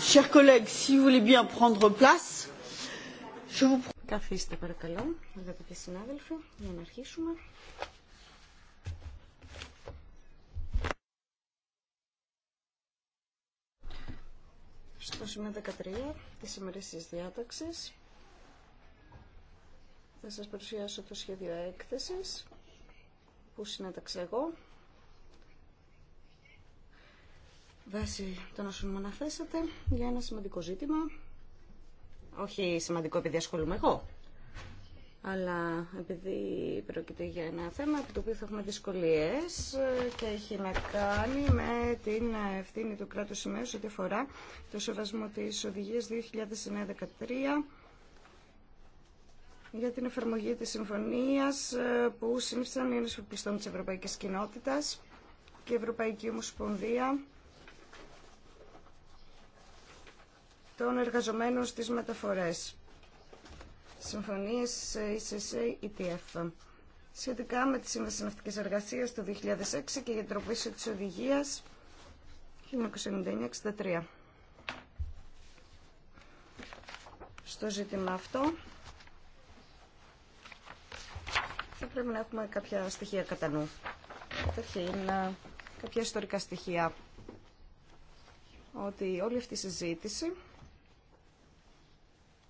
chers collègues, si vous voulez bien prendre place, je vous... Καθίστε παρακαλώ, αγαπητοί συνάδελφοι, για να αρχίσουμε. Στο σημείο 13 της ημερήσιας διάταξης θα σας παρουσιάσω το σχέδιο έκθεσης που συνέταξα εγώ βάσει το όσων μου αναθέσατε για ένα σημαντικό ζήτημα. Όχι σημαντικό επειδή ασχολούμαι εγώ, αλλά επειδή πρόκειται για ένα θέμα από το οποίο θα έχουμε δυσκολίες και έχει να κάνει με την ευθύνη του κράτους σημαίου ό,τι αφορά το σεβασμό της οδηγίας 2013 για την εφαρμογή της συμφωνίας που σύμψαν οι ενωσοπιστών της Ευρωπαϊκής Κοινότητας και η Ευρωπαϊκή Ομοσπονδία των εργαζομένων στις μεταφορές. Συμφωνίες ECC-ETF. Ε, Σχετικά με τη Σύμβαση Ναυτικής Εργασίας του 2006 και για την τροπήση της οδηγίας 1999-63. Στο ζήτημα αυτό θα πρέπει να έχουμε κάποια στοιχεία κατά νου. Καταρχήν, ε, κάποια ιστορικά στοιχεία ότι όλη αυτή η συζήτηση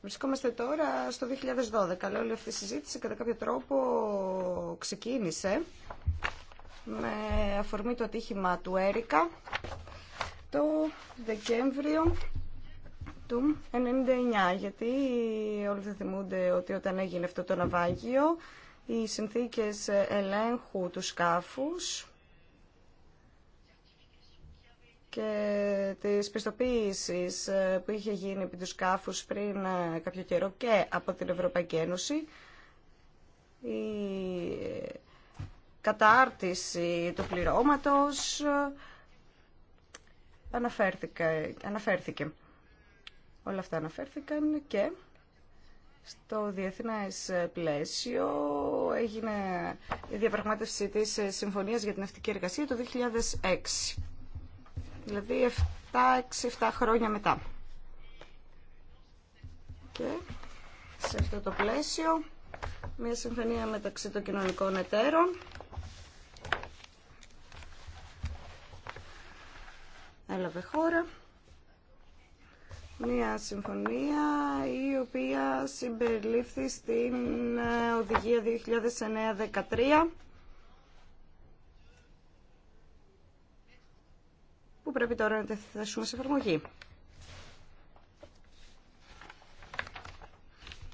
Βρισκόμαστε τώρα στο 2012, αλλά όλη αυτή η συζήτηση κατά κάποιο τρόπο ξεκίνησε με αφορμή το ατύχημα του Έρικα το Δεκέμβριο του 1999. γιατί όλοι θα θυμούνται ότι όταν έγινε αυτό το ναυάγιο οι συνθήκες ελέγχου του σκάφους και της πιστοποίησης ε, που είχε γίνει επί του σκάφους πριν ε, κάποιο καιρό και από την Ευρωπαϊκή Ένωση. Η ε, κατάρτιση του πληρώματος αναφέρθηκε. αναφέρθηκε. Όλα αυτά αναφέρθηκαν και στο διεθνές πλαίσιο έγινε η διαπραγμάτευση της Συμφωνίας για την Αυτική Εργασία το 2006. Δηλαδή 7-6-7 χρόνια μετά. Και σε αυτό το πλαίσιο μια συμφωνία μεταξύ των κοινωνικών εταίρων έλαβε χώρα μια συμφωνία η οποία συμπεριλήφθη στην οδηγια 2019 2009-13 που πρέπει τώρα να τα σε εφαρμογή.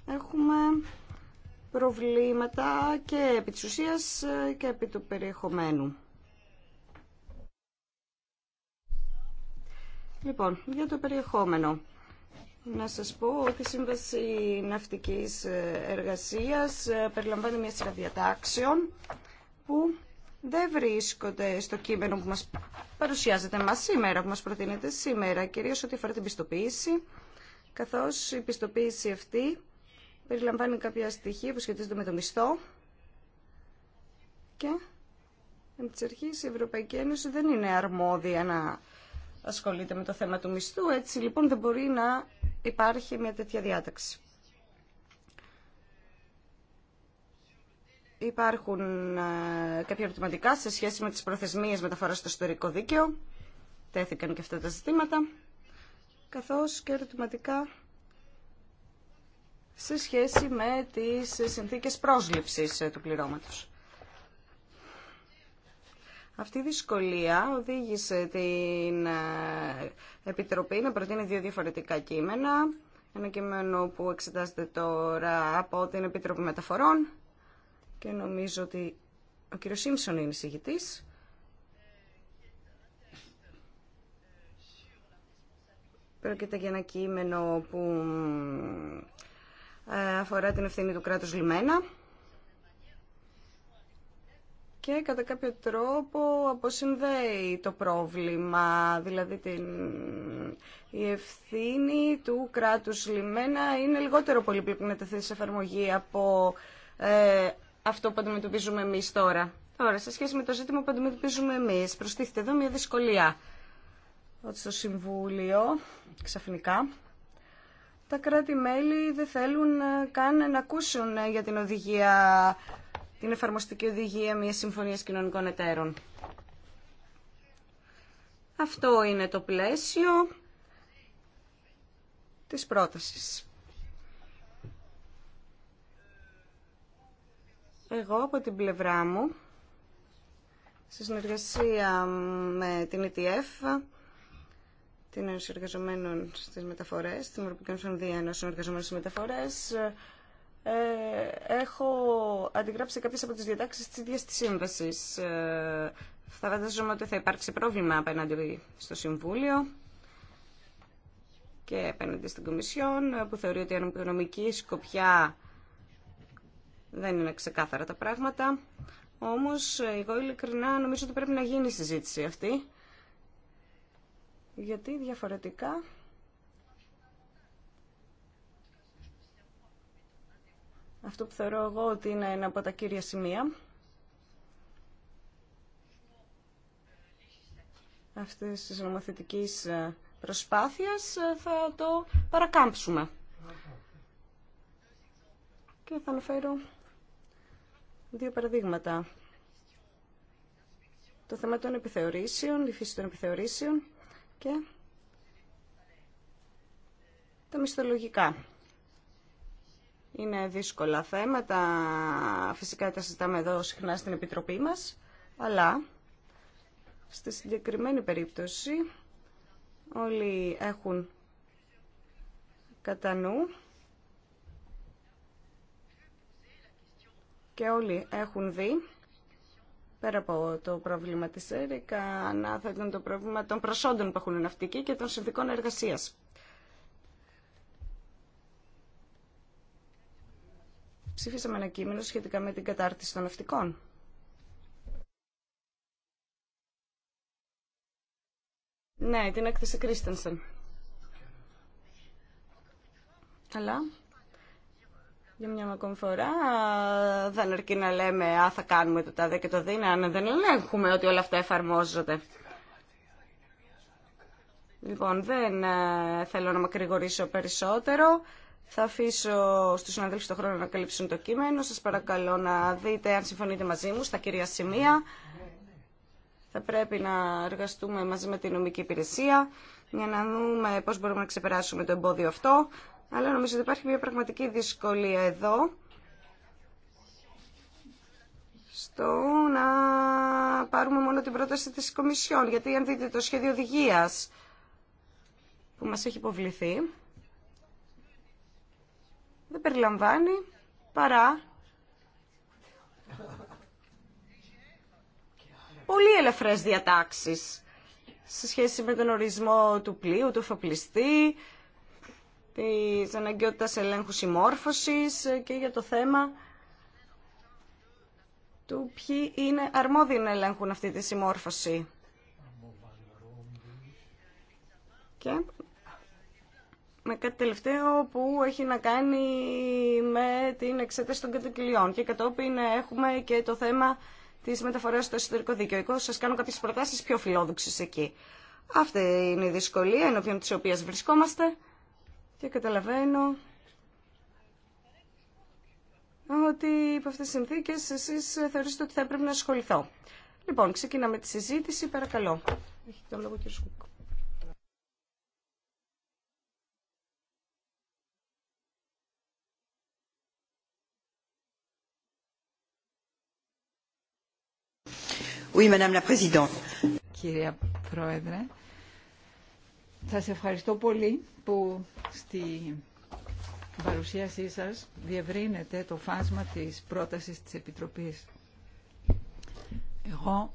Έχουμε προβλήματα και επί ε, και επί του περιεχομένου. Λοιπόν, για το περιεχόμενο. Να σας πω ότι η Σύμβαση Ναυτικής Εργασίας ε, περιλαμβάνει μια σειρά διατάξεων που δεν βρίσκονται στο κείμενο που μας παρουσιάζεται μας σήμερα, που μας προτείνεται σήμερα, κυρίως ό,τι αφορά την πιστοποίηση, καθώς η πιστοποίηση αυτή περιλαμβάνει κάποια στοιχεία που σχετίζονται με το μισθό και με τις αρχές η Ευρωπαϊκή Ένωση δεν είναι αρμόδια να ασχολείται με το θέμα του μισθού, έτσι λοιπόν δεν μπορεί να υπάρχει μια τέτοια διάταξη. Υπάρχουν ε, κάποια ερωτηματικά σε σχέση με τις προθεσμίες μεταφοράς στο ιστορικό δίκαιο. Τέθηκαν και αυτά τα ζητήματα. Καθώς και ερωτηματικά σε σχέση με τις συνθήκες πρόσληψης ε, του πληρώματος. Αυτή η δυσκολία οδήγησε την ε, Επιτροπή να προτείνει δύο διαφορετικά κείμενα. Ένα κείμενο που εξετάζεται τώρα από την Επιτροπή Μεταφορών και νομίζω ότι ο κύριος Σίμψον είναι εισηγητής. Πρόκειται για ένα κείμενο που ε, αφορά την ευθύνη του κράτους λιμένα και κατά κάποιο τρόπο αποσυνδέει το πρόβλημα, δηλαδή την... η ευθύνη του κράτους λιμένα είναι λιγότερο πολύπλοκη να τεθεί σε εφαρμογή από ε, αυτό που αντιμετωπίζουμε εμεί τώρα. Τώρα, σε σχέση με το ζήτημα που αντιμετωπίζουμε εμείς, προστίθεται εδώ μια δυσκολία. Ότι στο Συμβούλιο, ξαφνικά, τα κράτη-μέλη δεν θέλουν ε, καν να ακούσουν ε, για την οδηγία, την εφαρμοστική οδηγία μιας συμφωνίας κοινωνικών εταίρων. Αυτό είναι το πλαίσιο της πρότασης. Εγώ από την πλευρά μου, σε συνεργασία με την ETF, την Ένωση Εργαζομένων στι Μεταφορέ, την Ευρωπαϊκή Ομοσπονδία Ένωση Εργαζομένων στι Μεταφορέ, ε, έχω αντιγράψει κάποιε από τι διατάξει τη ίδιας τη σύμβαση. Ε, θα φανταζόμαι ότι θα υπάρξει πρόβλημα απέναντι στο Συμβούλιο και απέναντι στην Κομισιόν, που θεωρεί ότι η οικονομική σκοπιά δεν είναι ξεκάθαρα τα πράγματα. Όμως, εγώ ειλικρινά νομίζω ότι πρέπει να γίνει η συζήτηση αυτή. Γιατί διαφορετικά... Αυτό που θεωρώ εγώ ότι είναι ένα από τα κύρια σημεία αυτής της νομοθετικής ε, προσπάθειας ε, θα το παρακάμψουμε. Και θα αναφέρω Δύο παραδείγματα. Το θέμα των επιθεωρήσεων, η φύση των επιθεωρήσεων και τα μισθολογικά. Είναι δύσκολα θέματα, φυσικά τα συζητάμε εδώ συχνά στην Επιτροπή μας, αλλά στη συγκεκριμένη περίπτωση όλοι έχουν κατά νου και όλοι έχουν δει πέρα από το πρόβλημα της ΕΡΙΚΑ, ανάθετον το πρόβλημα των προσόντων που έχουν ναυτικοί και των συνδικών εργασίας. Ψήφισαμε ένα κείμενο σχετικά με την κατάρτιση των ναυτικών. Ναι, την έκθεση Κρίστενσεν. Αλλά για μια ακόμη φορά δεν αρκεί να λέμε «Α, θα κάνουμε το τάδε και το δίνα» αν δεν ελέγχουμε ότι όλα αυτά εφαρμόζονται. Λοιπόν, δεν ε, θέλω να μακρηγορήσω περισσότερο. Θα αφήσω στους συναδέλφους το χρόνο να καλύψουν το κείμενο. Σας παρακαλώ να δείτε αν συμφωνείτε μαζί μου στα κυρία σημεία. Θα πρέπει να εργαστούμε μαζί με την νομική υπηρεσία για να δούμε πώς μπορούμε να ξεπεράσουμε το εμπόδιο αυτό αλλά νομίζω ότι υπάρχει μια πραγματική δυσκολία εδώ στο να πάρουμε μόνο την πρόταση της Κομισιόν, γιατί αν δείτε το σχέδιο οδηγίας που μας έχει υποβληθεί, δεν περιλαμβάνει παρά πολύ ελαφρές διατάξεις σε σχέση με τον ορισμό του πλοίου, του εφοπλιστή, της αναγκαιότητας ελέγχου συμμόρφωσης και για το θέμα του ποιοι είναι αρμόδιοι να ελέγχουν αυτή τη συμμόρφωση. Και με κάτι τελευταίο που έχει να κάνει με την εξέταση των κατοικιλιών και κατόπιν έχουμε και το θέμα της μεταφοράς στο εσωτερικό δίκαιο. Σας κάνω κάποιες προτάσεις πιο φιλόδοξες εκεί. Αυτή είναι η δυσκολία ενώπιον της οποίας βρισκόμαστε. Και καταλαβαίνω ότι υπό αυτές τις συνθήκες εσείς θεωρήσετε ότι θα έπρεπε να ασχοληθώ. Λοιπόν, ξεκινάμε τη συζήτηση. Παρακαλώ. Έχει το λόγο κύριε Oui, Madame la Présidente. Κυρία Πρόεδρε, σας ευχαριστώ πολύ που στη παρουσίασή σας διευρύνετε το φάσμα της πρότασης της Επιτροπής. Εγώ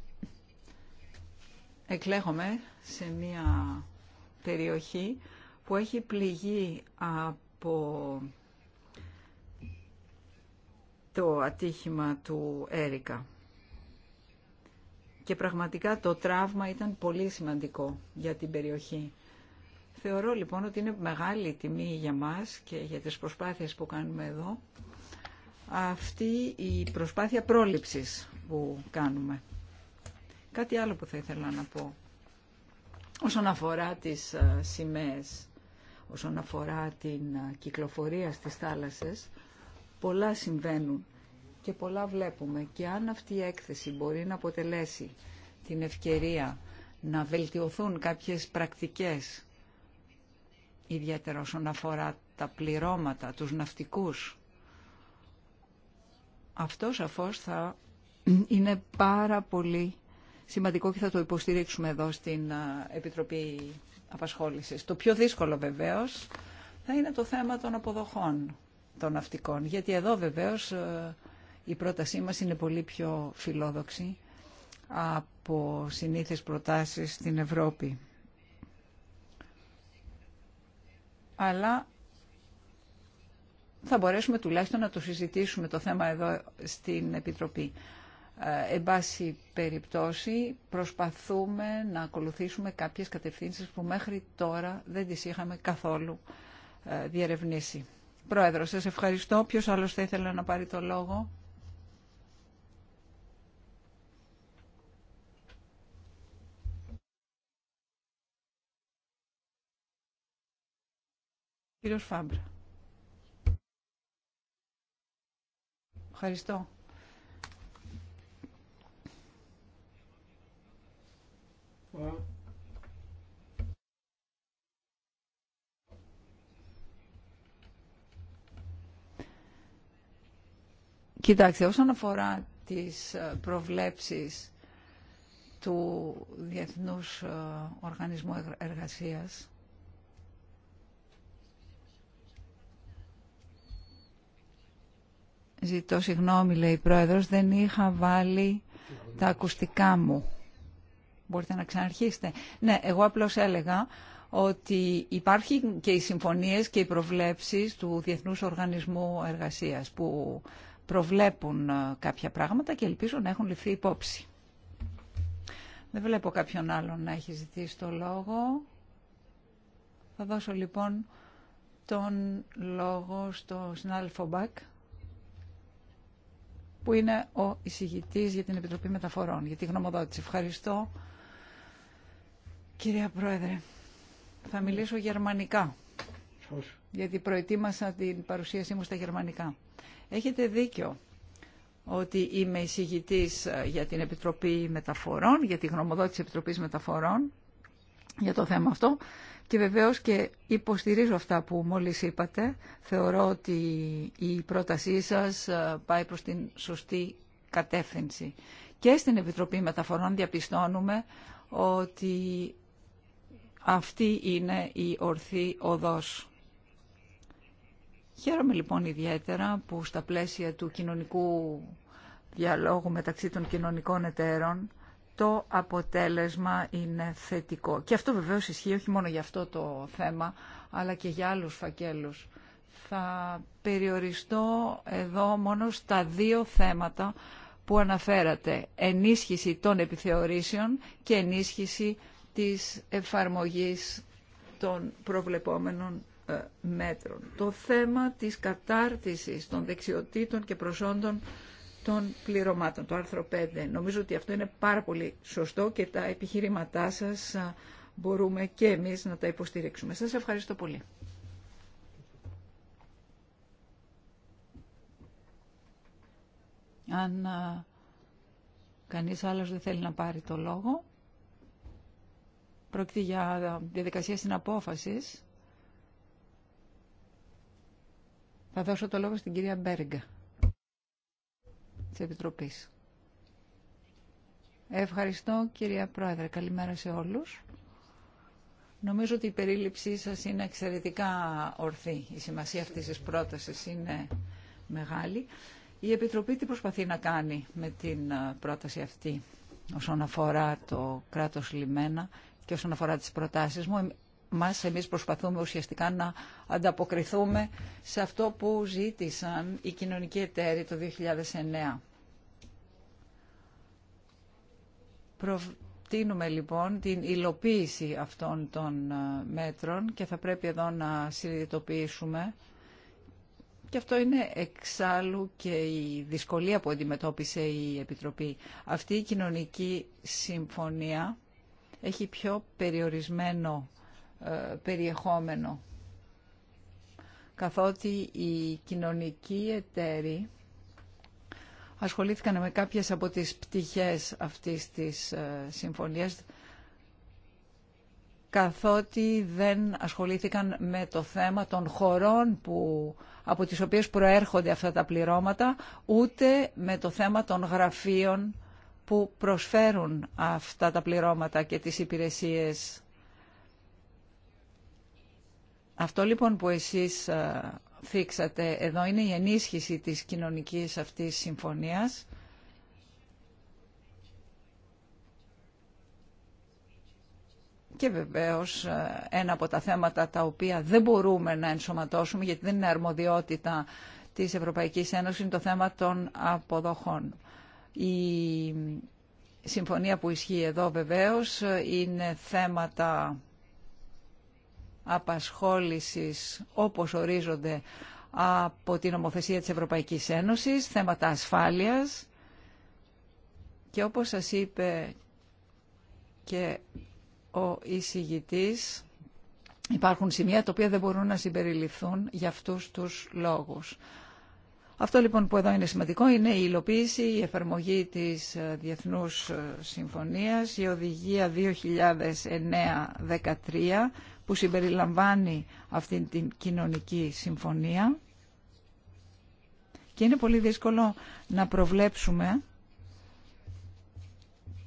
εκλέγομαι σε μια περιοχή που έχει πληγεί από το ατύχημα του Έρικα. Και πραγματικά το τραύμα ήταν πολύ σημαντικό για την περιοχή. Θεωρώ λοιπόν ότι είναι μεγάλη τιμή για μας και για τις προσπάθειες που κάνουμε εδώ αυτή η προσπάθεια πρόληψης που κάνουμε. Κάτι άλλο που θα ήθελα να πω. Όσον αφορά τις ε, σημαίες, όσον αφορά την ε, κυκλοφορία στις θάλασσες, πολλά συμβαίνουν και πολλά βλέπουμε. Και αν αυτή η έκθεση μπορεί να αποτελέσει την ευκαιρία να βελτιωθούν κάποιες πρακτικές ιδιαίτερα όσον αφορά τα πληρώματα, τους ναυτικούς. Αυτό σαφώς θα είναι πάρα πολύ σημαντικό και θα το υποστηρίξουμε εδώ στην Επιτροπή Απασχόλησης. Το πιο δύσκολο βεβαίως θα είναι το θέμα των αποδοχών των ναυτικών, γιατί εδώ βεβαίως η πρότασή μας είναι πολύ πιο φιλόδοξη από συνήθες προτάσεις στην Ευρώπη. αλλά θα μπορέσουμε τουλάχιστον να το συζητήσουμε το θέμα εδώ στην Επιτροπή. Ε, εν πάση περιπτώσει, προσπαθούμε να ακολουθήσουμε κάποιες κατευθύνσεις που μέχρι τώρα δεν τις είχαμε καθόλου ε, διερευνήσει. Πρόεδρο, σας ευχαριστώ. Ποιος άλλος θα ήθελε να πάρει το λόγο. Κύριος Φάμπρα. Ευχαριστώ. Κοιτάξτε, όσον αφορά τις ε, προβλέψεις του Διεθνούς ε, Οργανισμού Εργασίας, Ζητώ συγγνώμη, λέει η Πρόεδρος, δεν είχα βάλει τα ακουστικά μου. Μπορείτε να ξαναρχίσετε. Ναι, εγώ απλώς έλεγα ότι υπάρχει και οι συμφωνίες και οι προβλέψεις του Διεθνούς Οργανισμού Εργασίας που προβλέπουν ε, κάποια πράγματα και ελπίζω να έχουν ληφθεί υπόψη. Δεν βλέπω κάποιον άλλον να έχει ζητήσει το λόγο. Θα δώσω λοιπόν τον λόγο στο συνάδελφο Μπακ που είναι ο εισηγητής για την Επιτροπή Μεταφορών, για τη γνωμοδότηση. Ευχαριστώ. Κυρία Πρόεδρε, θα μιλήσω γερμανικά, γιατί προετοίμασα την παρουσίασή μου στα γερμανικά. Έχετε δίκιο ότι είμαι εισηγητής ε, για την Επιτροπή Μεταφορών, για τη γνωμοδότηση Επιτροπής Μεταφορών για το θέμα αυτό και βεβαίως και υποστηρίζω αυτά που μόλις είπατε. Θεωρώ ότι η πρότασή σας ε, πάει προς την σωστή κατεύθυνση. Και στην Επιτροπή Μεταφορών διαπιστώνουμε ότι αυτή είναι η ορθή οδός. Χαίρομαι λοιπόν ιδιαίτερα που στα πλαίσια του κοινωνικού διαλόγου μεταξύ των κοινωνικών εταίρων το αποτέλεσμα είναι θετικό. Και αυτό βεβαίως ισχύει όχι μόνο για αυτό το θέμα, αλλά και για άλλους φακέλους. Θα περιοριστώ εδώ μόνο στα δύο θέματα που αναφέρατε. Ενίσχυση των επιθεωρήσεων και ενίσχυση της εφαρμογής των προβλεπόμενων ε, μέτρων. Το θέμα της κατάρτισης των δεξιοτήτων και προσόντων των πληρωμάτων, το άρθρο 5. Νομίζω ότι αυτό είναι πάρα πολύ σωστό και τα επιχειρήματά σας μπορούμε και εμείς να τα υποστηρίξουμε. Σας ευχαριστώ πολύ. Αν κανείς άλλος δεν θέλει να πάρει το λόγο, πρόκειται για διαδικασία στην Θα δώσω το λόγο στην κυρία Μπέργκα της Επιτροπής. Ευχαριστώ κυρία Πρόεδρε. Καλημέρα σε όλους. Νομίζω ότι η περίληψή σας είναι εξαιρετικά ορθή. Η σημασία αυτής της πρότασης είναι μεγάλη. Η Επιτροπή τι προσπαθεί να κάνει με την πρόταση αυτή όσον αφορά το κράτος λιμένα και όσον αφορά τις προτάσεις μου. Μας εμείς προσπαθούμε ουσιαστικά να ανταποκριθούμε σε αυτό που ζήτησαν οι κοινωνικοί εταίροι το 2009. Προτείνουμε λοιπόν την υλοποίηση αυτών των ε, μέτρων και θα πρέπει εδώ να συνειδητοποιήσουμε και αυτό είναι εξάλλου και η δυσκολία που αντιμετώπισε η Επιτροπή. Αυτή η κοινωνική συμφωνία έχει πιο περιορισμένο ε, περιεχόμενο καθότι η κοινωνική εταίροι ασχολήθηκαν με κάποιες από τις πτυχές αυτής της ε, συμφωνίας καθότι δεν ασχολήθηκαν με το θέμα των χωρών που, από τις οποίες προέρχονται αυτά τα πληρώματα, ούτε με το θέμα των γραφείων που προσφέρουν αυτά τα πληρώματα και τις υπηρεσίες. Αυτό λοιπόν που εσείς ε, θίξατε εδώ είναι η ενίσχυση της κοινωνικής αυτής συμφωνίας. Και βεβαίως ε, ένα από τα θέματα τα οποία δεν μπορούμε να ενσωματώσουμε γιατί δεν είναι αρμοδιότητα της Ευρωπαϊκής Ένωσης είναι το θέμα των αποδοχών. Η συμφωνία που ισχύει εδώ βεβαίως είναι θέματα απασχόλησης όπως ορίζονται από την Ομοθεσία της Ευρωπαϊκής Ένωσης, θέματα ασφάλειας και όπως σας είπε και ο εισηγητής, υπάρχουν σημεία τα οποία δεν μπορούν να συμπεριληφθούν για αυτούς τους λόγους. Αυτό λοιπόν που εδώ είναι σημαντικό είναι η υλοποίηση, η εφαρμογή της ε, Διεθνούς ε, Συμφωνίας, η Οδηγία 2009-13 που συμπεριλαμβάνει αυτή την κοινωνική συμφωνία και είναι πολύ δύσκολο να προβλέψουμε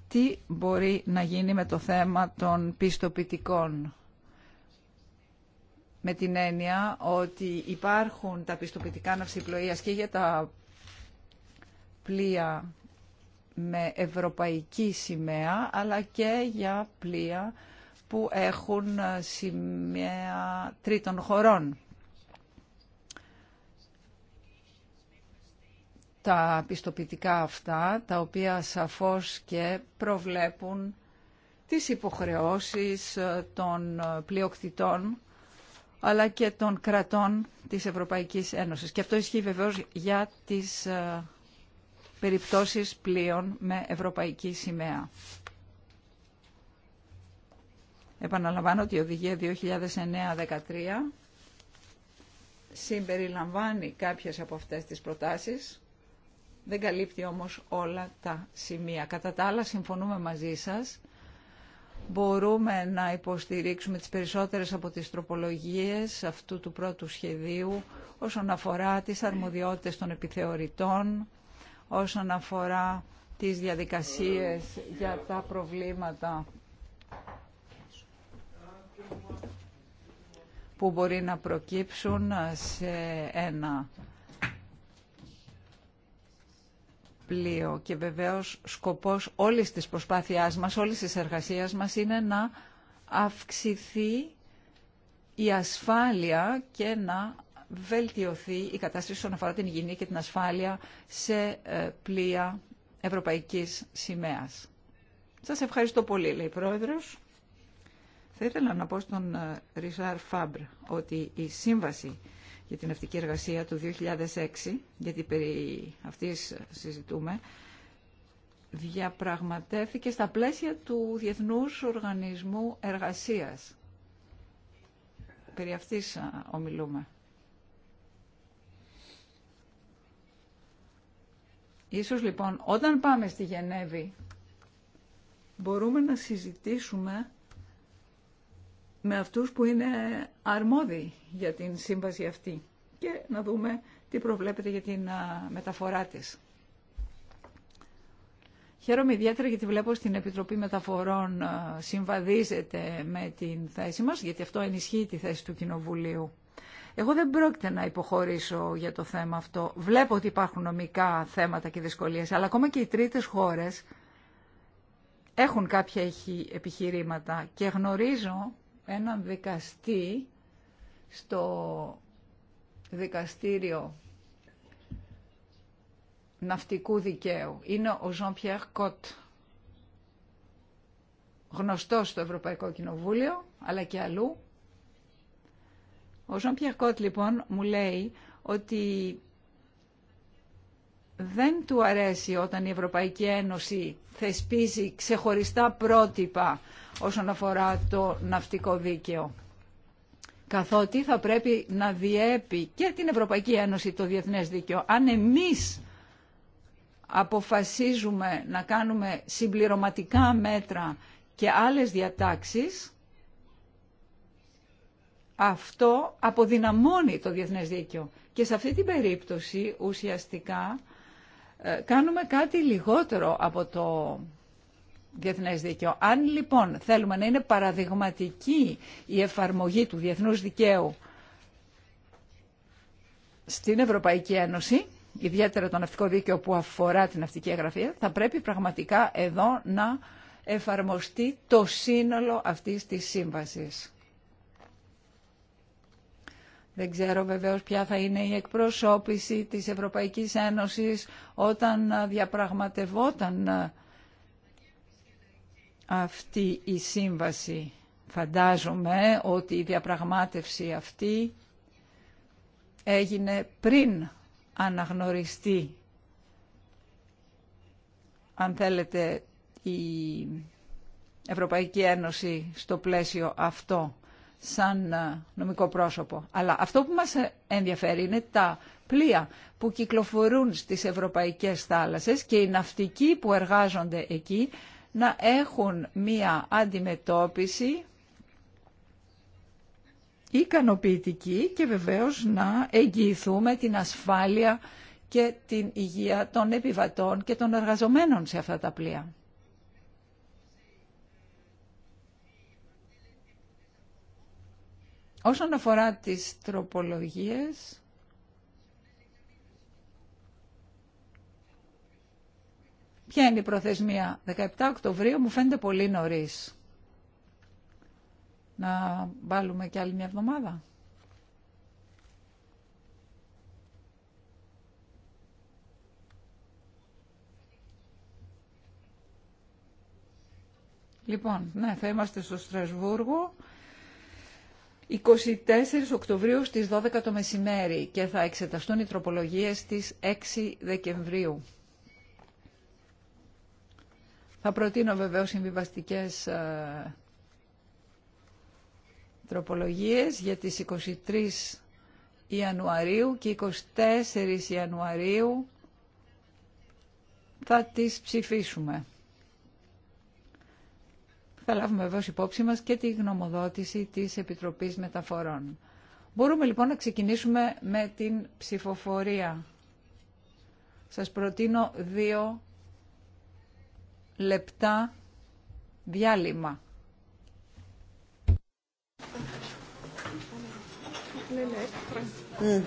τι μπορεί να γίνει με το θέμα των πιστοποιητικών. Με την έννοια ότι υπάρχουν τα πιστοποιητικά ναυσιπλοείας και για τα πλοία με ευρωπαϊκή σημαία, αλλά και για πλοία που έχουν σημαία τρίτων χωρών. Τα πιστοποιητικά αυτά, τα οποία σαφώς και προβλέπουν τις υποχρεώσεις των πλειοκτητών αλλά και των κρατών της Ευρωπαϊκής Ένωσης. Και αυτό ισχύει βεβαίως για τις ε, περιπτώσεις πλοίων με ευρωπαϊκή σημαία. Επαναλαμβάνω ότι η οδηγία 2019-2013 συμπεριλαμβάνει κάποιες από αυτές τις προτάσεις, δεν καλύπτει όμως όλα τα σημεία. Κατά τα άλλα συμφωνούμε μαζί σας, μπορούμε να υποστηρίξουμε τις περισσότερες από τις τροπολογίες αυτού του πρώτου σχεδίου όσον αφορά τις αρμοδιότητες των επιθεωρητών, όσον αφορά τις διαδικασίες για τα προβλήματα που μπορεί να προκύψουν σε ένα πλοίο. Και βεβαίως σκοπός όλης της προσπάθειάς μας, όλης της εργασίας μας είναι να αυξηθεί η ασφάλεια και να βελτιωθεί η κατάσταση όσον αφορά την υγιεινή και την ασφάλεια σε ε, πλοία ευρωπαϊκής σημαίας. Σας ευχαριστώ πολύ, λέει η Πρόεδρος. Θα ήθελα να πω στον ε, Ρισάρ Φάμπρ ότι η σύμβαση για την Ευτική εργασία του 2006, γιατί περί αυτής συζητούμε, διαπραγματεύθηκε στα πλαίσια του Διεθνούς Οργανισμού Εργασίας. Περί αυτής ε, ομιλούμε. Ίσως λοιπόν όταν πάμε στη Γενέβη μπορούμε να συζητήσουμε με αυτούς που είναι αρμόδιοι για την σύμβαση αυτή και να δούμε τι προβλέπεται για την μεταφορά της. Χαίρομαι ιδιαίτερα γιατί βλέπω στην Επιτροπή Μεταφορών συμβαδίζεται με την θέση μας, γιατί αυτό ενισχύει τη θέση του Κοινοβουλίου. Εγώ δεν πρόκειται να υποχωρήσω για το θέμα αυτό. Βλέπω ότι υπάρχουν νομικά θέματα και δυσκολίες, αλλά ακόμα και οι τρίτες χώρες έχουν κάποια επιχειρήματα και γνωρίζω έναν δικαστή στο δικαστήριο ναυτικού δικαίου. Είναι ο Ζων Πιέρ Κότ, γνωστός στο Ευρωπαϊκό Κοινοβούλιο, αλλά και αλλού. Ο Ζων Πιέρ Κότ, λοιπόν, μου λέει ότι δεν του αρέσει όταν η Ευρωπαϊκή Ένωση θεσπίζει ξεχωριστά πρότυπα όσον αφορά το ναυτικό δίκαιο. Καθότι θα πρέπει να διέπει και την Ευρωπαϊκή Ένωση το διεθνές δίκαιο. Αν εμείς αποφασίζουμε να κάνουμε συμπληρωματικά μέτρα και άλλες διατάξεις, αυτό αποδυναμώνει το διεθνές δίκαιο. Και σε αυτή την περίπτωση ουσιαστικά ε, κάνουμε κάτι λιγότερο από το διεθνές δίκαιο. Αν λοιπόν θέλουμε να είναι παραδειγματική η εφαρμογή του διεθνούς δικαίου στην Ευρωπαϊκή Ένωση, ιδιαίτερα το ναυτικό δίκαιο που αφορά την ναυτική εγγραφή, θα πρέπει πραγματικά εδώ να εφαρμοστεί το σύνολο αυτής της σύμβασης. Δεν ξέρω βεβαίως ποια θα είναι η εκπροσώπηση της Ευρωπαϊκής Ένωσης όταν διαπραγματευόταν αυτή η σύμβαση. Φαντάζομαι ότι η διαπραγμάτευση αυτή έγινε πριν αναγνωριστεί αν θέλετε η Ευρωπαϊκή Ένωση στο πλαίσιο αυτό σαν ε, νομικό πρόσωπο. Αλλά αυτό που μας ε, ενδιαφέρει είναι τα πλοία που κυκλοφορούν στις ευρωπαϊκές θάλασσες και οι ναυτικοί που εργάζονται εκεί να έχουν μία αντιμετώπιση ικανοποιητική και βεβαίως να εγγυηθούμε την ασφάλεια και την υγεία των επιβατών και των εργαζομένων σε αυτά τα πλοία. Όσον αφορά τις τροπολογίες, ποια είναι η προθεσμία 17 Οκτωβρίου, μου φαίνεται πολύ νωρίς. Να βάλουμε κι άλλη μια εβδομάδα. Λοιπόν, ναι, θα είμαστε στο Στρασβούργο 24 Οκτωβρίου στις 12 το μεσημέρι και θα εξεταστούν οι τροπολογίες στις 6 Δεκεμβρίου. Θα προτείνω βεβαίως συμβιβαστικές ε, τροπολογίες για τις 23 Ιανουαρίου και 24 Ιανουαρίου θα τις ψηφίσουμε θα λάβουμε βέβαια υπόψη μας και τη γνωμοδότηση της Επιτροπής Μεταφορών. Μπορούμε λοιπόν να ξεκινήσουμε με την ψηφοφορία. Σας προτείνω δύο λεπτά διάλειμμα. Ναι, ναι,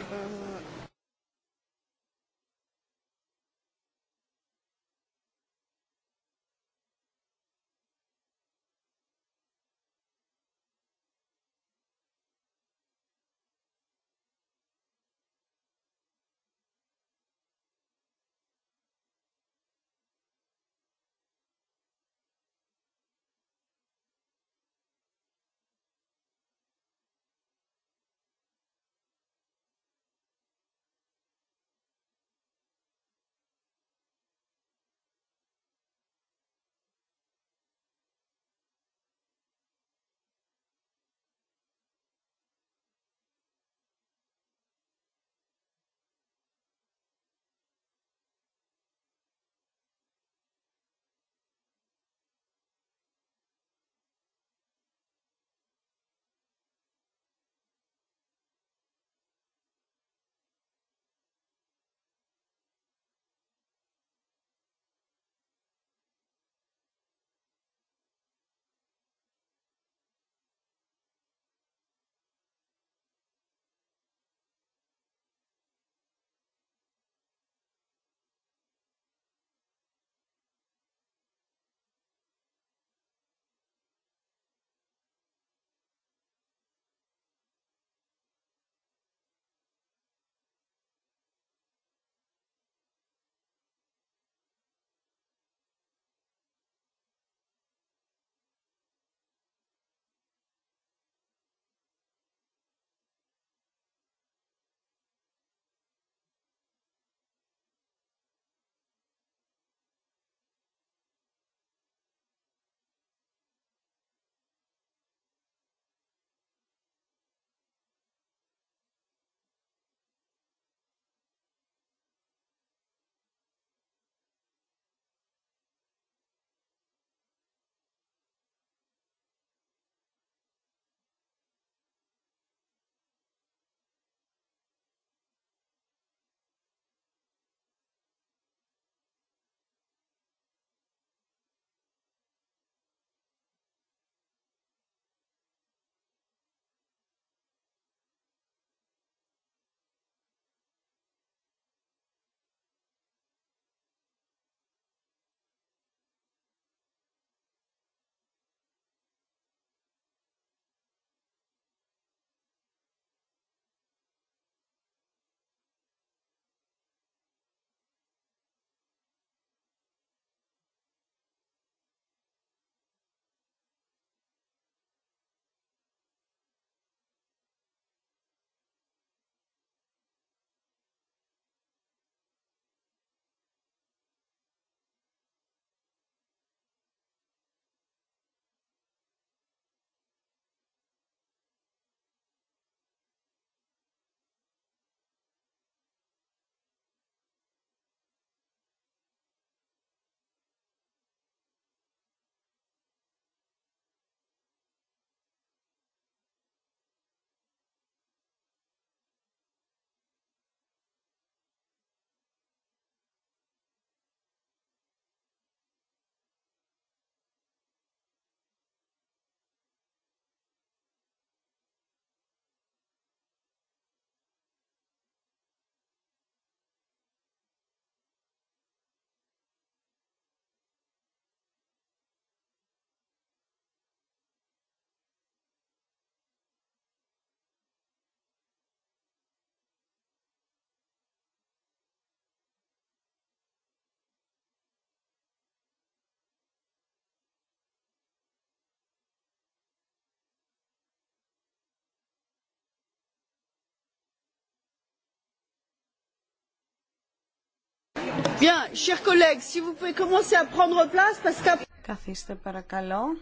Bien, chers collègues, si vous pouvez commencer à prendre place, parce que... Καθίστε παρακαλώ,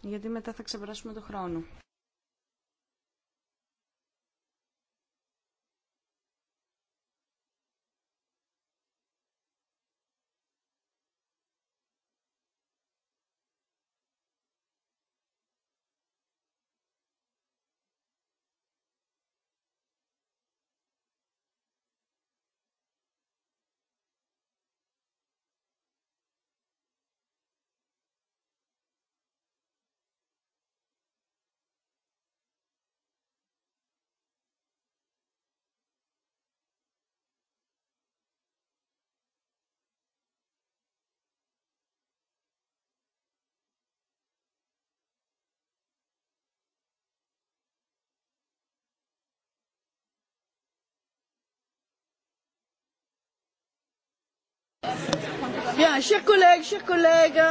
γιατί μετά θα ξεπεράσουμε το χρόνο. Bien, chers collègues, chers collègues.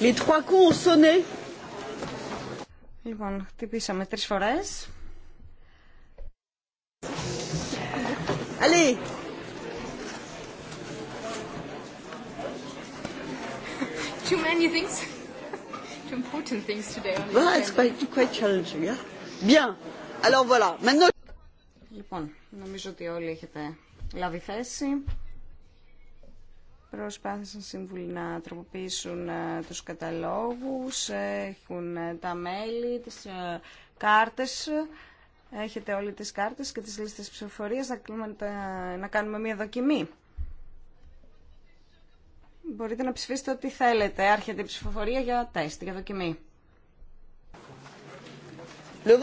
Les trois coups ont sonné. Λοιπόν, χτυπήσαμε τρεις φορές. Allez Too many things. Too important things today. Well, it's quite, quite challenging, yeah. Bien. Alors voilà. Maintenant... Λοιπόν, νομίζω ότι όλοι έχετε λάβει θέση. Προσπάθησαν σύμβουλοι να τροποποιήσουν ε, τους καταλόγους, έχουν ε, τα μέλη, τις ε, κάρτες. Έχετε όλοι τις κάρτες και τις λίστες ψηφοφορίας να, να, να κάνουμε μια δοκιμή. Μπορείτε να ψηφίσετε ό,τι θέλετε. Άρχεται η ψηφοφορία για τεστ, για δοκιμή. Le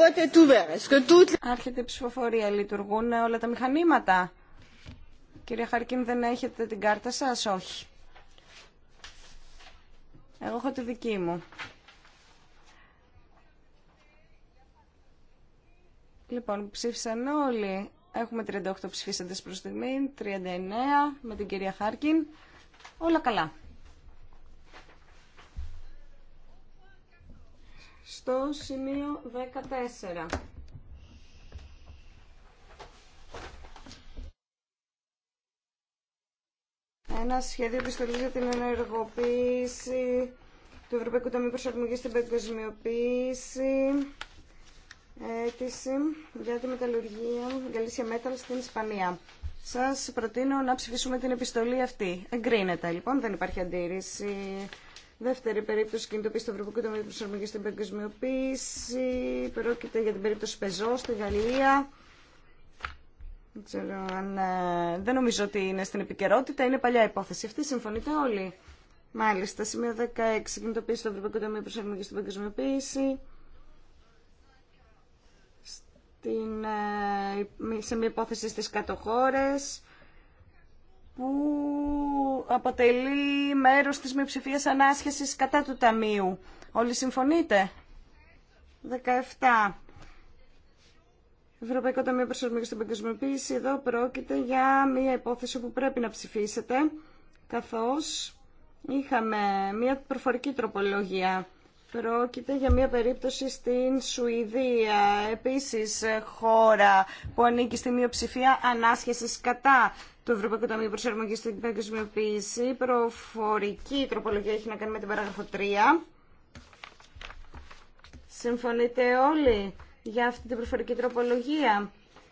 Άρχεται η ψηφοφορία. Λειτουργούν όλα τα μηχανήματα. Κυρία Χαρκίν, δεν έχετε την κάρτα σας, όχι. Εγώ έχω τη δική μου. Λοιπόν, ψήφισαν όλοι. Έχουμε 38 ψηφίσαντες προς τη στιγμή, 39 με την κυρία Χάρκιν όλα καλά. Στο σημείο 14. Ένα σχέδιο επιστολή για την ενεργοποίηση του Ευρωπαϊκού Ταμείου Προσαρμογή στην Παγκοσμιοποίηση. Αίτηση για τη μεταλλουργία Γαλλίσια Μέταλ στην Ισπανία. Σας προτείνω να ψηφίσουμε την επιστολή αυτή. Εγκρίνεται λοιπόν, δεν υπάρχει αντίρρηση. Δεύτερη περίπτωση κινητοποίηση του Ευρωπαϊκού Τμήματο Προσαρμογή στην Παγκοσμιοποίηση. Πρόκειται για την περίπτωση Πεζό στη Γαλλία. Δεν, ε, δεν νομίζω ότι είναι στην επικαιρότητα, είναι παλιά υπόθεση. Αυτή συμφωνείτε όλοι. Μάλιστα, σημείο 16, κινητοποίηση του Ευρωπαϊκού Τμήματο Προσαρμογή στην Παγκοσμιοποίηση την, ε, σε μια υπόθεση στις κατοχώρες που αποτελεί μέρος της μειοψηφίας ανάσχεσης κατά του Ταμείου. Όλοι συμφωνείτε? 17. Ευρωπαϊκό Ταμείο Προσαρμογής στην Παγκοσμιοποίηση. Εδώ πρόκειται για μια υπόθεση που πρέπει να ψηφίσετε, καθώς είχαμε μια προφορική τροπολογία Πρόκειται για μια περίπτωση στην Σουηδία, επίσης χώρα που ανήκει στη μειοψηφία ανάσχεσης κατά το Ευρωπαϊκού Ταμείου Προσαρμογής στην Παγκοσμιοποίηση. Προφορική τροπολογία έχει να κάνει με την παράγραφο 3. Συμφωνείτε όλοι για αυτή την προφορική τροπολογία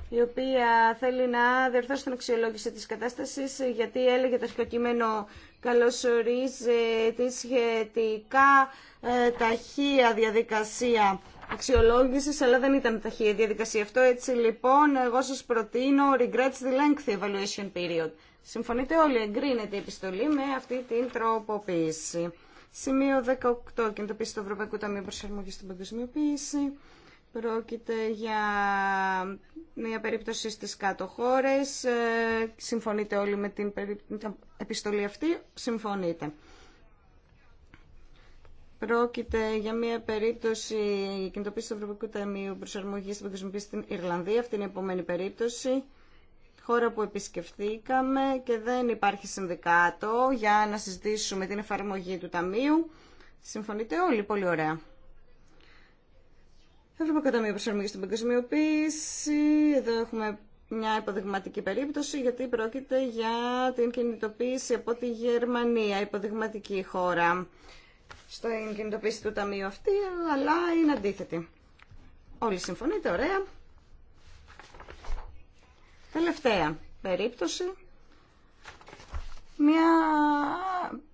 η οποία θέλει να διορθώσει την αξιολόγηση της κατάστασης γιατί έλεγε το αρχικό κείμενο καλωσορίζει τη σχετικά ε, ταχεία διαδικασία αξιολόγηση, αλλά δεν ήταν ταχεία διαδικασία αυτό. Έτσι λοιπόν, εγώ σα προτείνω regrets the lengthy evaluation period. Συμφωνείτε όλοι, εγκρίνεται η επιστολή με αυτή την τροποποίηση. Σημείο 18, κινητοποίηση του Ευρωπαϊκού Ταμείου Προσαρμογή στην Παγκοσμιοποίηση. Πρόκειται για μια περίπτωση στις κάτω χώρες. Ε, συμφωνείτε όλοι με την επιστολή αυτή. Συμφωνείτε. Πρόκειται για μια περίπτωση κινητοποίηση του Ευρωπαϊκού Ταμείου προσαρμογής στην παγκοσμιοποίηση στην Ιρλανδία. Αυτή είναι η επόμενη περίπτωση. Χώρα που επισκεφθήκαμε και δεν υπάρχει συνδικάτο για να συζητήσουμε την εφαρμογή του Ταμείου. Συμφωνείτε όλοι, πολύ ωραία. Ευρωπαϊκό μια Προσαρμογή στην Παγκοσμιοποίηση. Εδώ έχουμε μια υποδειγματική περίπτωση γιατί πρόκειται για την κινητοποίηση από τη Γερμανία, υποδειγματική χώρα στο κινητοποίηση του ταμείου αυτή, αλλά είναι αντίθετη. Όλοι συμφωνείτε, ωραία. Τελευταία περίπτωση. Μια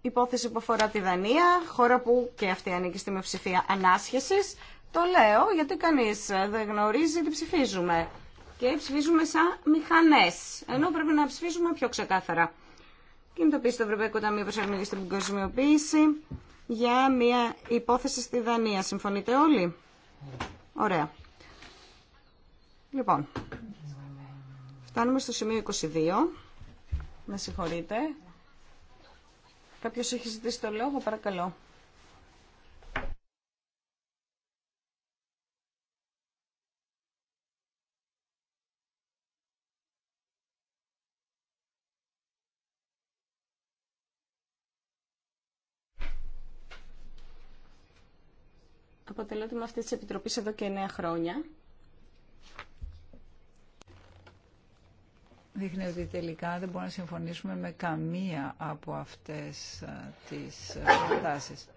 υπόθεση που αφορά τη Δανία, χώρα που και αυτή ανήκει στη μειοψηφία ανάσχεσης. Το λέω γιατί κανείς δεν γνωρίζει τι ψηφίζουμε. Και ψηφίζουμε σαν μηχανές, ενώ πρέπει να ψηφίζουμε πιο ξεκάθαρα. Κινητοποίηση του Ευρωπαϊκό Ταμείο Προσαρμογή στην Παγκοσμιοποίηση για μια υπόθεση στη Δανία. Συμφωνείτε όλοι? Ωραία. Λοιπόν, φτάνουμε στο σημείο 22. Με συγχωρείτε. Κάποιος έχει ζητήσει το λόγο, παρακαλώ. αποτελώ με αυτής της Επιτροπής εδώ και 9 χρόνια. Δείχνει ότι τελικά δεν μπορούμε να συμφωνήσουμε με καμία από αυτές ε, τις ε, προτάσεις.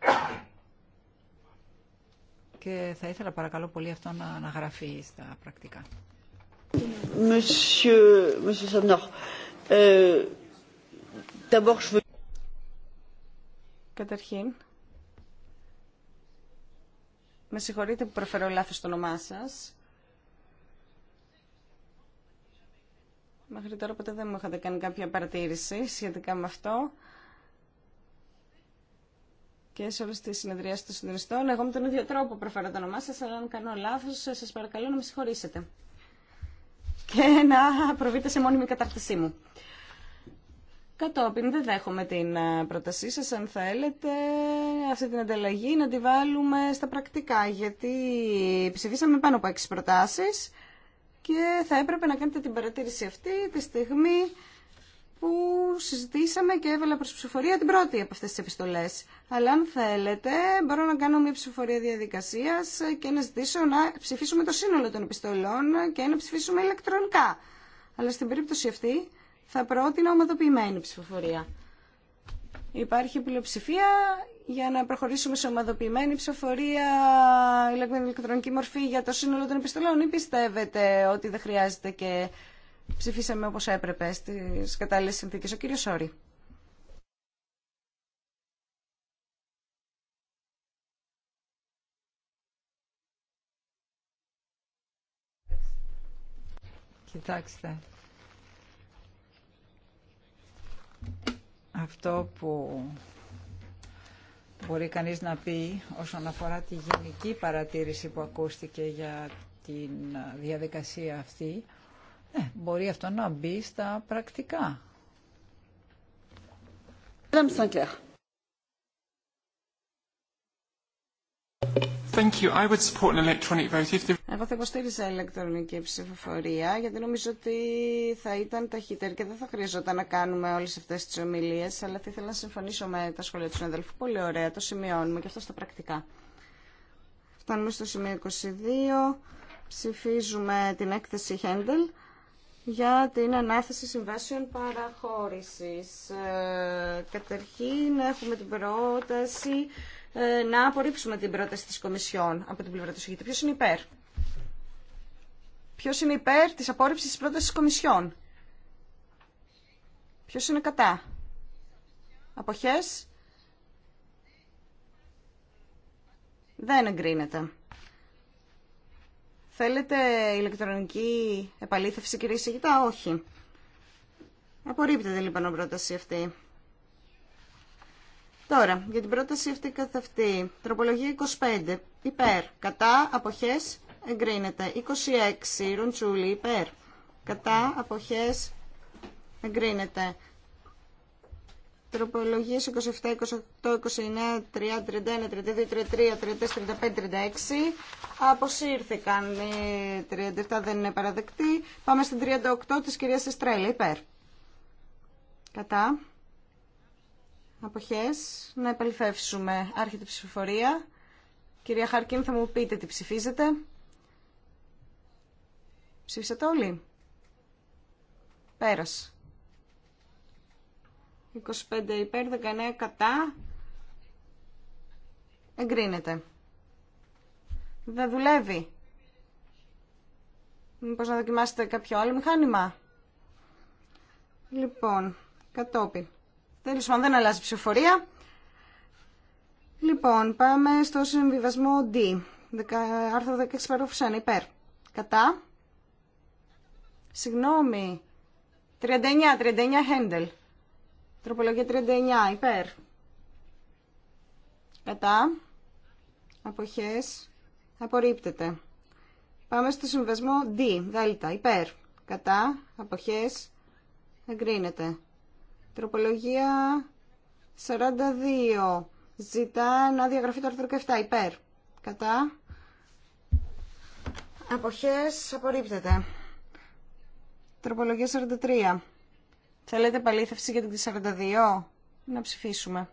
Και θα ήθελα παρακαλώ πολύ αυτό να αναγραφεί στα πρακτικά. Monsieur, Monsieur ε, d'abord je veux... Καταρχήν, με συγχωρείτε που προφέρω λάθος το όνομά σας. Μέχρι τώρα ποτέ δεν μου είχατε κάνει κάποια παρατήρηση σχετικά με αυτό. Και σε όλες τις συνεδριάσεις των συντονιστών, εγώ με τον ίδιο τρόπο προφέρω το όνομά σα, αλλά αν κάνω λάθος, σα παρακαλώ να με συγχωρήσετε. Και να προβείτε σε μόνιμη κατάρτισή μου. Κατόπιν δεν δέχομαι την ε, πρότασή σας, αν θέλετε αυτή την ανταλλαγή να τη βάλουμε στα πρακτικά, γιατί ψηφίσαμε πάνω από έξι προτάσεις και θα έπρεπε να κάνετε την παρατήρηση αυτή τη στιγμή που συζητήσαμε και έβαλα προς ψηφορία την πρώτη από αυτές τις επιστολές. Αλλά αν θέλετε μπορώ να κάνω μια ψηφορία διαδικασίας και να ζητήσω να ψηφίσουμε το σύνολο των επιστολών και να ψηφίσουμε ηλεκτρονικά. Αλλά στην περίπτωση αυτή θα πρότεινα ομαδοποιημένη ψηφοφορία. Υπάρχει πλειοψηφία για να προχωρήσουμε σε ομαδοποιημένη ψηφοφορία ηλεκτρονική μορφή για το σύνολο των επιστολών ή πιστεύετε ότι δεν χρειάζεται και ψηφίσαμε όπως έπρεπε στις κατάλληλες συνθήκες. Ο κύριος Σόρη. Κοιτάξτε, Αυτό που μπορεί κανείς να πει όσον αφορά τη γενική παρατήρηση που ακούστηκε για τη διαδικασία αυτή, ναι, μπορεί αυτό να μπει στα πρακτικά. Εγώ θα υποστήριζα ηλεκτρονική ψηφοφορία γιατί νομίζω ότι θα ήταν ταχύτερη και δεν θα χρειαζόταν να κάνουμε όλες αυτές τις ομιλίες αλλά θα ήθελα να συμφωνήσω με τα σχόλια του συναδέλφου. Πολύ ωραία, το σημειώνουμε και αυτό στα πρακτικά. Φτάνουμε στο σημείο 22. Ψηφίζουμε την έκθεση Χέντελ για την ανάθεση συμβάσεων παραχώρησης. Ε, καταρχήν έχουμε την πρόταση ε, να απορρίψουμε την πρόταση της Κομισιόν από την πλευρά του ΣΥΓΙΤΑ. Ποιος είναι υπέρ. Ποιος είναι υπέρ της απόρριψης της πρότασης της Κομισιόν. Ποιος είναι κατά. Αποχές. Δεν εγκρίνεται. Θέλετε ηλεκτρονική επαλήθευση, κυρία ΣΥΓΙΤΑ. όχι. Απορρίπτεται λοιπόν η πρόταση αυτή. Τώρα, για την πρόταση αυτή καθ' αυτή. Τροπολογία 25. Υπέρ. Κατά. Αποχές. Εγκρίνεται. 26. Ρουντσούλη, Υπέρ. Κατά. Αποχές. Εγκρίνεται. Τροπολογίες 27, 28, 29, 30, 31, 32, 33, 34, 35, 36. Αποσύρθηκαν. Η 37 δεν είναι παραδεκτή. Πάμε στην 38 της κυρίας Εστρέλη. Υπέρ. Κατά. Αποχές. Να επαληθεύσουμε. Άρχεται η ψηφοφορία. Κυρία Χαρκίν, θα μου πείτε τι ψηφίζετε. Ψήφισατε όλοι. Πέρας. 25 υπέρ, 19 κατά. Εγκρίνεται. Δεν δουλεύει. Μήπως να δοκιμάσετε κάποιο άλλο μηχάνημα. Λοιπόν, κατόπιν. Τέλος πάντων δεν αλλάζει ψηφοφορία. Λοιπόν, πάμε στο συμβιβασμό D. Άρθρο 16 1. υπέρ. Κατά. Συγγνώμη. 39, 39 Χέντελ. Τροπολογία 39 υπέρ. Κατά. Αποχές. Απορρίπτεται. Πάμε στο συμβιβασμό D, δέλτα, υπέρ. Κατά, αποχές, εγκρίνεται. Τροπολογία 42. Ζητά να διαγραφεί το άρθρο 17. Υπέρ. Κατά. Αποχές απορρίπτεται. Τροπολογία 43. Θέλετε παλήθευση για την 42. Να ψηφίσουμε.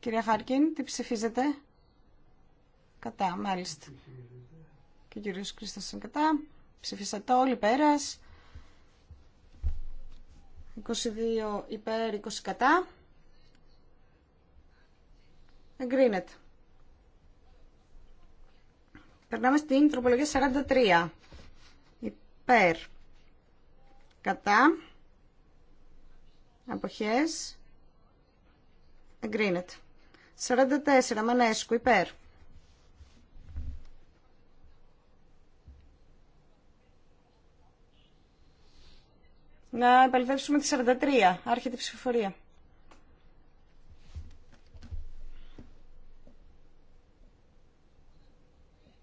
Κυρία Χάρκιν, τι ψηφίζετε. Κατά, μάλιστα. Και ο κύριος είναι κατά. Ψηφίσατε όλοι πέρας. 22 υπέρ, 20 κατά. Εγκρίνεται. Περνάμε στην τροπολογία 43. Υπέρ. Κατά. Αποχές. Εγκρίνεται. 44. Μανέσκου. Υπέρ. Να επαληθεύσουμε τη 43. Άρχεται η ψηφοφορία.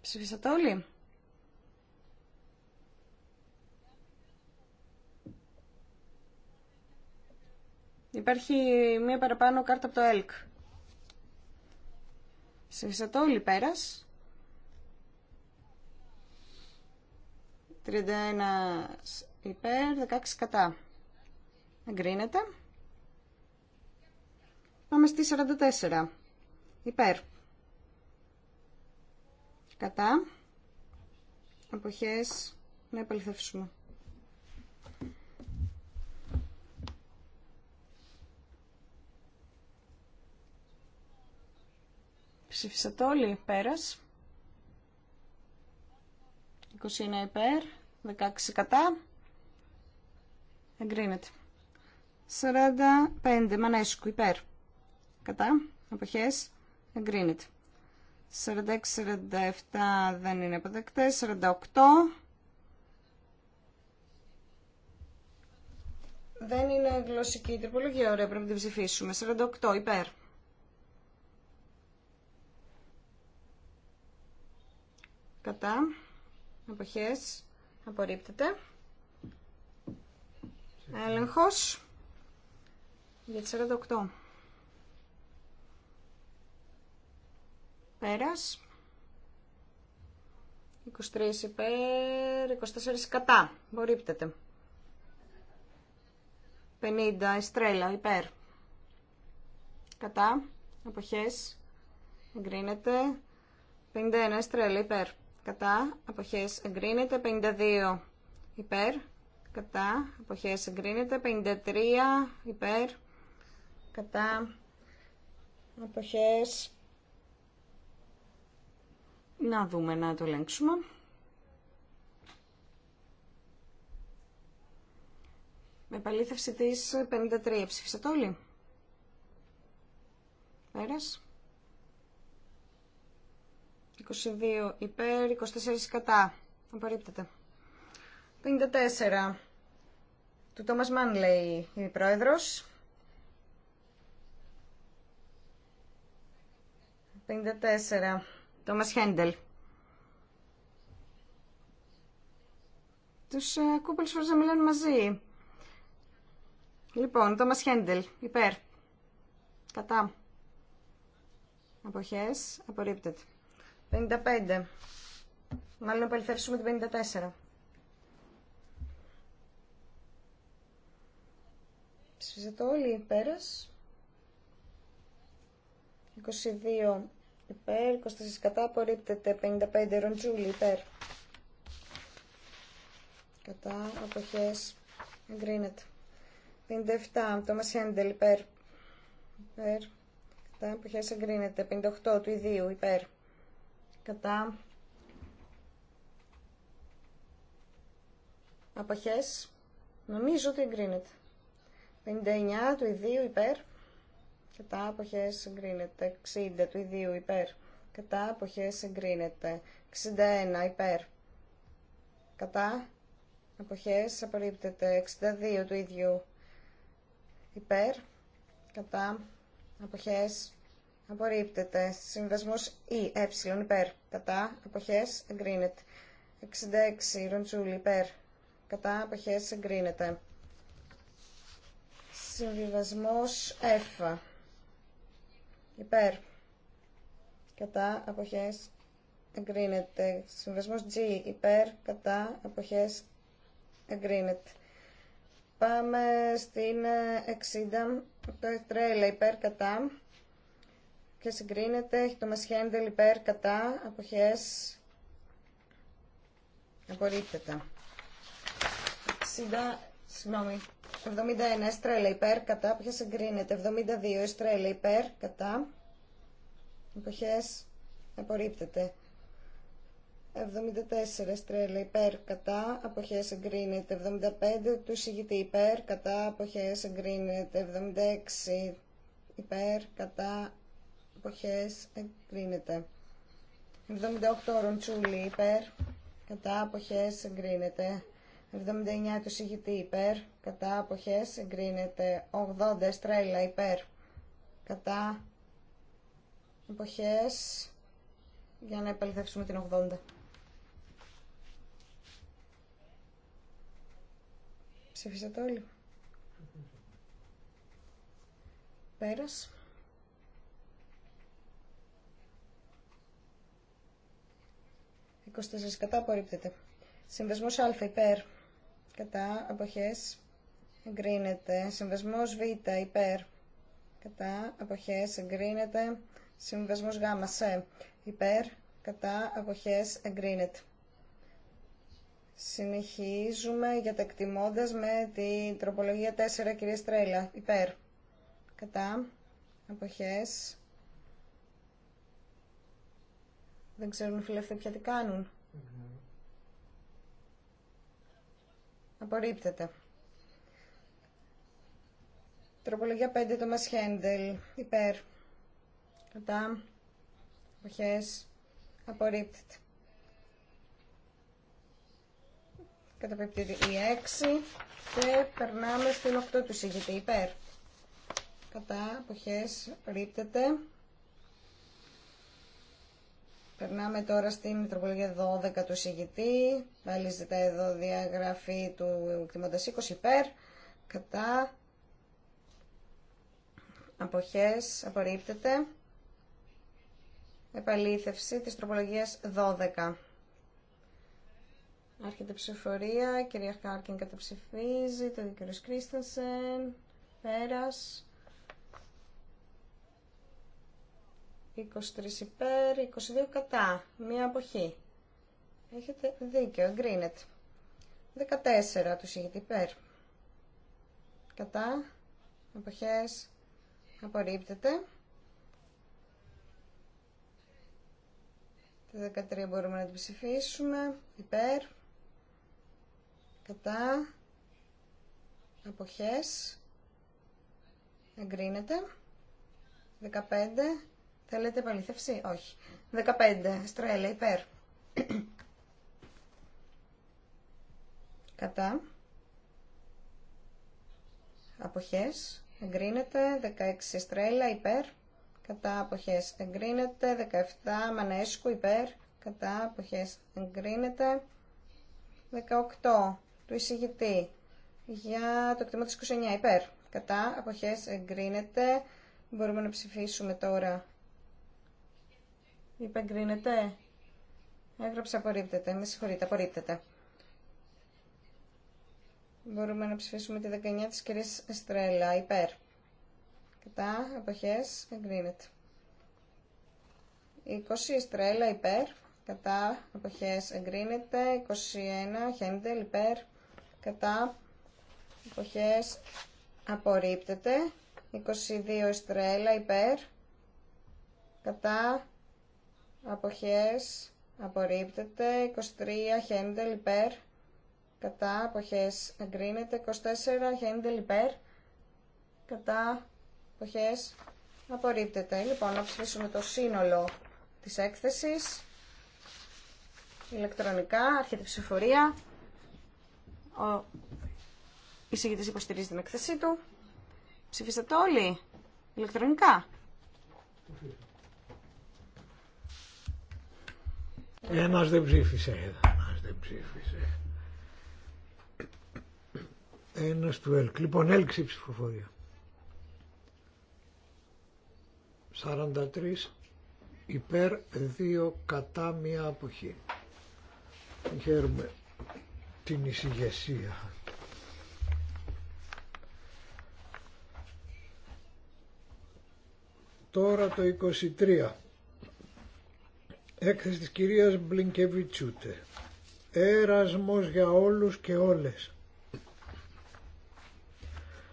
Ψηφίσατε όλοι. Υπάρχει μία παραπάνω κάρτα από το ΕΛΚ. Ψηφίσατε όλοι πέρας. 31 υπέρ, 16 κατά. Εγκρίνεται. Πάμε στη 44. Υπέρ. Κατά. Αποχές. Να επαληθεύσουμε. Ψήφισατε όλοι. Πέρας. 21 υπέρ. 16 κατά. Εγκρίνεται. 45 Μανέσκου υπέρ. Κατά. Αποχές. Εγκρίνεται. 46-47 δεν είναι αποδεκτές. 48. Δεν είναι γλωσσική η τροπολογία. Ωραία, πρέπει να την ψηφίσουμε. 48 υπέρ. Κατά. Αποχές. Απορρίπτεται. Έλεγχος για 48. Πέρας. 23 υπέρ, 24 κατά. Μπορείπτεται. 50 εστρέλα υπέρ. Κατά. Αποχές. Εγκρίνεται. 51 εστρέλα υπέρ. Κατά. Αποχές. Εγκρίνεται. 52 υπέρ κατά, αποχές εγκρίνεται, 53 υπέρ, κατά, αποχές, να δούμε να το ελέγξουμε. Με επαλήθευση της 53 ψήφισατε όλοι. 22 υπέρ, 24 κατά. Απορρίπτεται. 54 του Τόμας Μαν, λέει η πρόεδρος. 54. Τόμας Χέντελ. Τους ακούω ε, φορές να μιλάνε μαζί. Λοιπόν, Τόμας Χέντελ, υπέρ. Κατά. Αποχές, απορρίπτεται. 55. Μάλλον επαληθεύσουμε την 54. Ψηφίσατε όλοι πέρας. 22 υπέρ, 24 κατά, απορρίπτεται 55 ροντζούλη υπέρ. Κατά, αποχές, εγκρίνεται. 57, το μασέντελ υπέρ. Υπέρ. Κατά, αποχές, εγκρίνεται. 58, του ιδίου υπέρ. Κατά. Αποχές, νομίζω ότι εγκρίνεται. 59 του ιδίου υπέρ. Κατά αποχές εγκρίνεται. 60 του ιδίου υπέρ. Κατά αποχές εγκρίνεται. 61 υπέρ. Κατά αποχές απορρίπτεται. 62 του ίδιου υπέρ. Κατά αποχές απορρίπτεται. Συνδεσμός Ι, ε, υπέρ. Κατά αποχέ, εγκρίνεται. 66 ροντσούλη υπέρ. Κατά αποχές εγκρίνεται. Συμβιβασμός F. Υπέρ. Κατά αποχές εγκρίνεται. Συμβιβασμός G. Υπέρ. Κατά αποχές εγκρίνεται. Πάμε στην 60. Ε, το Τρέλα υπέρ κατά. Και συγκρίνεται. Έχει το μεσχέντελ υπέρ κατά. Αποχές απορρίπτεται. Συντά, Συγγνώμη. 71 Εστρέλα υπέρ κατά Ποια εγκρίνεται 72 Εστρέλα υπέρ κατά Εποχέ απορρίπτεται 74 Εστρέλα υπέρ κατά Αποχέ εγκρίνεται 75 του συγητή υπέρ κατά Αποχέ εγκρίνεται 76 υπέρ κατά Αποχέ εγκρίνεται 78 Ροντσούλη υπέρ κατά Αποχέ εγκρίνεται 79 του ηγητή υπέρ, κατά αποχές εγκρίνεται 80 εστρέλα υπέρ, κατά εποχές για να επαληθεύσουμε την 80. το όλοι. Πέρας. 24 κατά απορρίπτεται. Συνδεσμός α υπέρ κατά αποχές εγκρίνεται. συμβεσμός Β υπέρ κατά αποχές εγκρίνεται. Συμβασμός Γ σε υπέρ κατά αποχές εγκρίνεται. Συνεχίζουμε για τα εκτιμώντας με την τροπολογία 4 κυρία Στρέλα υπέρ κατά αποχές δεν ξέρουν οι πια τι κάνουν. Απορρίπτεται. Τροπολογία 5, το μας χέντελ. Υπέρ. Κατά. Αποχές. Απορρίπτεται. Καταπέπτει η 6 και περνάμε στην 8 του συγκητή, Υπέρ. Κατά. βοχές, Ρίπτεται. Περνάμε τώρα στην τροπολογία 12 του συγητή. Πάλι εδώ διαγραφή του κτήματο 20 υπέρ. Κατά. Αποχές. Απορρίπτεται. Επαλήθευση της τροπολογίας 12. Άρχεται ψηφορία. Κυρία Χάρκιν καταψηφίζει. Το δίκαιο Κρίστανσεν Πέρας. 23 υπέρ, 22 κατά. Μία αποχή. Έχετε δίκιο, εγκρίνεται. 14 του είχε υπέρ. Κατά. Αποχές. Απορρίπτεται. Τη 13 μπορούμε να την ψηφίσουμε. Υπέρ. Κατά. Αποχές. Εγκρίνεται. 15 Θέλετε επαλήθευση? Όχι. 15. Στρέλα υπέρ. Κατά. Αποχές. Εγκρίνεται. 16. Στρέλα υπέρ. Κατά. Αποχές. Εγκρίνεται. 17. Μανέσκου υπέρ. Κατά. Αποχές. Εγκρίνεται. 18. Του εισηγητή. Για το κτήμα της 29. Υπέρ. Κατά. Αποχές. Εγκρίνεται. Μπορούμε να ψηφίσουμε τώρα Υπεγκρίνεται. Έγραψε απορρίπτεται. Με συγχωρείτε, απορρίπτεται. Μπορούμε να ψηφίσουμε τη 19 της κυρίας Εστρέλα. Υπέρ. Κατά, αποχές, εγκρίνεται. 20 Εστρέλα, υπέρ. Κατά, αποχές, εγκρίνεται. 21 Χέντελ, υπέρ. Κατά, εποχές απορρίπτεται. 22 Εστρέλα, υπέρ. Κατά, αποχές απορρίπτεται 23 χέντελ υπέρ κατά αποχές αγκρίνεται 24 χέντελ υπέρ κατά αποχές απορρίπτεται λοιπόν να ψηφίσουμε το σύνολο της έκθεσης ηλεκτρονικά άρχεται ψηφορία ο εισηγητής υποστηρίζει την έκθεσή του ψηφίσατε όλοι ηλεκτρονικά Ε, ένας δεν ψήφισε. Ε, ένας δεν ψήφισε. Ένας του ΕΛΚ. Λοιπόν, έλξη ψηφοφορία. 43 υπέρ 2 κατά μία αποχή. Χαίρομαι την εισηγεσία. Τώρα το 23. Έκθεση της κυρίας Μπλινκεβιτσούτε. Έρασμος για όλους και όλες.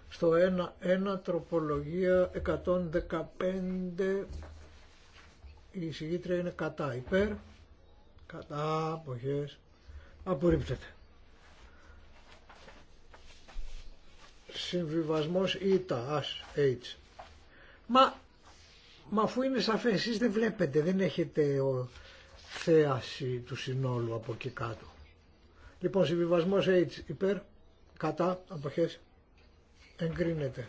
Στο 1-1 τροπολογία 115 η εισηγήτρια είναι κατά υπέρ. Κατά αποχές. Απορρίπτεται. Συμβιβασμός ΙΤΑ, H. Μα Μα αφού είναι σαφές, εσείς δεν βλέπετε, δεν έχετε ο, θέαση του συνόλου από εκεί κάτω. Λοιπόν, συμβιβασμό H υπέρ, κατά, αποχές, εγκρίνεται.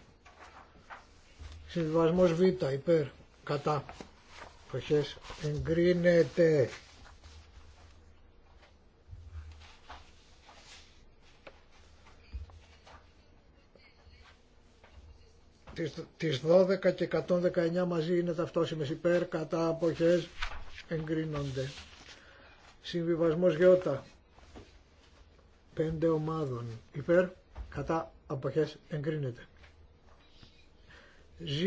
Συμβιβασμό Β υπέρ, κατά, αποχές, εγκρίνεται. Τις 12 και 119 μαζί είναι ταυτόσιμες υπέρ, κατά αποχές εγκρίνονται. Συμβιβασμός γεώτα. Πέντε ομάδων υπέρ, κατά αποχές εγκρίνεται. Ζ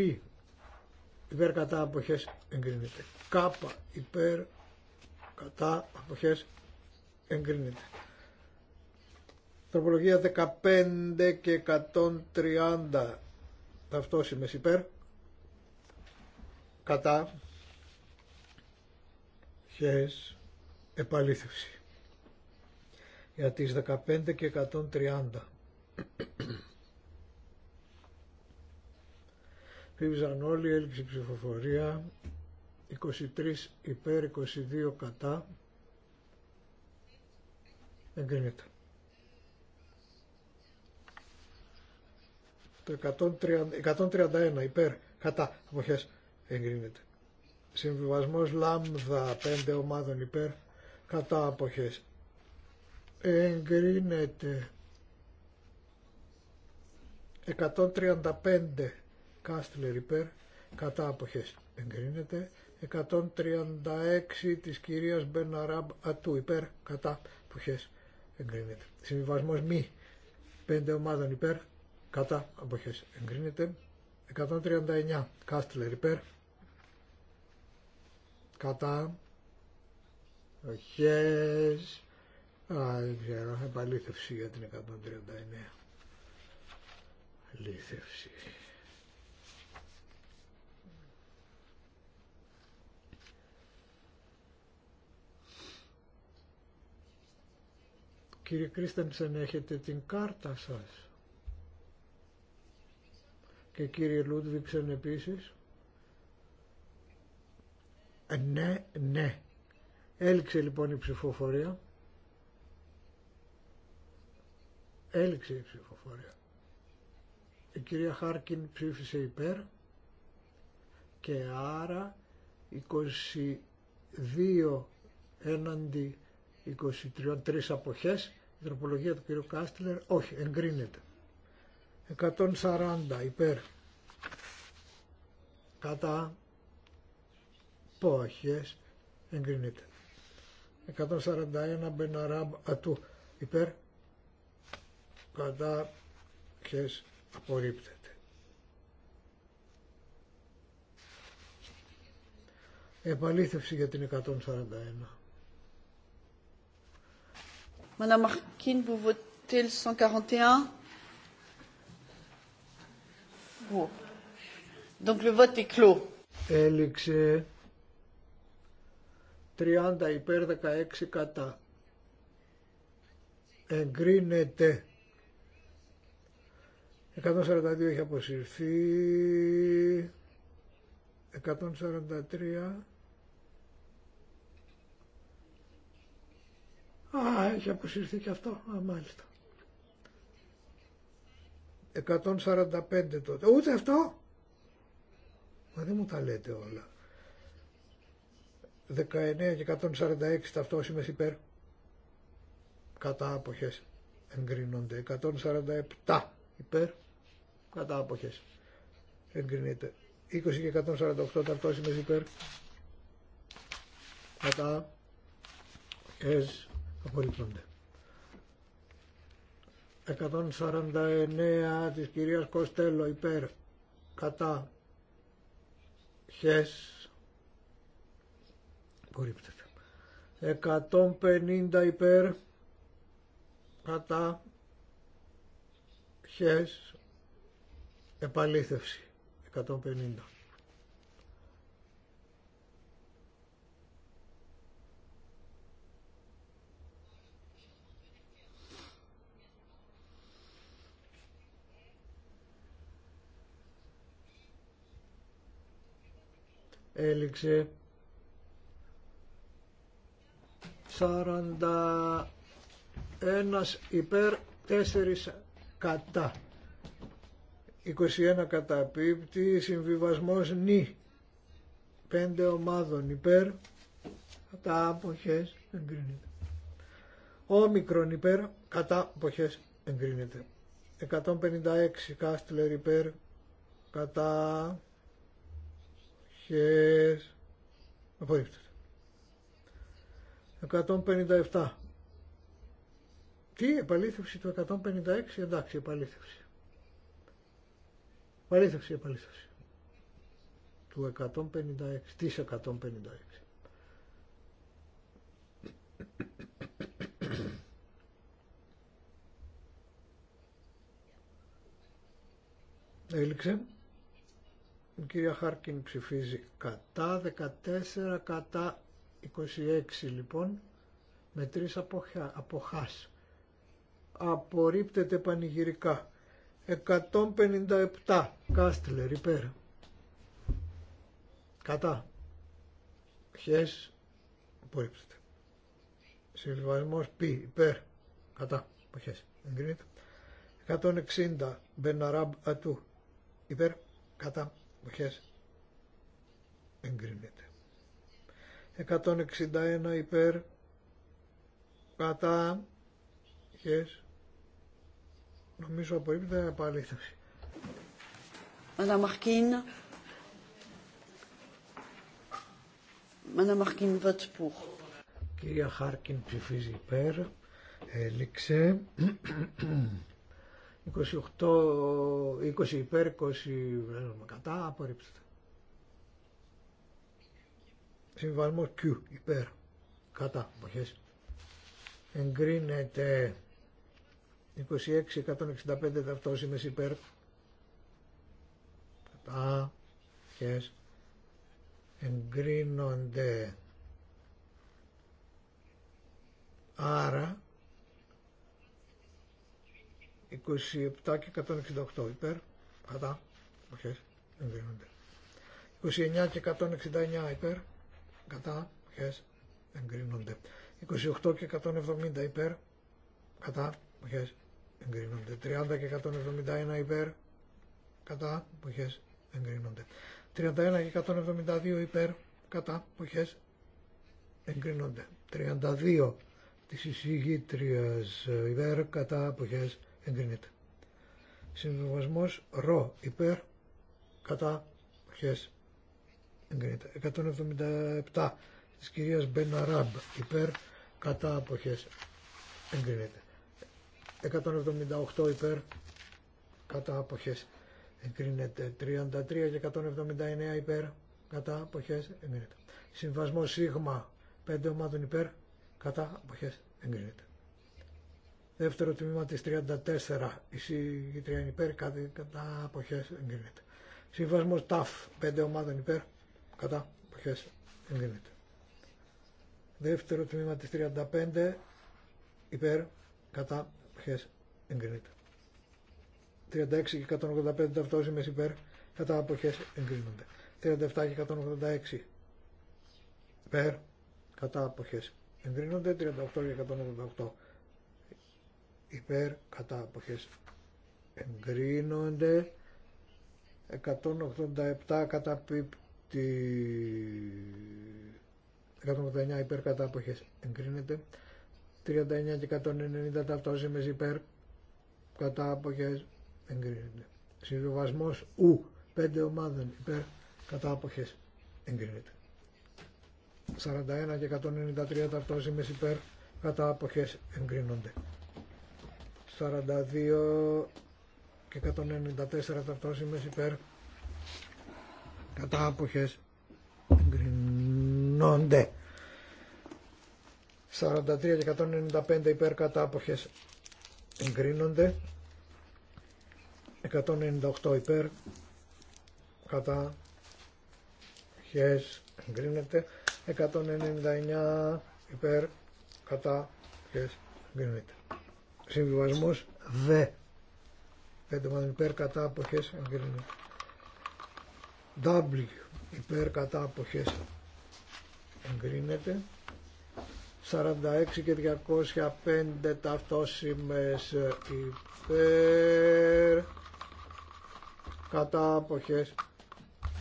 υπέρ κατά αποχές εγκρίνεται. Κάπα υπέρ κατά αποχές εγκρίνεται. Τροπολογία 15 και 130 ταυτόσημες υπέρ κατά χες επαλήθευση για τις 15 και 130 ψήφισαν όλοι έλξη ψηφοφορία 23 υπέρ 22 κατά εγκρίνεται Το 131 υπέρ κατά αποχές εγκρίνεται. Συμβιβασμός λάμδα 5 ομάδων υπέρ κατά αποχές εγκρίνεται. 135 κάστλερ υπέρ κατά αποχές εγκρίνεται. 136 της κυρίας Μπεναράμπ Ατού υπέρ κατά αποχές εγκρίνεται. Συμβιβασμός μη 5 ομάδων υπέρ κατά αποχές εγκρίνεται 139 Κάστλερ υπέρ κατά αποχές α δεν ξέρω επαλήθευση για την 139 λήθευση Κύριε Κρίστεμψεν, έχετε την κάρτα σας και κύριε Λούντβιξεν επίσης. Ε, ναι, ναι. Έληξε λοιπόν η ψηφοφορία. Έληξε η ψηφοφορία. Η κυρία Χάρκιν ψήφισε υπέρ και άρα 22 έναντι 23 αποχές. Η τροπολογία του κυρίου Κάστλερ όχι, εγκρίνεται. 140 υπέρ κατά πόχες εγκρίνεται 141 μπεναράμ ατού υπέρ κατά πόχες απορρίπτεται επαλήθευση για την 141 Madame Marquine, vous votez le 141 Donc le vote Έληξε 30 υπέρ 16 κατά. Εγκρίνεται. 142 έχει αποσυρθεί. 143. Α, έχει αποσυρθεί και αυτό. Α, μάλιστα. 145 τότε. Ούτε αυτό. Μα δεν μου τα λέτε όλα. 19 και 146 ταυτόσημες υπέρ. Κατά αποχές εγκρίνονται. 147 υπέρ. Κατά αποχές εγκρίνεται. 20 και 148 ταυτόσημες υπέρ. Κατά αποχές απορρίπτονται. 149 της κυρίας Κοστέλο υπέρ κατά χες 150 υπέρ κατά χες επαλήθευση 150 έληξε 41 υπέρ 4 κατά 21 πίπτη, συμβιβασμός νη 5 ομάδων υπέρ κατά αποχές εγκρίνεται όμικρον υπέρ κατά αποχές εγκρίνεται 156 κάστλερ υπέρ κατά ψυχές απορρίπτεται 157 τι επαλήθευση του 156 εντάξει επαλήθευση επαλήθευση επαλήθευση του 156 της 156 Έληξε. Η κυρία Χάρκιν ψηφίζει κατά, 14 κατά 26 λοιπόν, με τρεις αποχάς. Απορρίπτεται πανηγυρικά. 157 Κάστλερ υπέρ. Κατά. Χες απορρίπτεται. Συμβιβασμός πι, υπέρ. Κατά. ΧΕΣ, Εγκρίνεται. 160 Μπεναράμπ Ατού υπέρ. Κατά αποχές εγκρίνεται 161 υπέρ κατά αποχές νομίζω απορρίπτεται επαλήθευση Madame Marquine Madame Marquine vote pour Κυρία Χάρκιν ψηφίζει υπέρ έληξε 28, 20 υπέρ, 20 κατά, απορρίψτε. Συμβαίνουμε Q, υπέρ, κατά, αποχές. Εγκρίνεται 26-165 ταυτόσημες υπέρ, κατά, αποχές. Εγκρίνονται άρα 27 και 168 υπέρ, κατά, όχι, δεν 29 και 169 υπέρ, κατά, όχι, εγκρίνονται. 28 και 170 υπέρ, κατά, όχι, εγκρίνονται. 30 και 171 υπέρ, κατά, όχι, εγκρίνονται. 31 και 172 υπέρ, κατά, όχι, εγκρίνονται. 32 της εισηγήτριας υπέρ, κατά, αποχές, εγκρίνεται. Συμβιβασμός ρο υπέρ κατά χε εγκρίνεται. 177 της κυρίας Μπεναράμπ υπέρ κατά απόχέ. εγκρίνεται. 178 υπέρ κατά απόχέ. εγκρίνεται. 33 και 179 υπέρ κατά αποχές εγκρίνεται. Συμβασμό σίγμα 5 ομάδων υπέρ κατά αποχές εγκρίνεται. Δεύτερο τμήμα της 34. Η συγκεκριά είναι υπέρ, κατά αποχές εγκρίνεται. Σύμβασμος ΤΑΦ, πέντε ομάδων υπέρ, κατά αποχές εγκρίνεται. Δεύτερο τμήμα της 35 υπέρ, κατά αποχές εγκρίνεται. 36 και 185 ταυτόσημες υπέρ, κατά αποχές εγκρίνονται. 37 και 186 υπέρ, κατά αποχές εγκρίνονται. 38 και 188 υπέρ κατά αποχές εγκρίνονται 187 κατά πίπτη 189 υπέρ κατά αποχές εγκρίνεται 39 και 190 ταυτόσημες υπέρ κατά αποχές εγκρίνεται συμβιβασμός ου 5 ομάδων υπέρ κατά αποχές εγκρίνεται 41 και 193 ταυτόσημες υπέρ κατά αποχές εγκρίνονται 42 και 194 ταυτόσημες υπέρ κατά άποχες εγκρινώνται 43 και 195 υπέρ κατά άποχες εγκρίνονται 198 υπέρ κατά χες εγκρίνεται 199 υπέρ κατά χες εγκρίνεται συμβιβασμό Β. Πέντε μάλλον υπέρ κατά αποχέ εγκρίνεται. W υπέρ κατά αποχέ εγκρίνεται. 46 και 205 ταυτόσημες ε, υπέρ κατά αποχές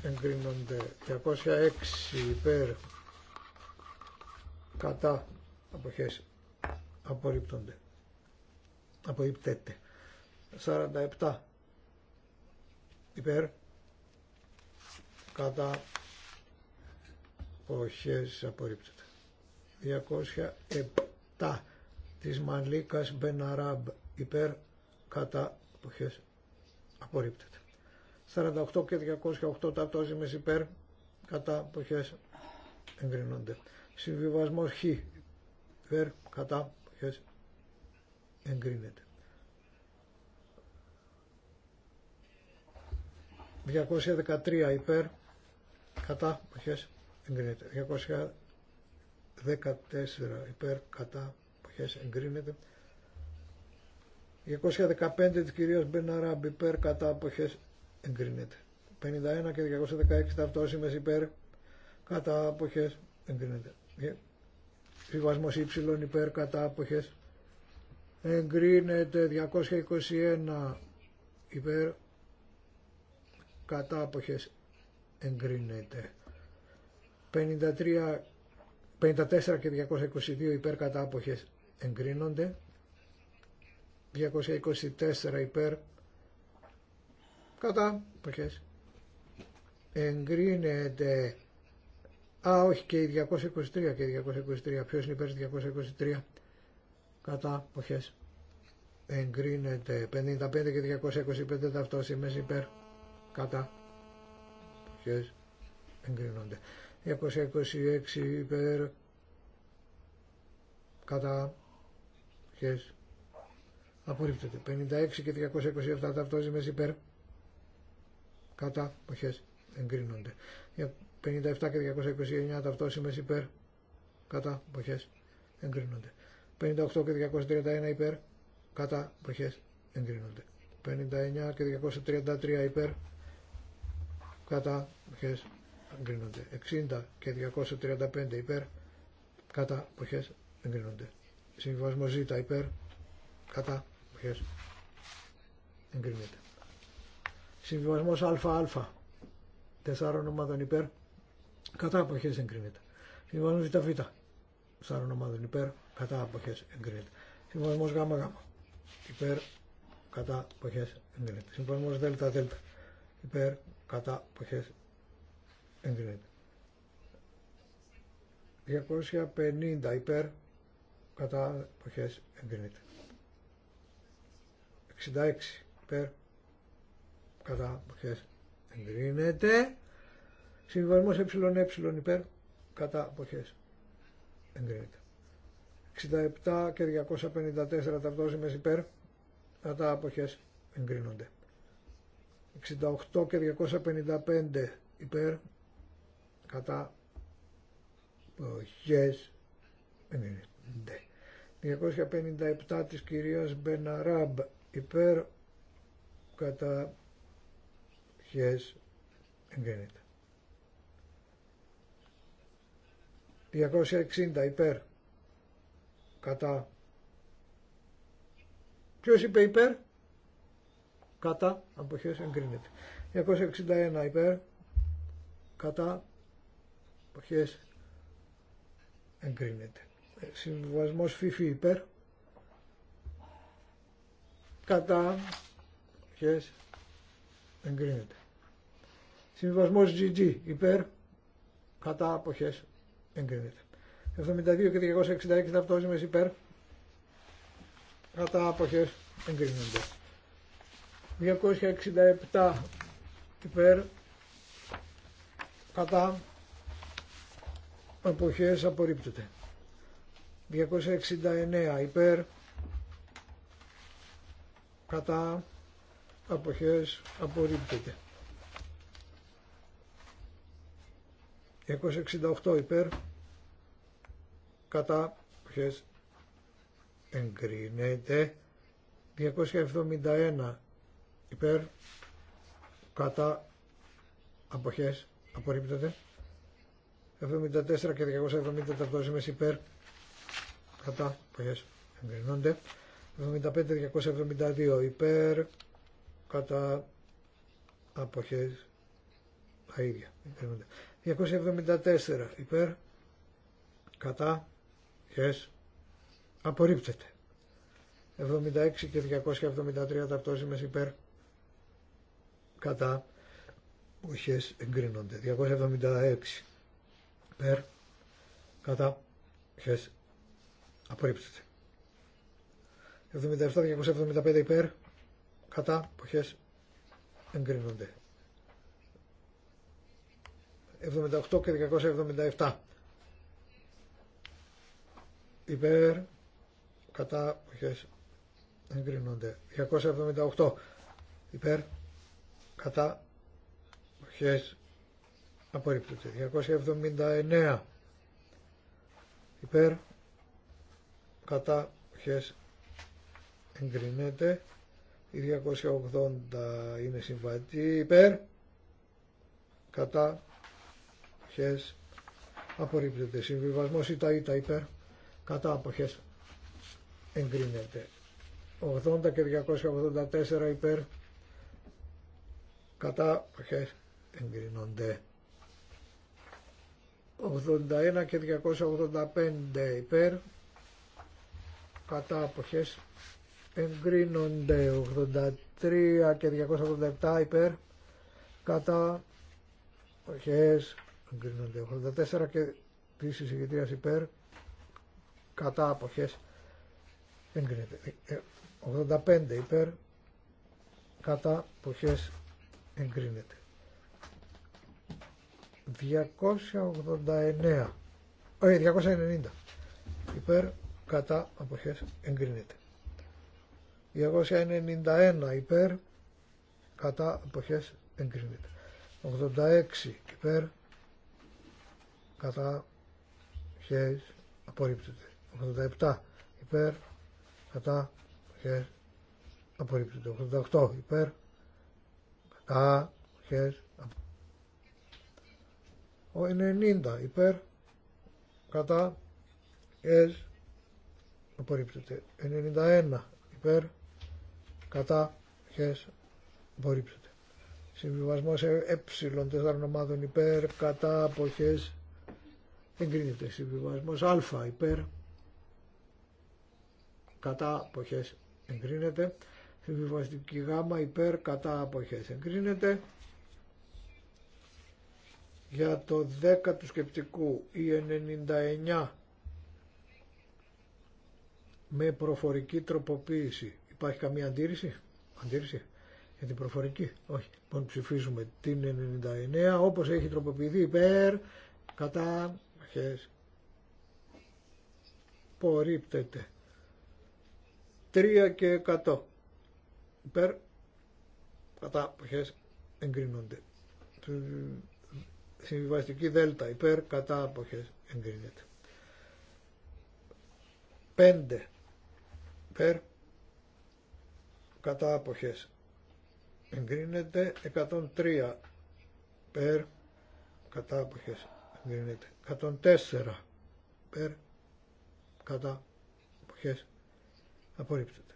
εγκρίνονται 206 υπέρ κατά αποχές απορρίπτονται απορρίπτεται 47 υπέρ κατά ποχές απορρίπτεται 207 της Μαλίκας Μπεναράμπ υπέρ κατά ποχές απορρίπτεται 48 και 208 ταυτόσημες υπέρ κατά ποχές εγκρίνονται. συμβιβασμός χ υπέρ κατά αποχές εγκρίνεται. 213 υπέρ, κατά, αποχές, εγκρίνεται. 214 υπέρ, κατά, αποχές, εγκρίνεται. 215 της κυρίας Μπεναράμπ υπέρ, κατά, αποχές, εγκρίνεται. 51 και 216 ταυτόσημες υπέρ, κατά, αποχές, εγκρίνεται. Συμβασμός Y υπέρ, κατά, αποχές, εγκρίνεται 221 υπέρ κατάποχες, εγκρίνεται 53, 54 και 222 υπέρ κατάποχες, εγκρίνονται 224 υπέρ κατάποχες, εγκρίνεται α όχι και 223 και 223 ποιος είναι υπέρ 223 κατά αποχές εγκρίνεται 55 και 225 ταυτόσημες υπέρ κατά αποχές εγκρίνονται 226 υπέρ κατά αποχές απορρίπτεται 56 και 227 ταυτόσημες υπέρ κατά αποχές εγκρίνονται 57 και 229 ταυτόσημες υπέρ κατά αποχές εγκρίνονται 58 και 231 υπέρ κατά βροχές εγκρίνονται 59 και 233 υπέρ κατά βροχές εγκρίνονται 60 και 235 υπέρ κατά βροχές εγκρίνονται συμβιβασμό Ζ υπέρ κατά βροχές εγκρίνεται συμβιβασμός ΑΑ 4 ομάδων υπέρ κατά βροχές εγκρίνεται συμβιβασμός ΒΒ 4 ομάδων υπέρ κατά αποχές εγκρίνεται. συμβολισμός γάμα γάμα υπέρ κατά αποχές εγκρίνεται. συμβολισμός δέλτα δέλτα υπέρ κατά αποχές εγκρίνεται. 250 υπέρ κατά αποχές εγκρίνεται. 66 υπέρ κατά αποχές εγκρίνεται. συμβολισμός εψιλον ε, υπέρ κατά αποχές εγκρίνεται. 67 και 254 ταυτόσημες υπέρ κατά αποχές εγκρίνονται. 68 και 255 υπέρ κατά αποχές εγκρίνονται. 257 της κυρίας Μπεναράμπ υπέρ κατά αποχές εγκρίνεται. 260 υπέρ Κατά. Ποιος είπε υπέρ. Κατά. απόχέ εγκρίνεται. 261 υπέρ. Κατά. Αποχές εγκρίνεται. Ε, Συμβασμό φίφι υπέρ. Κατά. Αποχές εγκρίνεται. Συμβασμό GG υπέρ. Κατά. Αποχές εγκρίνεται. 72 και 266 ταυτόσημες υπέρ κατά αποχές εγκρίνονται. 267 υπέρ κατά αποχές απορρίπτεται. 269 υπέρ κατά αποχές απορρίπτεται. 268 υπέρ κατά ποιες εγκρίνεται 271 υπέρ κατά αποχές απορρίπτεται 74 και 270 υπερ υπέρ κατά εγκρινόνται. εγκρινώνται 75-272 υπέρ κατά αποχές τα ίδια εγκρινόνται. 274 υπέρ κατά αποχές απορρίπτεται 76 και 273 ταυτόσημες υπέρ κατά ποιες εγκρίνονται 276 υπέρ κατά αποχές απορρίπτεται 77-275 υπέρ κατά ποιες εγκρίνονται 78 και 277 υπέρ κατά δεν εγκρίνονται 278 υπέρ κατά αποχές απορρίπτονται 279 υπέρ κατά αποχές εγκρίνεται η 280 είναι συμβατή υπέρ κατά αποχές απορρίπτεται συμβιβασμός ή τα υπέρ κατά αποχές εγκρίνεται 80 και 284 υπέρ κατά αποχές εγκρίνονται 81 και 285 υπέρ κατά αποχές εγκρίνονται 83 και 287 υπέρ κατά αποχές εγκρίνονται 84 και της εισηγητρίας υπέρ κατά αποχές εγκρίνεται 85 ε, υπέρ κατά αποχές εγκρίνεται 289 όχι 290 υπέρ κατά αποχές εγκρίνεται 291 υπέρ κατά αποχές εγκρίνεται 86 υπέρ κατά χέρις απορρίπτεται 87 υπέρ κατά χέρ απορρίπτεται 88 υπέρ κατά χέρ ο 90 υπέρ κατά χέρ απορρίπτεται 91 υπέρ κατά χέρ απορρίπτεται συμβιβασμός ε, ε4 ε, τεσσάρων ομάδων υπέρ κατά αποχές εγκρίνεται συμβιβασμός α υπέρ κατά αποχές εγκρίνεται. Συμβιβαστική γάμα υπέρ κατά αποχές εγκρίνεται. Για το 10 του σκεπτικού ή 99 με προφορική τροποποίηση. Υπάρχει καμία αντίρρηση. Αντίρρηση για την προφορική. Όχι. Λοιπόν ψηφίζουμε την 99 όπως έχει τροποποιηθεί υπέρ κατά αποχές. Πορύπτεται. 3 και 100. Υπέρ, κατά, αποχές, εγκρίνονται. Συμβιβαστική δέλτα, υπέρ, κατά, αποχές, εγκρίνεται. 5 υπέρ, κατά, αποχές, εγκρίνεται. 103 υπέρ, κατά, αποχές, εγκρίνεται. 104 υπέρ, κατά, αποχές, Απορρίπτωται.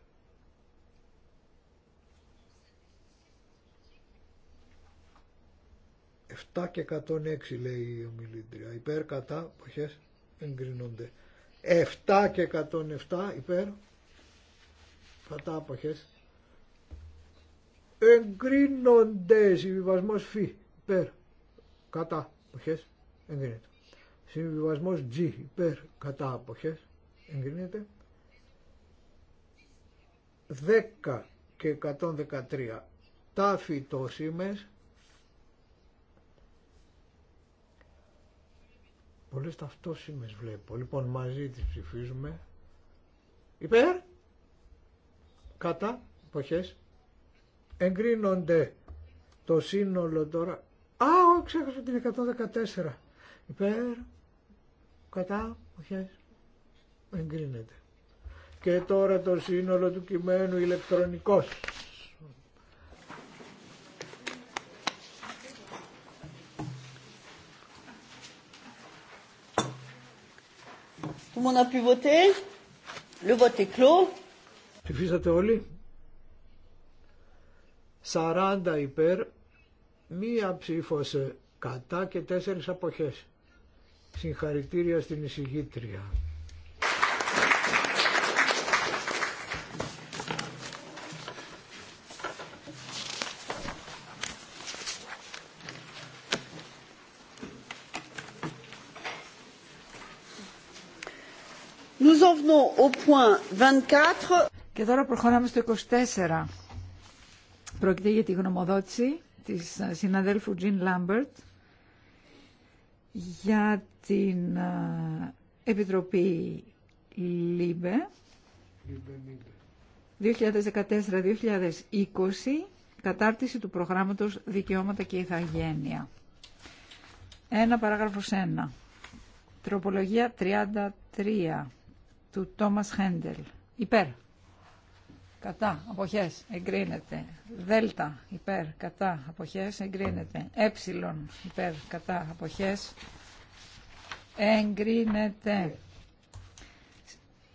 7 και 106 λέει η ομιλήτρια. Υπέρ, κατά, αποχές εγκρίνονται. 7 και 107 υπέρ, κατά, αποχές εγκρίνονται. Συμβιβασμός φι υπέρ, κατά, αποχές εγκρίνεται. Συμβιβασμός G, υπέρ, κατά, αποχές εγκρίνεται. 10 και 113 τα φυτόσημες πολλές ταυτόσημες βλέπω λοιπόν μαζί τις ψηφίζουμε υπέρ κατά εποχές εγκρίνονται το σύνολο τώρα α όχι ξέχασα την 114 υπέρ κατά εποχές εγκρίνεται και τώρα το σύνολο του κειμένου ηλεκτρονικός. Tout le monde a Ψηφίσατε όλοι. 40 υπέρ, μία ψήφος κατά και τέσσερις αποχές. Συγχαρητήρια στην εισηγήτρια. Και τώρα προχωράμε στο 24. Πρόκειται για τη γνωμοδότηση της συναδέλφου Jean Lambert για την ε, Επιτροπή ΛΥΜΠΕ 2014-2020 κατάρτιση του προγράμματος Δικαιώματα και Ιθαγένεια. Ένα παράγραφος 1. Τροπολογία 33 του Τόμας Χέντελ. Υπέρ. Κατά. Αποχές. Εγκρίνεται. Δέλτα. Υπέρ. Κατά. Αποχές. Εγκρίνεται. Έψιλον. Ε. Υπέρ. Κατά. Αποχές. Εγκρίνεται.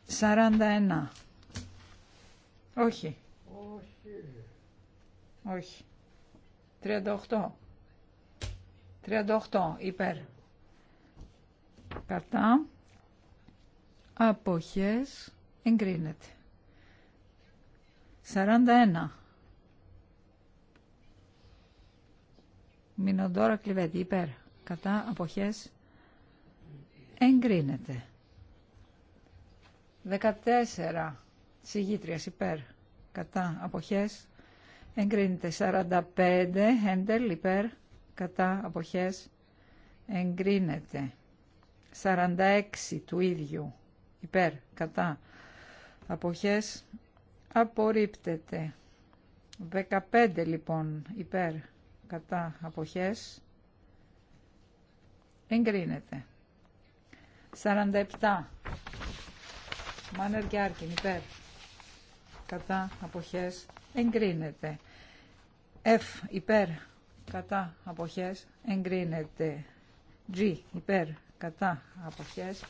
41. Όχι. Όχι. Όχι. 38. 38. Υπέρ. Κατά. Αποχές εγκρίνεται. 41. Μινοντόρα κλειβέτη υπέρ. Κατά αποχές εγκρίνεται. 14. Συγγήτριας υπέρ. Κατά αποχές εγκρίνεται. 45. Χέντελ υπέρ. Κατά αποχές εγκρίνεται. 46 του ίδιου υπέρ, κατά, αποχές, απορρίπτεται. 15 λοιπόν, υπέρ, κατά, αποχές, εγκρίνεται. 47, Μάνερ και υπέρ, κατά, αποχές, εγκρίνεται. F, υπέρ, κατά, αποχές, εγκρίνεται. G, υπέρ, κατά, αποχές,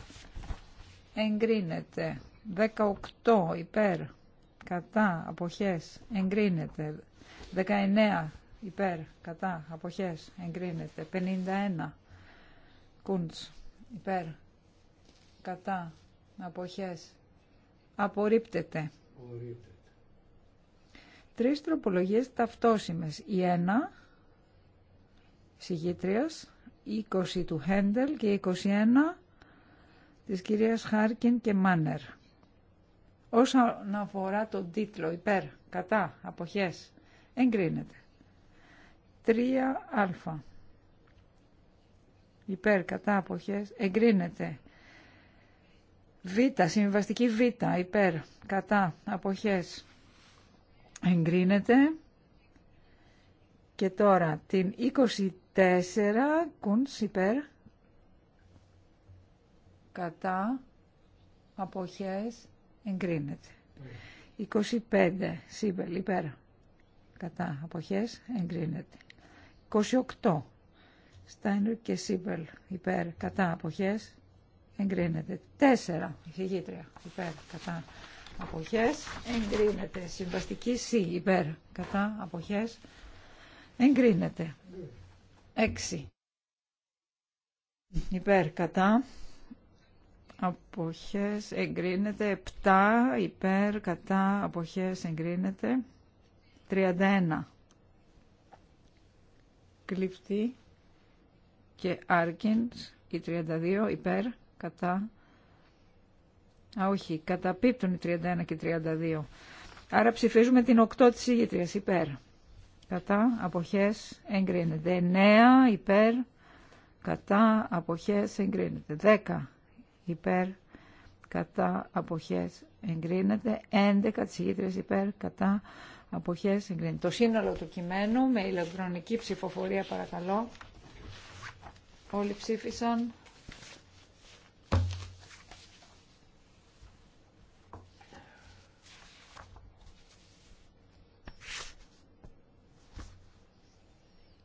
εγκρίνεται. 18 υπέρ κατά αποχές εγκρίνεται. 19 υπέρ κατά αποχές εγκρίνεται. 51 κούντς υπέρ κατά αποχές απορρίπτεται. Τρεις τροπολογίες ταυτόσιμες. Η 1 συγγήτριας, 20 του Χέντελ και 21 της κυρίας Χάρκιν και Μάνερ. Όσον αφορά τον τίτλο υπέρ, κατά, αποχές, εγκρίνεται. 3α. Υπέρ, κατά, αποχές, εγκρίνεται. Β, συμβαστική Β, υπέρ, κατά, αποχές, εγκρίνεται. Και τώρα την 24, κούν υπέρ, κατά αποχές εγκρίνεται. 25 Σίμπελ υπέρ κατά αποχές εγκρίνεται. 28 Στάινρου και Σίμπελ υπέρ κατά αποχές εγκρίνεται. 4 Ηχηγήτρια υπέρ κατά αποχές εγκρίνεται. Συμβαστική Σι υπέρ κατά αποχές εγκρίνεται. 6 υπέρ κατά αποχές εγκρίνεται 7 υπέρ κατά αποχές εγκρίνεται 31 κλειφτή και Άρκινς η 32 υπέρ κατά α όχι καταπίπτουν οι 31 και 32 άρα ψηφίζουμε την 8 της ηγητρίας υπέρ κατά αποχές εγκρίνεται 9 υπέρ κατά αποχές εγκρίνεται 10 υπέρ κατά αποχές εγκρίνεται 11 της υπέρ κατά αποχές εγκρίνεται το σύνολο του κειμένου με ηλεκτρονική ψηφοφορία παρακαλώ όλοι ψήφισαν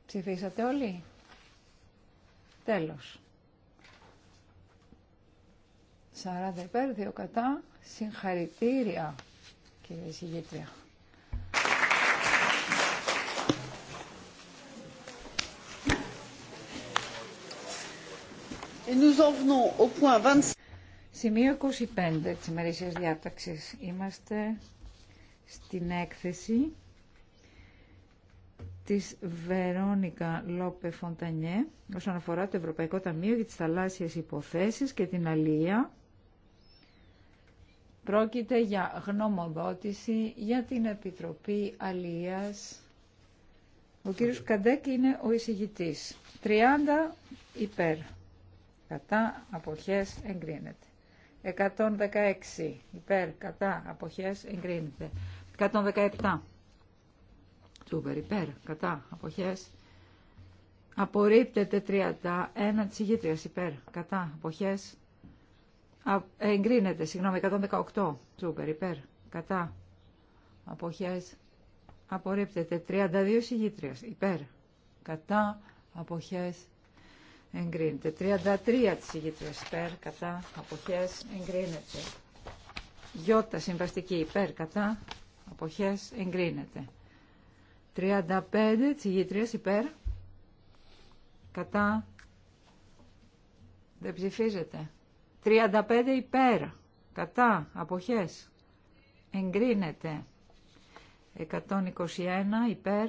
Ψηφίσατε όλοι. Τέλος. 40 υπέρ, 2 κατά. Συγχαρητήρια, κύριε Συγγήτρια. Σημείο 25 της ημερήσιας διάταξης. Είμαστε στην έκθεση της Βερόνικα Λόπε Φοντανιέ όσον αφορά το Ευρωπαϊκό Ταμείο για τις θαλάσσιες υποθέσεις και την αλληλεία Πρόκειται για γνωμοδότηση για την Επιτροπή Αλίας. Ο κύριος Καντέκ είναι ο εισηγητής. 30 υπέρ. Κατά αποχές εγκρίνεται. 116 υπέρ. Κατά αποχές εγκρίνεται. 117. τσούπερ υπέρ. Κατά αποχές Απορρίπτεται 31 της ηγήτριας υπέρ. Κατά αποχές εγκρίνεται, συγγνώμη, 118 Τσούπερ υπέρ, κατά αποχές απορρίπτεται 32 συγγήτριας υπέρ, κατά αποχές εγκρίνεται 33 της συγγήτριας υπέρ, κατά αποχές εγκρίνεται γιώτα συμβαστική υπέρ, κατά αποχές εγκρίνεται 35 της υπέρ, κατά δεν ψηφίζεται. 35 υπέρ. Κατά. Αποχές. Εγκρίνεται. 121 υπέρ.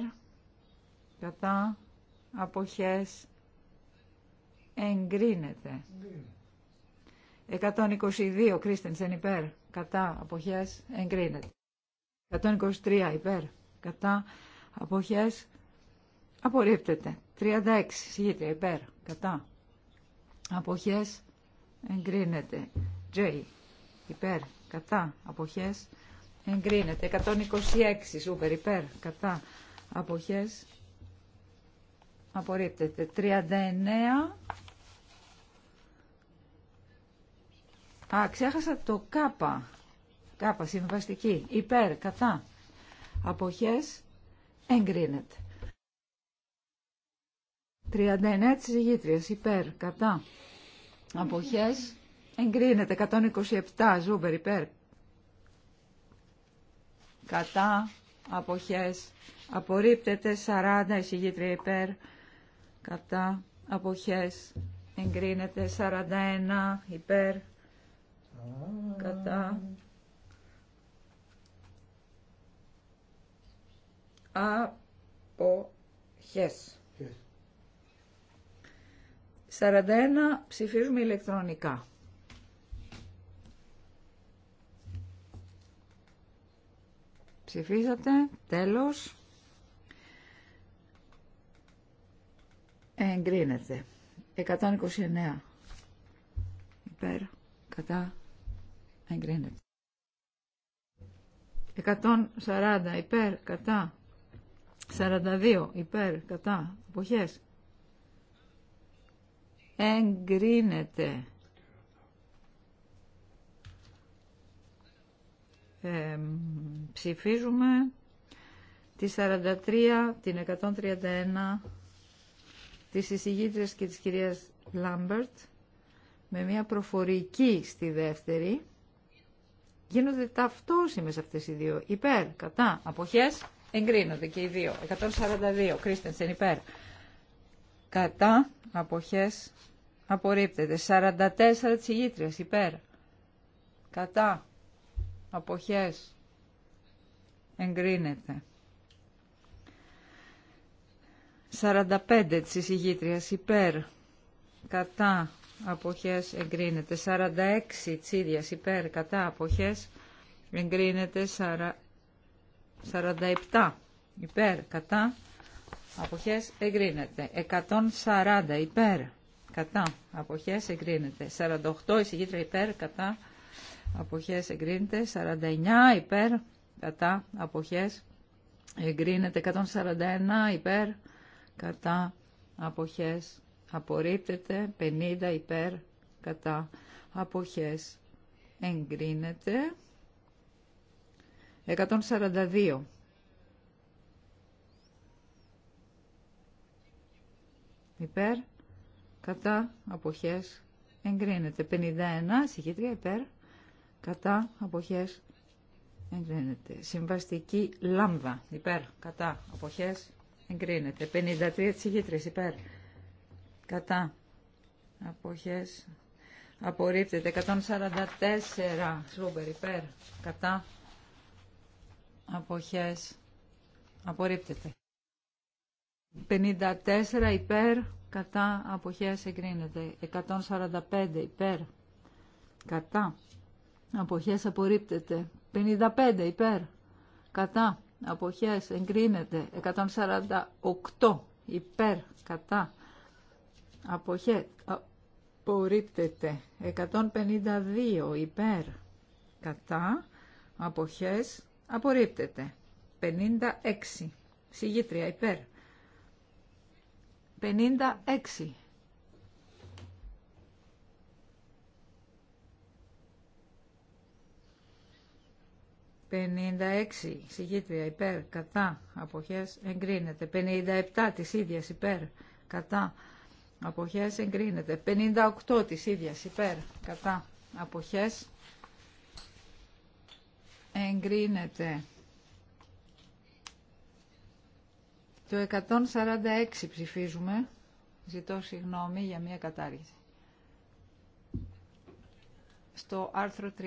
Κατά. Αποχές. Εγκρίνεται. 122 Κρίστενσεν υπέρ. Κατά. Αποχές. Εγκρίνεται. 123 υπέρ. Κατά. Αποχές. Απορρίπτεται. 36 συγγήτρια υπέρ. Κατά. Αποχές εγκρίνεται. J, υπέρ, κατά, αποχές, εγκρίνεται. 126, σούπερ, υπέρ, κατά, αποχές, απορρίπτεται. 39, α, ξέχασα το κάπα, κάπα, συμβαστική, υπέρ, κατά, αποχές, εγκρίνεται. 39 της ηγήτριας, υπέρ, κατά, Αποχές εγκρίνεται 127 ζούμπερ υπέρ. Κατά αποχές απορρίπτεται 40 εισηγήτρια υπέρ. Κατά αποχές εγκρίνεται 41 υπέρ. Κατά αποχές. 41 ψηφίζουμε ηλεκτρονικά. Ψηφίσατε. Τέλος. Εγκρίνεται. 129. Υπέρ. Κατά. Εγκρίνεται. 140. Υπέρ. Κατά. 42. Υπέρ. Κατά. Εποχές εγκρίνεται. Ε, ψηφίζουμε τη 43, την 131 της εισηγήτριας και της κυρίας Λάμπερτ με μια προφορική στη δεύτερη γίνονται ταυτόσιμες αυτές οι δύο υπέρ, κατά, αποχές εγκρίνονται και οι δύο 142, Κρίστενσεν υπέρ κατά, αποχές, απορρίπτεται. 44 της υπέρ, κατά, αποχές, εγκρίνεται. 45 της υπέρ, κατά, αποχές, εγκρίνεται. 46 της υπέρ, κατά, αποχές, εγκρίνεται. 47 υπέρ, κατά, αποχές εγκρίνεται. 140 υπέρ, κατά, αποχές εγκρίνεται. 48 εισηγήτρια υπέρ, κατά, αποχές εγκρίνεται. 49 υπέρ, κατά, αποχές εγκρίνεται. 141 υπέρ, κατά, αποχές απορρίπτεται. 50 υπέρ, κατά, αποχές εγκρίνεται. 142 υπέρ, κατά, αποχές, εγκρίνεται. 51, συγχύτρια, υπέρ, κατά, αποχές, εγκρίνεται. Συμβαστική λάμδα, υπέρ, κατά, αποχές, εγκρίνεται. 53 της υπέρ, κατά, αποχές, απορρίπτεται. 144, σούμπερ, υπέρ, κατά, αποχές, απορρίπτεται. 54 υπέρ, κατά αποχές εγκρίνεται. 145 υπέρ, κατά αποχές απορρίπτεται. 55 υπέρ, κατά αποχές εγκρίνεται. 148 υπέρ, κατά αποχές απορρίπτεται. 152 υπέρ, κατά αποχές απορρίπτεται. 56 συγγήτρια υπέρ 56. 56 συγγήτρια, υπέρ, κατά, αποχές, εγκρίνεται. 57 της ίδιας, υπέρ, κατά, αποχές, εγκρίνεται. 58 της ίδιας, υπέρ, κατά, αποχές, εγκρίνεται. Το 146 ψηφίζουμε. Ζητώ συγγνώμη για μια κατάργηση. Στο άρθρο 34,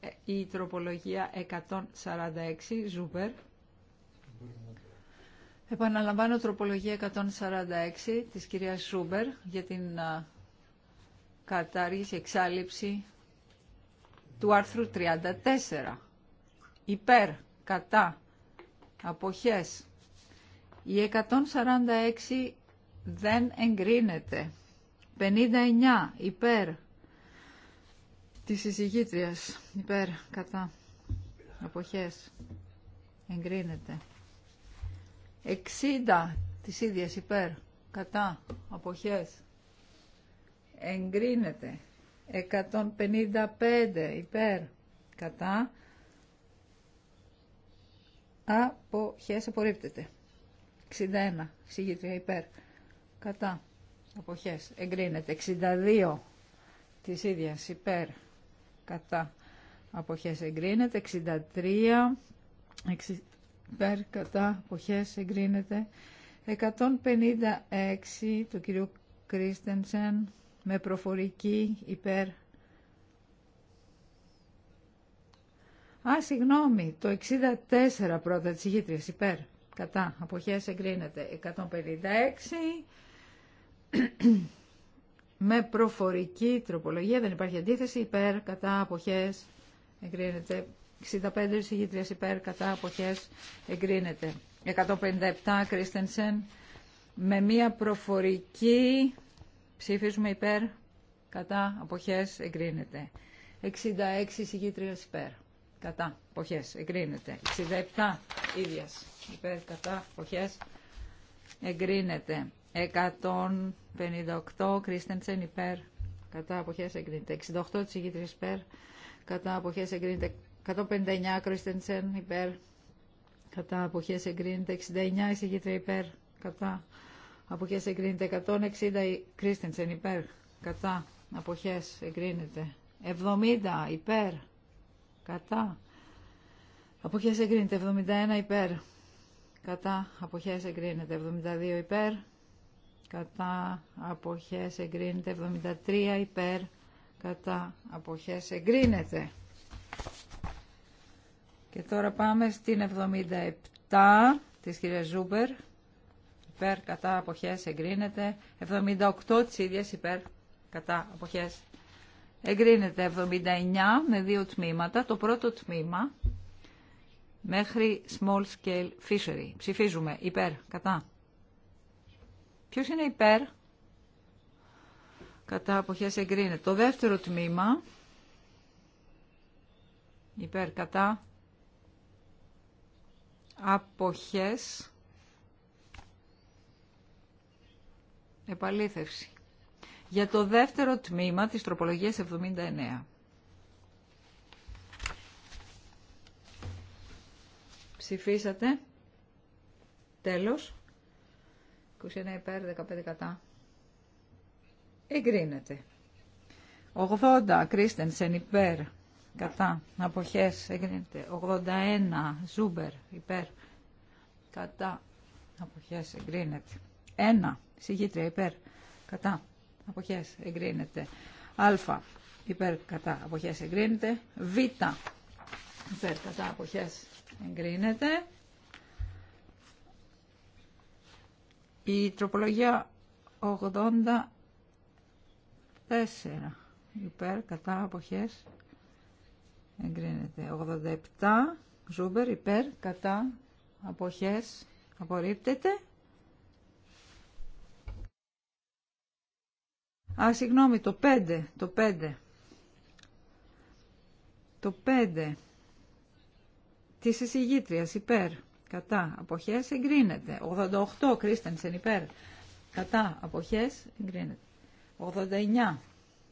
ε, η τροπολογία 146, Ζούμπερ. Επαναλαμβάνω τροπολογία 146 της κυρίας Ζούπερ για την κατάργηση, εξάλληψη του άρθρου 34. Υπέρ, κατά, Αποχές. Η 146 δεν εγκρίνεται. 59 υπέρ της εισηγήτριας. Υπέρ, κατά. Αποχές. Εγκρίνεται. 60 της ίδιας υπέρ. Κατά. Αποχές. Εγκρίνεται. 155 υπέρ. Κατά. Αποχές απορρίπτεται. 61. Συγγήτρια υπέρ. Κατά. Αποχές. Εγκρίνεται. 62. Της ίδιας υπέρ. Κατά. Αποχές εγκρίνεται. 63. Υπέρ. Κατά. Αποχές εγκρίνεται. 156 του κυρίου Κρίστενσεν με προφορική υπέρ Α, συγγνώμη, το 64 πρώτα της ηγήτριας, υπέρ, κατά, αποχές εγκρίνεται, 156, με προφορική τροπολογία, δεν υπάρχει αντίθεση, υπέρ, κατά, αποχές εγκρίνεται, 65 της ηγήτριας, υπέρ, κατά, αποχές εγκρίνεται, 157 Κρίστενσεν, με μία προφορική, ψήφισμα υπέρ, κατά, αποχές εγκρίνεται, 66 ηγήτριας υπέρ κατά, ποχές εγκρίνεται. 67 ίδιας, υπέρ, κατά, ποχές εγκρίνεται. 158 Κρίστενσεν υπέρ, κατά, ποχές εγκρίνεται. 68 της ηγήτρης υπέρ, κατά, ποχές εγκρίνεται. 159 Κρίστενσεν υπέρ, κατά, ποχές εγκρίνεται. 69 εισηγήτρια υπέρ, κατά, ποχές εγκρίνεται. 160 Κρίστενσεν υπέρ, κατά, ποχές εγκρίνεται. 70 υπέρ, Κατά. Αποχές εγκρίνεται 71 υπέρ. Κατά. Αποχές εγκρίνεται 72 υπέρ. Κατά. Αποχές εγκρίνεται 73 υπέρ. Κατά. Αποχές εγκρίνεται. Και τώρα πάμε στην 77 της κυρίας Ζούμπερ. Υπέρ. Κατά. Αποχές εγκρίνεται. 78 της ίδιας υπέρ. Κατά. Αποχές Εγκρίνεται 79 με δύο τμήματα. Το πρώτο τμήμα μέχρι small scale fishery. Ψηφίζουμε υπέρ, κατά. Ποιος είναι υπέρ? Κατά αποχές εγκρίνεται. Το δεύτερο τμήμα υπέρ, κατά. Αποχές. Επαλήθευση για το δεύτερο τμήμα της τροπολογίας 79. Ψηφίσατε. Τέλος. 21 υπέρ, 15 κατά. Εγκρίνεται. 80, Κρίστενσεν υπέρ, κατά. Αποχές, εγκρίνεται. 81, Ζούμπερ υπέρ, κατά. Αποχές, εγκρίνεται. 1, Συγγήτρια υπέρ, κατά αποχές εγκρίνεται. Α, υπέρ κατά αποχές εγκρίνεται. Β, υπέρ κατά αποχές εγκρίνεται. Η τροπολογία 84 υπέρ κατά αποχές εγκρίνεται. 87 ζούμπερ υπέρ κατά αποχές απορρίπτεται. Α, συγγνώμη, το 5, το 5. Το 5 της εισηγήτριας υπέρ, κατά, αποχές, εγκρίνεται. 88, Κρίστενσεν υπέρ, κατά, αποχές, εγκρίνεται. 89,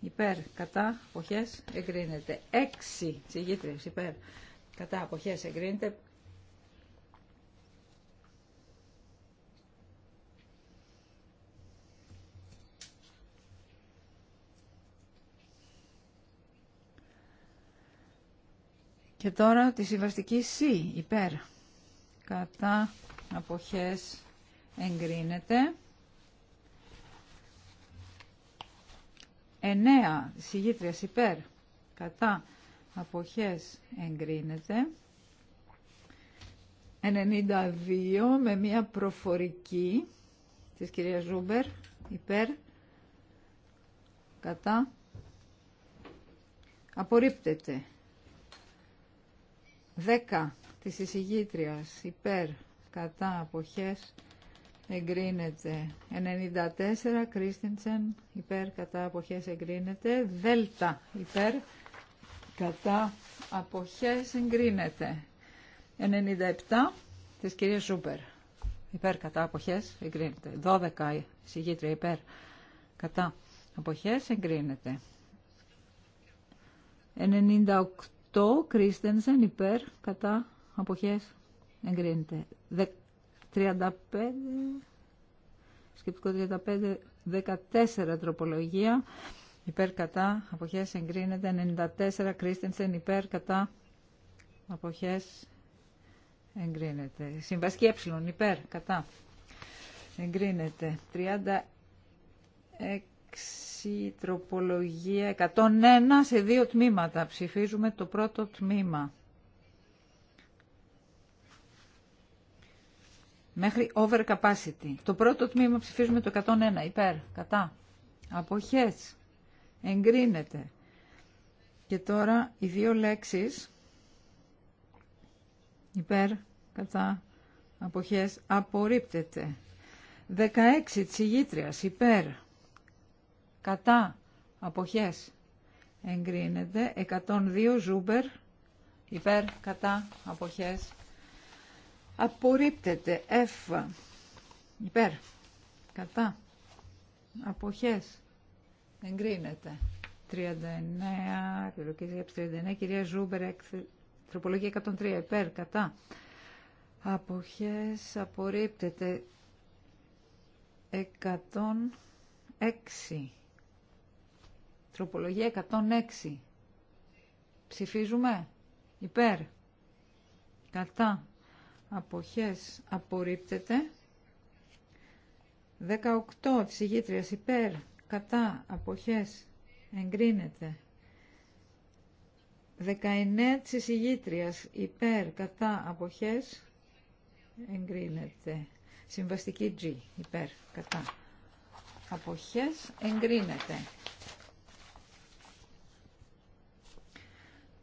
υπέρ, κατά, αποχές, εγκρίνεται. 6, εισηγήτριας υπέρ, κατά, αποχές, εγκρίνεται. Και τώρα τη συμβαστική C, υπέρ. Κατά αποχές εγκρίνεται. 9 συγγήτριας υπέρ. Κατά αποχές εγκρίνεται. 92 με μία προφορική της κυρίας Ζούμπερ υπέρ. Κατά απορρίπτεται. 10 της εισηγήτριας υπέρ κατά αποχές εγκρίνεται 94 Κρίστιντσεν. υπέρ κατά αποχές εγκρίνεται Δέλτα υπέρ κατά αποχές εγκρίνεται 97 της κυρίας Σούπερ υπέρ κατά αποχές εγκρίνεται 12 εισηγήτρια υπέρ κατά αποχές εγκρίνεται 98 Κρίστενσεν υπέρ κατά αποχές εγκρίνεται. 35 σκεπτικό 35 14 τροπολογία υπέρ κατά αποχές εγκρίνεται 94 Κρίστενσεν υπέρ κατά αποχές εγκρίνεται συμβαστική ε υπέρ κατά εγκρίνεται 36 υπάρξει τροπολογία 101 σε δύο τμήματα. Ψηφίζουμε το πρώτο τμήμα. Μέχρι capacity Το πρώτο τμήμα ψηφίζουμε το 101. Υπέρ, κατά. Αποχές. Εγκρίνεται. Και τώρα οι δύο λέξεις. Υπέρ, κατά. Αποχές. Απορρίπτεται. 16 Τσιγήτριας. Υπέρ. Υπέρ κατά αποχές εγκρίνεται 102 ζούμπερ υπέρ κατά αποχές απορρίπτεται F υπέρ κατά αποχές εγκρίνεται 39 39 κυρία Ζούμπερ τροπολογία 103 υπέρ κατά αποχές απορρίπτεται 106 Τροπολογία 106. Ψηφίζουμε. Υπέρ. Κατά. Αποχές απορρίπτεται. 18 της υπέρ. Κατά. Αποχές εγκρίνεται. 19 της υπέρ. Κατά. Αποχές εγκρίνεται. Συμβαστική G. Υπέρ. Κατά. Αποχές εγκρίνεται.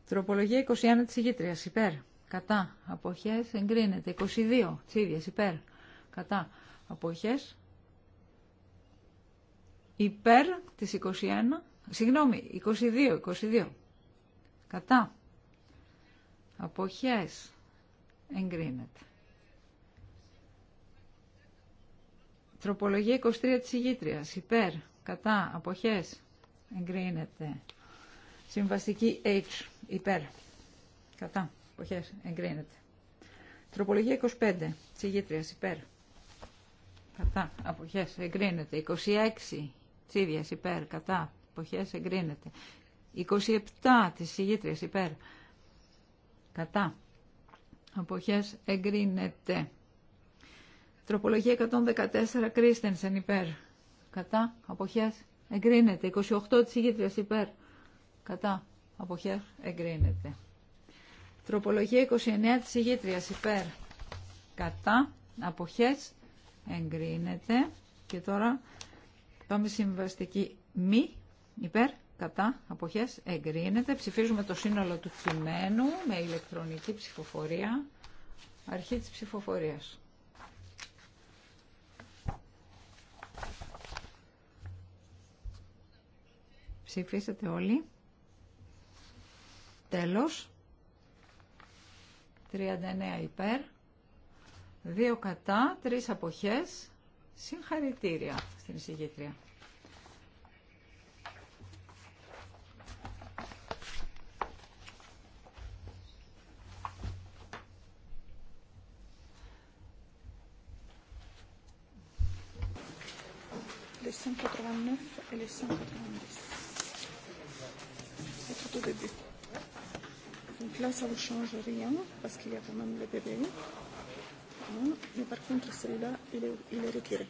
Τροπολογία 21 της ηγήτριας, υπέρ. Κατά. Αποχές εγκρίνεται. 22 της ίδιας, υπέρ. Κατά. Αποχές. Υπέρ της 21. Συγγνώμη, 22, 22. Κατά. Αποχές εγκρίνεται. Τροπολογία 23 της ηγήτριας, υπέρ. Κατά. Αποχές εγκρίνεται. Συμβαστική H. Υπέρ. Κατά. Ποχές. Εγκρίνεται. Τροπολογία 25. Τσιγήτριας. Υπέρ. Κατά. Αποχές. Εγκρίνεται. 26. Τσίδιας. Υπέρ. Κατά. Αποχές. Εγκρίνεται. 27. Της Τσιγήτριας. Υπέρ. Κατά. Αποχές. Εγκρίνεται. Τροπολογία 114. Κρίστενσεν. Υπέρ. Κατά. Αποχές. Εγκρίνεται. 28. Τσιγήτριας. Υπέρ. Κατά. Αποχές εγκρίνεται. Τροπολογία 29 της ηγήτριας υπέρ. Κατά. Αποχές εγκρίνεται. Και τώρα πάμε συμβαστική μη υπέρ. Κατά. Αποχές εγκρίνεται. Ψηφίζουμε το σύνολο του κειμένου με ηλεκτρονική ψηφοφορία. Αρχή της ψηφοφορίας. Ψηφίσατε όλοι. Τέλος. 39 υπέρ. 2 κατά, 3 αποχές. Συγχαρητήρια στην εισηγήτρια. les et là, ça ne change rien, parce qu'il y a quand même le bébé. Mais par contre, celui-là, il est, il est retiré.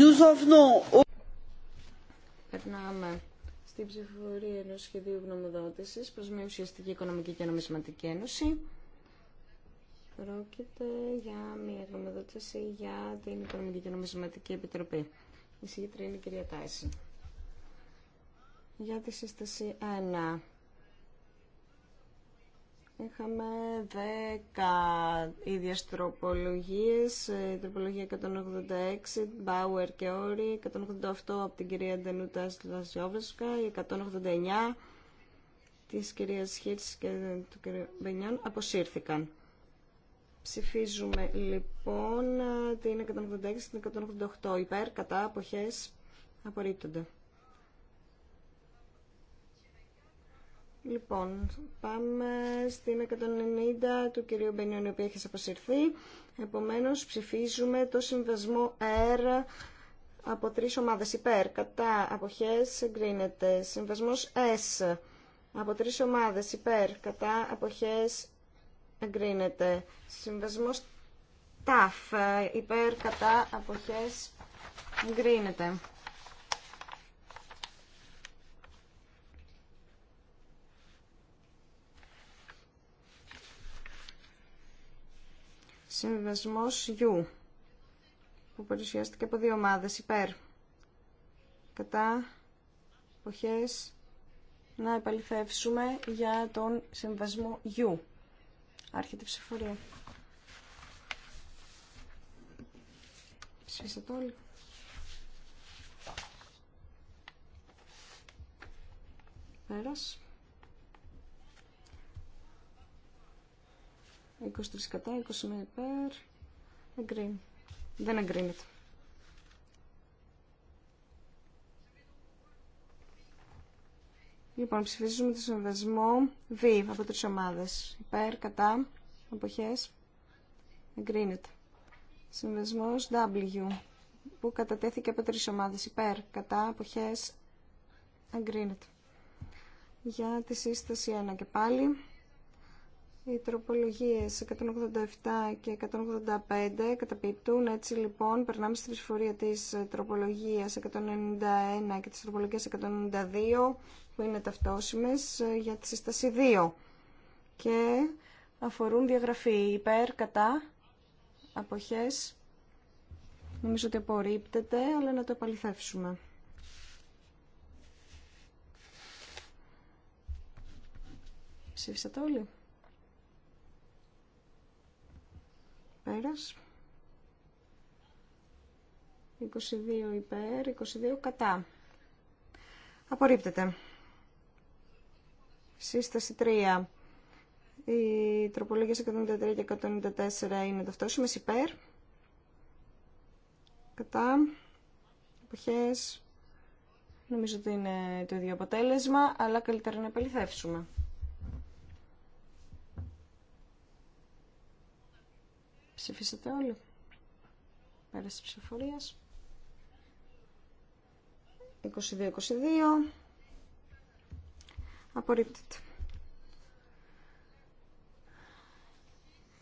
Nous en venons au... στην ψηφοφορία ενό σχεδίου γνωμοδότηση προ μια ουσιαστική οικονομική και νομισματική ένωση. Πρόκειται για μια γνωμοδότηση για την Οικονομική και Νομισματική Επιτροπή. Η συγκεκριμένη είναι η κυρία Τάιση. Για τη σύσταση 1. Είχαμε 10 ίδιες τροπολογίες, ε, η τροπολογία 186, Bauer και Όρη, 188 από την κυρία Ντενούτα Σλαζιόβεσκα, η 189 της κυρίας Χίρς και του κυρίου Μπενιάν αποσύρθηκαν. Ψηφίζουμε λοιπόν ε, την 186 και την 188 υπέρ, κατά, αποχές, απορρίπτονται. Λοιπόν, πάμε στην 190 του κυρίου Μπενιών, η οποία έχει αποσυρθεί. Επομένως, ψηφίζουμε το συμβασμό R από τρεις ομάδες υπέρ, κατά, αποχές, εγκρίνεται. Συμβασμός S από τρεις ομάδες υπέρ, κατά, αποχές, εγκρίνεται. Συμβασμός TAF ε, υπέρ, κατά, αποχές, εγκρίνεται. Συμβιβασμός U που παρουσιάστηκε από δύο ομάδες υπέρ κατά εποχές να επαληθεύσουμε για τον συμβασμό U. Άρχεται η ψηφορία. Ψηφίσατε όλοι. Πέρας. 23 κατά, 21 υπέρ. Εγκρίνει. Δεν εγκρίνεται. Λοιπόν, ψηφίζουμε το συμβασμό V από τρεις ομάδες. Υπέρ, κατά, αποχές. Εγκρίνεται. Συμβασμός W που κατατέθηκε από τρεις ομάδες. Υπέρ, κατά, αποχές. Εγκρίνεται. Για τη σύσταση 1 και πάλι. Οι τροπολογίες 187 και 185 καταπιτούν. Έτσι λοιπόν περνάμε στη ψηφορία της τροπολογίας 191 και της τροπολογίας 192 που είναι ταυτόσιμες για τη σύσταση 2 και αφορούν διαγραφή υπέρ, κατά, αποχές. Νομίζω ότι απορρίπτεται, αλλά να το επαληθεύσουμε. Ψήφισατε όλοι. Πέρας. 22 υπέρ, 22 κατά. Απορρίπτεται. Σύσταση 3. Οι τροπολογίες 193 και 194 είναι ταυτόσιμες υπέρ. Κατά. Εποχές. Νομίζω ότι είναι το ίδιο αποτέλεσμα, αλλά καλύτερα να επαληθεύσουμε. Ψηφίσατε τη Πέρασε ψηφοφορία. 22-22. Απορρίπτεται.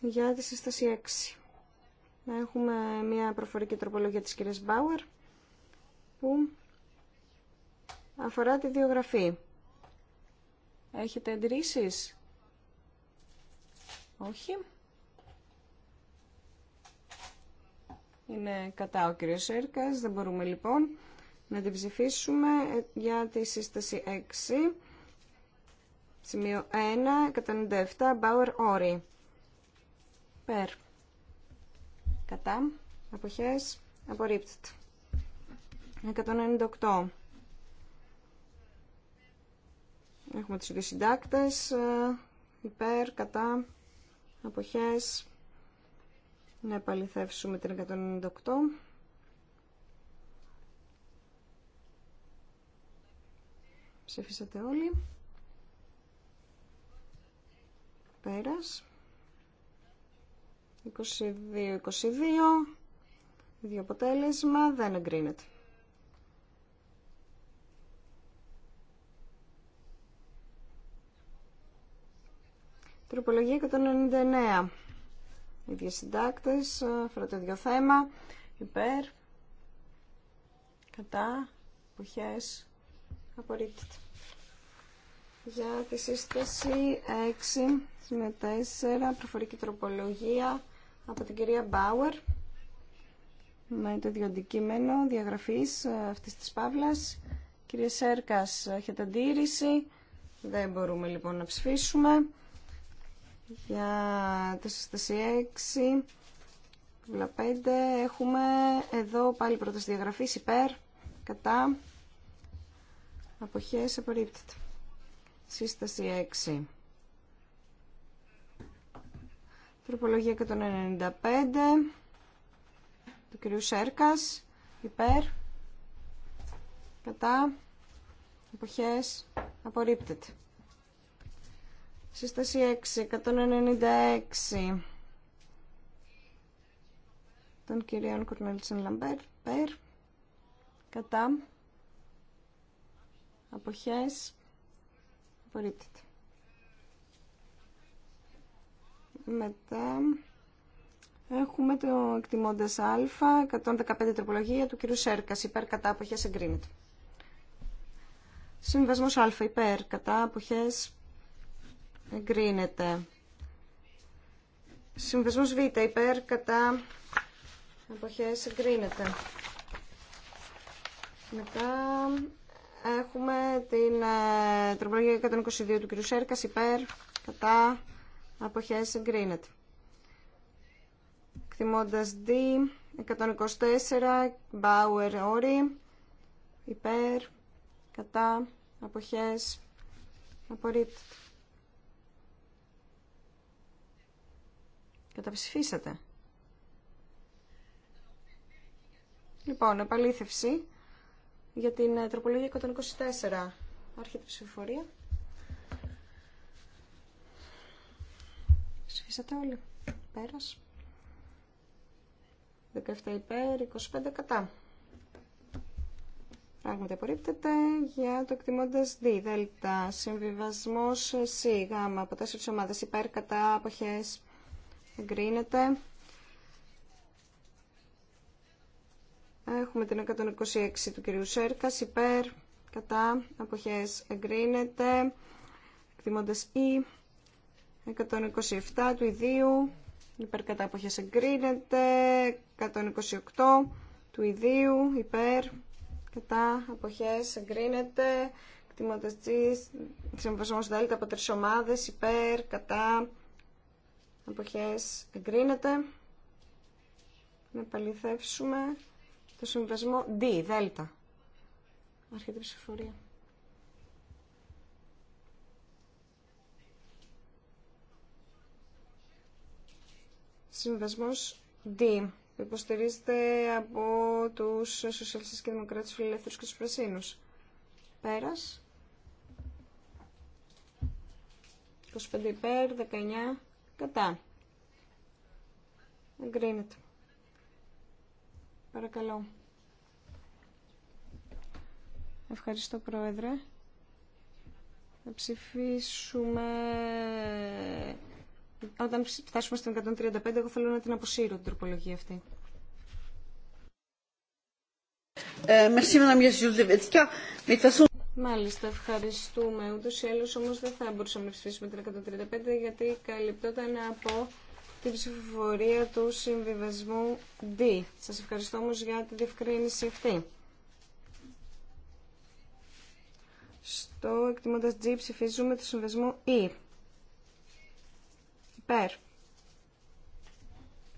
Για τη σύσταση 6. Έχουμε μια προφορική τροπολογία της κυρίας Μπάουερ που αφορά τη διογραφή. Έχετε εντρήσεις. Όχι. Είναι κατά ο κύριος Σέρκας, δεν μπορούμε λοιπόν να την ψηφίσουμε για τη σύσταση 6. Σημείο 1, 197, Bauer Όρη. Περ. Κατά. Αποχές. Απορρίπτεται. 198. Έχουμε τους δύο συντάκτες. Υπέρ, κατά. Αποχές. Να επαληθεύσουμε την 198. Ψήφισατε όλοι. Πέρας. 22-22. Δύο αποτέλεσμα. Δεν εγκρίνεται. Τροπολογία 199 οι δύο συντάκτες ε, το ίδιο θέμα υπέρ κατά εποχές απορρίπτεται για τη σύσταση 6 με 4 προφορική τροπολογία από την κυρία Μπάουερ με το ίδιο αντικείμενο διαγραφής ε, αυτής της παύλα. κυρία Σέρκας έχετε αντίρρηση δεν μπορούμε λοιπόν να ψηφίσουμε για συστασία 6 5 έχουμε εδώ πάλι πρόταση διαγραφής υπέρ, κατά, αποχές απορρίπτεται. Σύσταση 6. Τροπολογία 195 του κυρίου Σέρκας υπέρ, κατά, αποχές απορρίπτεται. Σύσταση 6, 196 των κυρίων Κορνέλτσεν Λαμπέρ, Πέρ, κατά, αποχές, απορρίπτεται. Μετά έχουμε το εκτιμώντας α, 115 τροπολογία του κυρίου Σέρκας, υπέρ, κατά, αποχές, εγκρίνεται. Συμβασμός α, υπέρ, κατά, αποχές, εγκρίνεται. Συμβασμός Β υπέρ κατά Αποχές. εγκρίνεται. Μετά έχουμε την ε, τροπολογία 122 του κ. Σέρκας υπέρ κατά Αποχές. εγκρίνεται. Εκτιμώντας D 124 Μπάουερ. όρη υπέρ κατά Αποχές. απορρίπτεται. Καταψηφίσατε. Λοιπόν, επαλήθευση για την ε, τροπολογία 124. Άρχεται η ψηφοφορία. Ψηφίσατε όλοι. Πέρας. 17 υπέρ, 25 κατά. Πράγματι απορρίπτεται για το εκτιμώντα D. Δέλτα. Συμβιβασμό C. γάμα Από τέσσερι ομάδε υπέρ κατά αποχέ Εγκρίνεται. Έχουμε την 126 του κυρίου Σέρκας, υπέρ, κατά, αποχές εγκρίνεται, εκτιμώντας ή, 127 του ιδίου, υπέρ, κατά, αποχές εγκρίνεται, 128 του ιδίου, υπέρ, κατά, αποχές εγκρίνεται, εκτιμώντας G, συμβασμός δέλτα από τρεις ομάδες, υπέρ, κατά, Εποχές εγκρίνεται. Να επαληθεύσουμε το συμβασμό D, δέλτα. Αρχίζει η ψηφορία. Συμβασμός D. Υποστηρίζεται από τους σοσιαλιστές και δημοκράτες φιλελεύθερους και τους πρασίνους. Πέρας. 25 υπέρ, 19 Κατά. Εγκρίνεται. Παρακαλώ. Ευχαριστώ, Πρόεδρε. Θα ψηφίσουμε... Όταν φτάσουμε στην 135, εγώ θέλω να την αποσύρω την τροπολογία αυτή. Ε, Μάλιστα, ευχαριστούμε. Ούτω ή άλλω όμω δεν θα μπορούσαμε να ψηφίσουμε την 135 γιατί καλυπτόταν από την ψηφοφορία του συμβιβασμού D. Σας ευχαριστώ όμω για τη διευκρίνηση αυτή. Στο εκτιμώντα G ψηφίζουμε το συμβιβασμό E. Υπέρ.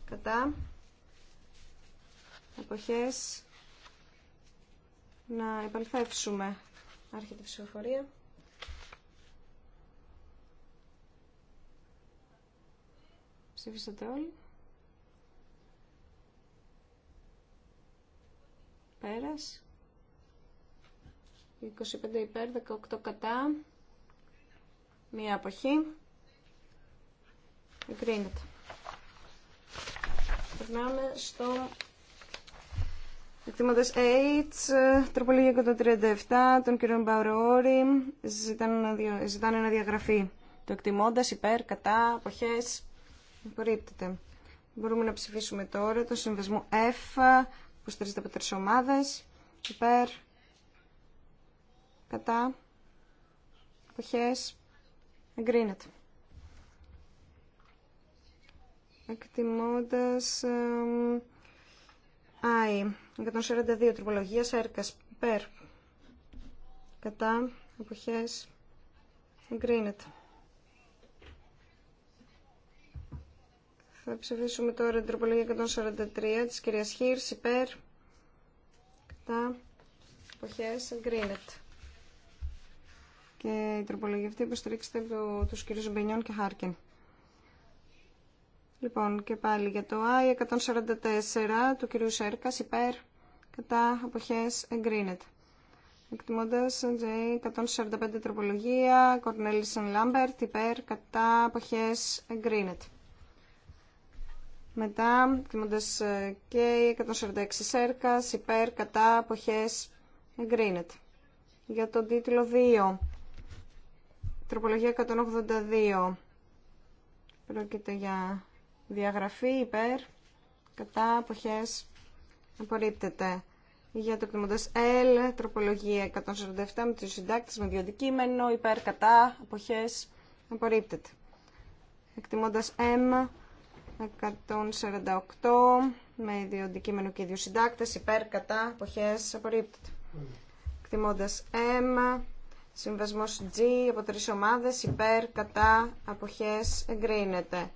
Κατά. Εποχές. Να επαληθεύσουμε. Άρχεται η ψηφοφορία. Ψήφισατε όλοι. Πέρας. 25 υπέρ, 18 κατά. Μία αποχή. Εγκρίνεται. Περνάμε στο Εκτιμώντας AIDS, τροπολογία 137 τον κύριο Μπαουρόρη ζητάνε να διαγραφεί. Το εκτιμώντας υπέρ, κατά, αποχές, απορρίπτεται. Μπορούμε να ψηφίσουμε τώρα το συμβασμό F, που στηρίζεται από τρεις ομάδες, υπέρ, κατά, αποχές, εγκρίνεται. Εκτιμώντας... ΑΗ 142 τροπολογία έρκας περ κατά εποχές εγκρίνεται. Θα ψηφίσουμε τώρα την τροπολογία 143 της κυρίας Χίρς υπέρ κατά εποχές εγκρίνεται. Και η τροπολογία αυτή υποστηρίξεται από τους κυρίους Μπενιών και Χάρκιν. Λοιπόν, και πάλι για το I, 144 του κυρίου Σέρκας, υπέρ, κατά, αποχές, εγκρίνεται. Εκτιμώντας J145 τροπολογία, Κορνέλισον Λάμπερτ, υπέρ, κατά, αποχές, εγκρίνεται. Μετά, εκτιμώντας K146 Σέρκας, υπέρ, κατά, αποχές, εγκρίνεται. Για τον τίτλο 2, τροπολογία 182, πρόκειται για διαγραφή υπέρ κατά αποχές απορρίπτεται για το εκτιμώντα L τροπολογία 147 με του συντάκτε με δύο υπέρ κατά αποχές απορρίπτεται εκτιμώντας M 148 με δύο αντικείμενο και δύο συντάκτε, υπέρ κατά αποχές απορρίπτεται Εκτιμώντα M Συμβασμός G από τρει ομάδες υπέρ κατά αποχές εγκρίνεται.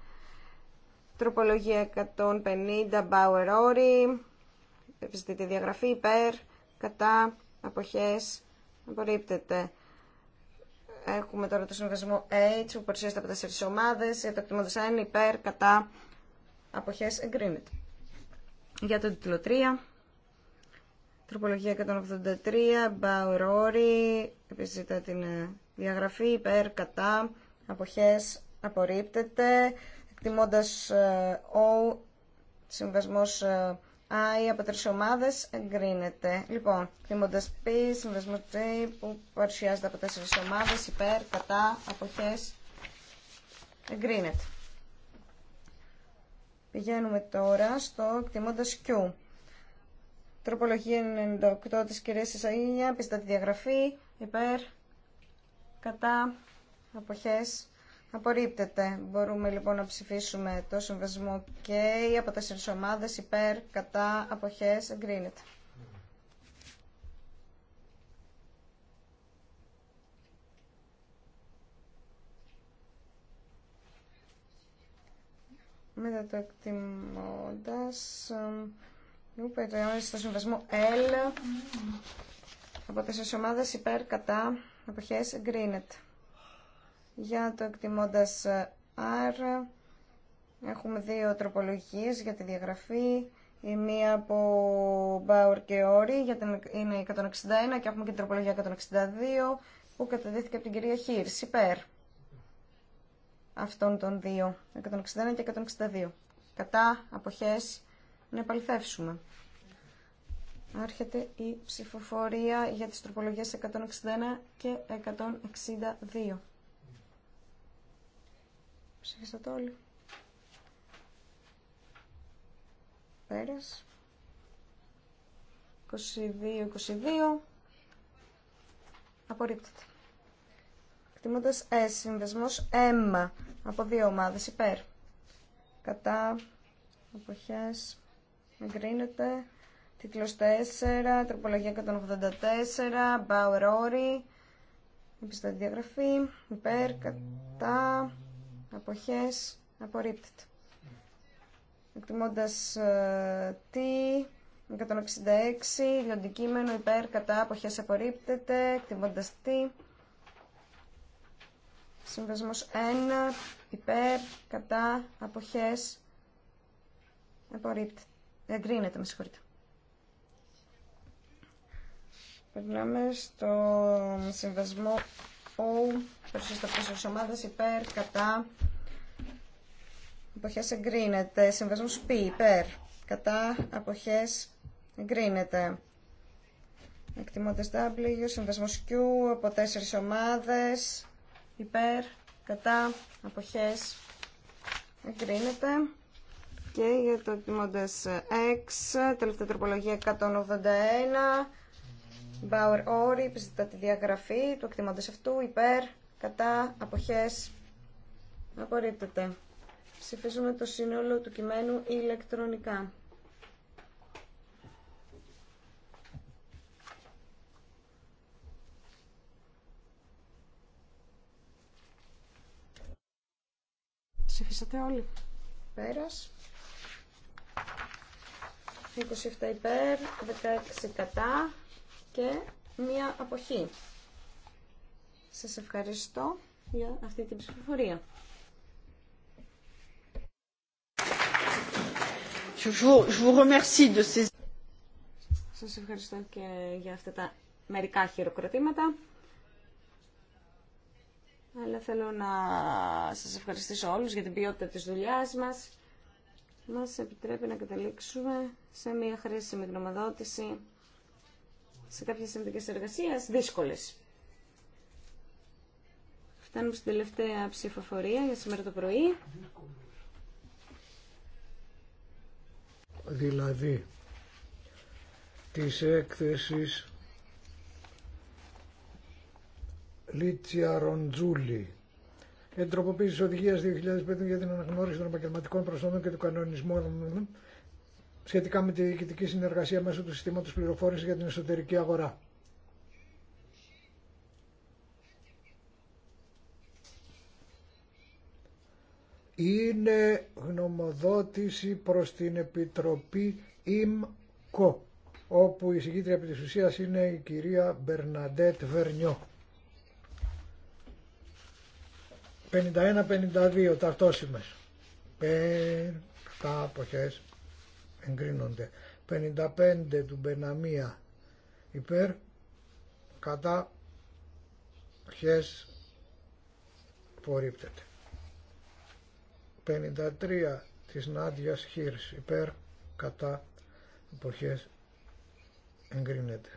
Τροπολογία 150, Bauer Ori. Επιζητεί τη διαγραφή υπέρ, κατά, αποχές, απορρίπτεται. Έχουμε τώρα το συμβασμό H που παρουσιάζεται από τέσσερι ομάδε. Για το εκτιμώντας 1, υπέρ, κατά, αποχές, εγκρίνεται. Για το τίτλο 3, τροπολογία 183, Bauer Ori. Επιζητά την ε, διαγραφή υπέρ, κατά, αποχές, απορρίπτεται. Εκτιμώντας O, ε, συμβασμός I ε, από τρεις ομάδες εγκρίνεται. Λοιπόν, εκτιμώντας P, συμβασμός J που παρουσιάζεται από τέσσερις ομάδες, υπέρ, κατά, αποχές, εγκρίνεται. Πηγαίνουμε τώρα στο εκτιμώντα Q. Τροπολογία 98 της κυρίας πιστά τη διαγραφή, υπέρ, κατά, αποχές, Απορρίπτεται. Μπορούμε λοιπόν να ψηφίσουμε το συμβασμό και από τέσσερι ομάδε υπέρ, κατά, αποχές, εγκρίνεται. Μετά το εκτιμώντας, το το συμβασμό L, από τέσσερι ομάδε υπέρ, κατά, αποχές, εγκρίνεται. Για το εκτιμώντας R έχουμε δύο τροπολογίες για τη διαγραφή. Η μία από Μπάουρ και Όρη για την, είναι 161 και έχουμε και την τροπολογία 162 που καταδίθηκε από την κυρία Χίρς, υπέρ αυτών των δύο, 161 και 162. Κατά, αποχές, να επαληθεύσουμε. Άρχεται η ψηφοφορία για τις τροπολογίες 161 και 162. Ψηφίσατε όλοι. Πέρας. 22-22. Απορρίπτεται. Εκτιμώντας S, ε, συνδεσμός M από δύο ομάδες υπέρ. Κατά εποχές εγκρίνεται. τίτλο 4, τροπολογία 184, Bauer Ori, επιστατή διαγραφή, υπέρ, κατά, αποχές απορρίπτεται. Εκτιμώντας ε, τι, 166, για υπέρ κατά αποχές απορρίπτεται. Εκτιμώντας τι, συμβασμός 1, υπέρ κατά αποχές απορρίπτεται. Εγκρίνεται, με συγχωρείτε. Περνάμε στο συμβασμό O από ως ομάδες υπέρ, κατά. Αποχές εγκρίνεται. Συμβασμός πί, υπέρ. Κατά. Αποχές εγκρίνεται. Εκτιμώντας W, συμβασμός Q από τέσσερις ομάδες. Υπέρ, κατά, αποχές εγκρίνεται. Και για το εκτιμώντας X, τελευταία τροπολογία 181. Μπάουερ όρη, επιζητά τη διαγραφή του εκτιμώντας αυτού, υπέρ, κατά αποχές απορρίπτεται. Ψηφίζουμε το σύνολο του κειμένου ηλεκτρονικά. Ψηφίσατε όλοι. Πέρας. 27 υπέρ, 16 κατά και μία αποχή. Σας ευχαριστώ για αυτή την ψηφοφορία. Σας ευχαριστώ και για αυτά τα μερικά χειροκροτήματα. Αλλά θέλω να σας ευχαριστήσω όλους για την ποιότητα της δουλειάς μας. Μας επιτρέπει να καταλήξουμε σε μια χρήσιμη γνωμοδότηση σε κάποιες συνδικές εργασίες δύσκολες. Φτάνουμε στην τελευταία ψηφοφορία για σήμερα το πρωί. Δηλαδή, της έκθεσης Λίτσια Ροντζούλη. Εντροποποίηση οδηγία 2005 για την αναγνώριση των επαγγελματικών προσόντων και του κανονισμού σχετικά με τη διοικητική συνεργασία μέσω του συστήματος πληροφόρηση για την εσωτερική αγορά. είναι γνωμοδότηση προς την Επιτροπή ΙΜΚΟ όπου η συγκήτρια επί της ουσίας είναι η κυρία Μπερναντέτ Βερνιό. 51-52 ταυτόσημες. Κατά αποχές εγκρίνονται. 55 του Μπεναμία υπέρ κατά χες απορρίπτεται. 53 της Νάντιας Χίρς υπέρ κατά εποχές εγκρίνεται.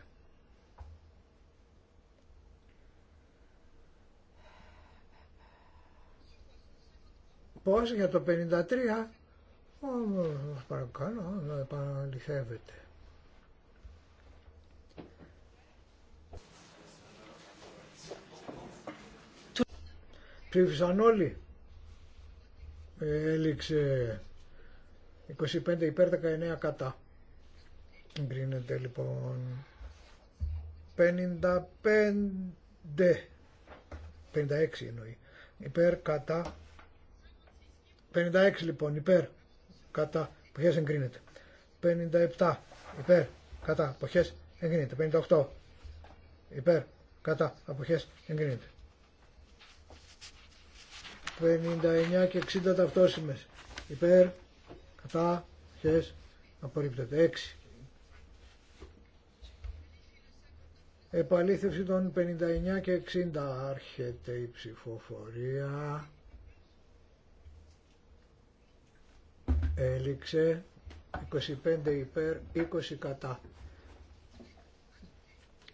Πώς για το 53 όμως παρακαλώ να επαναληθεύετε. Ψήφισαν όλοι έληξε 25 υπέρ 19 κατά. Εγκρίνεται λοιπόν 55, 56 εννοεί, υπέρ κατά, 56 λοιπόν υπέρ κατά, ποχές εγκρίνεται, 57 υπέρ κατά, ποχές εγκρίνεται, 58 υπέρ κατά, αποχές εγκρίνεται. 59 και 60 ταυτόσημες. Υπέρ, κατά, χες, απορρίπτεται. 6. Επαλήθευση των 59 και 60 άρχεται η ψηφοφορία. Έληξε 25 υπέρ, 20 κατά.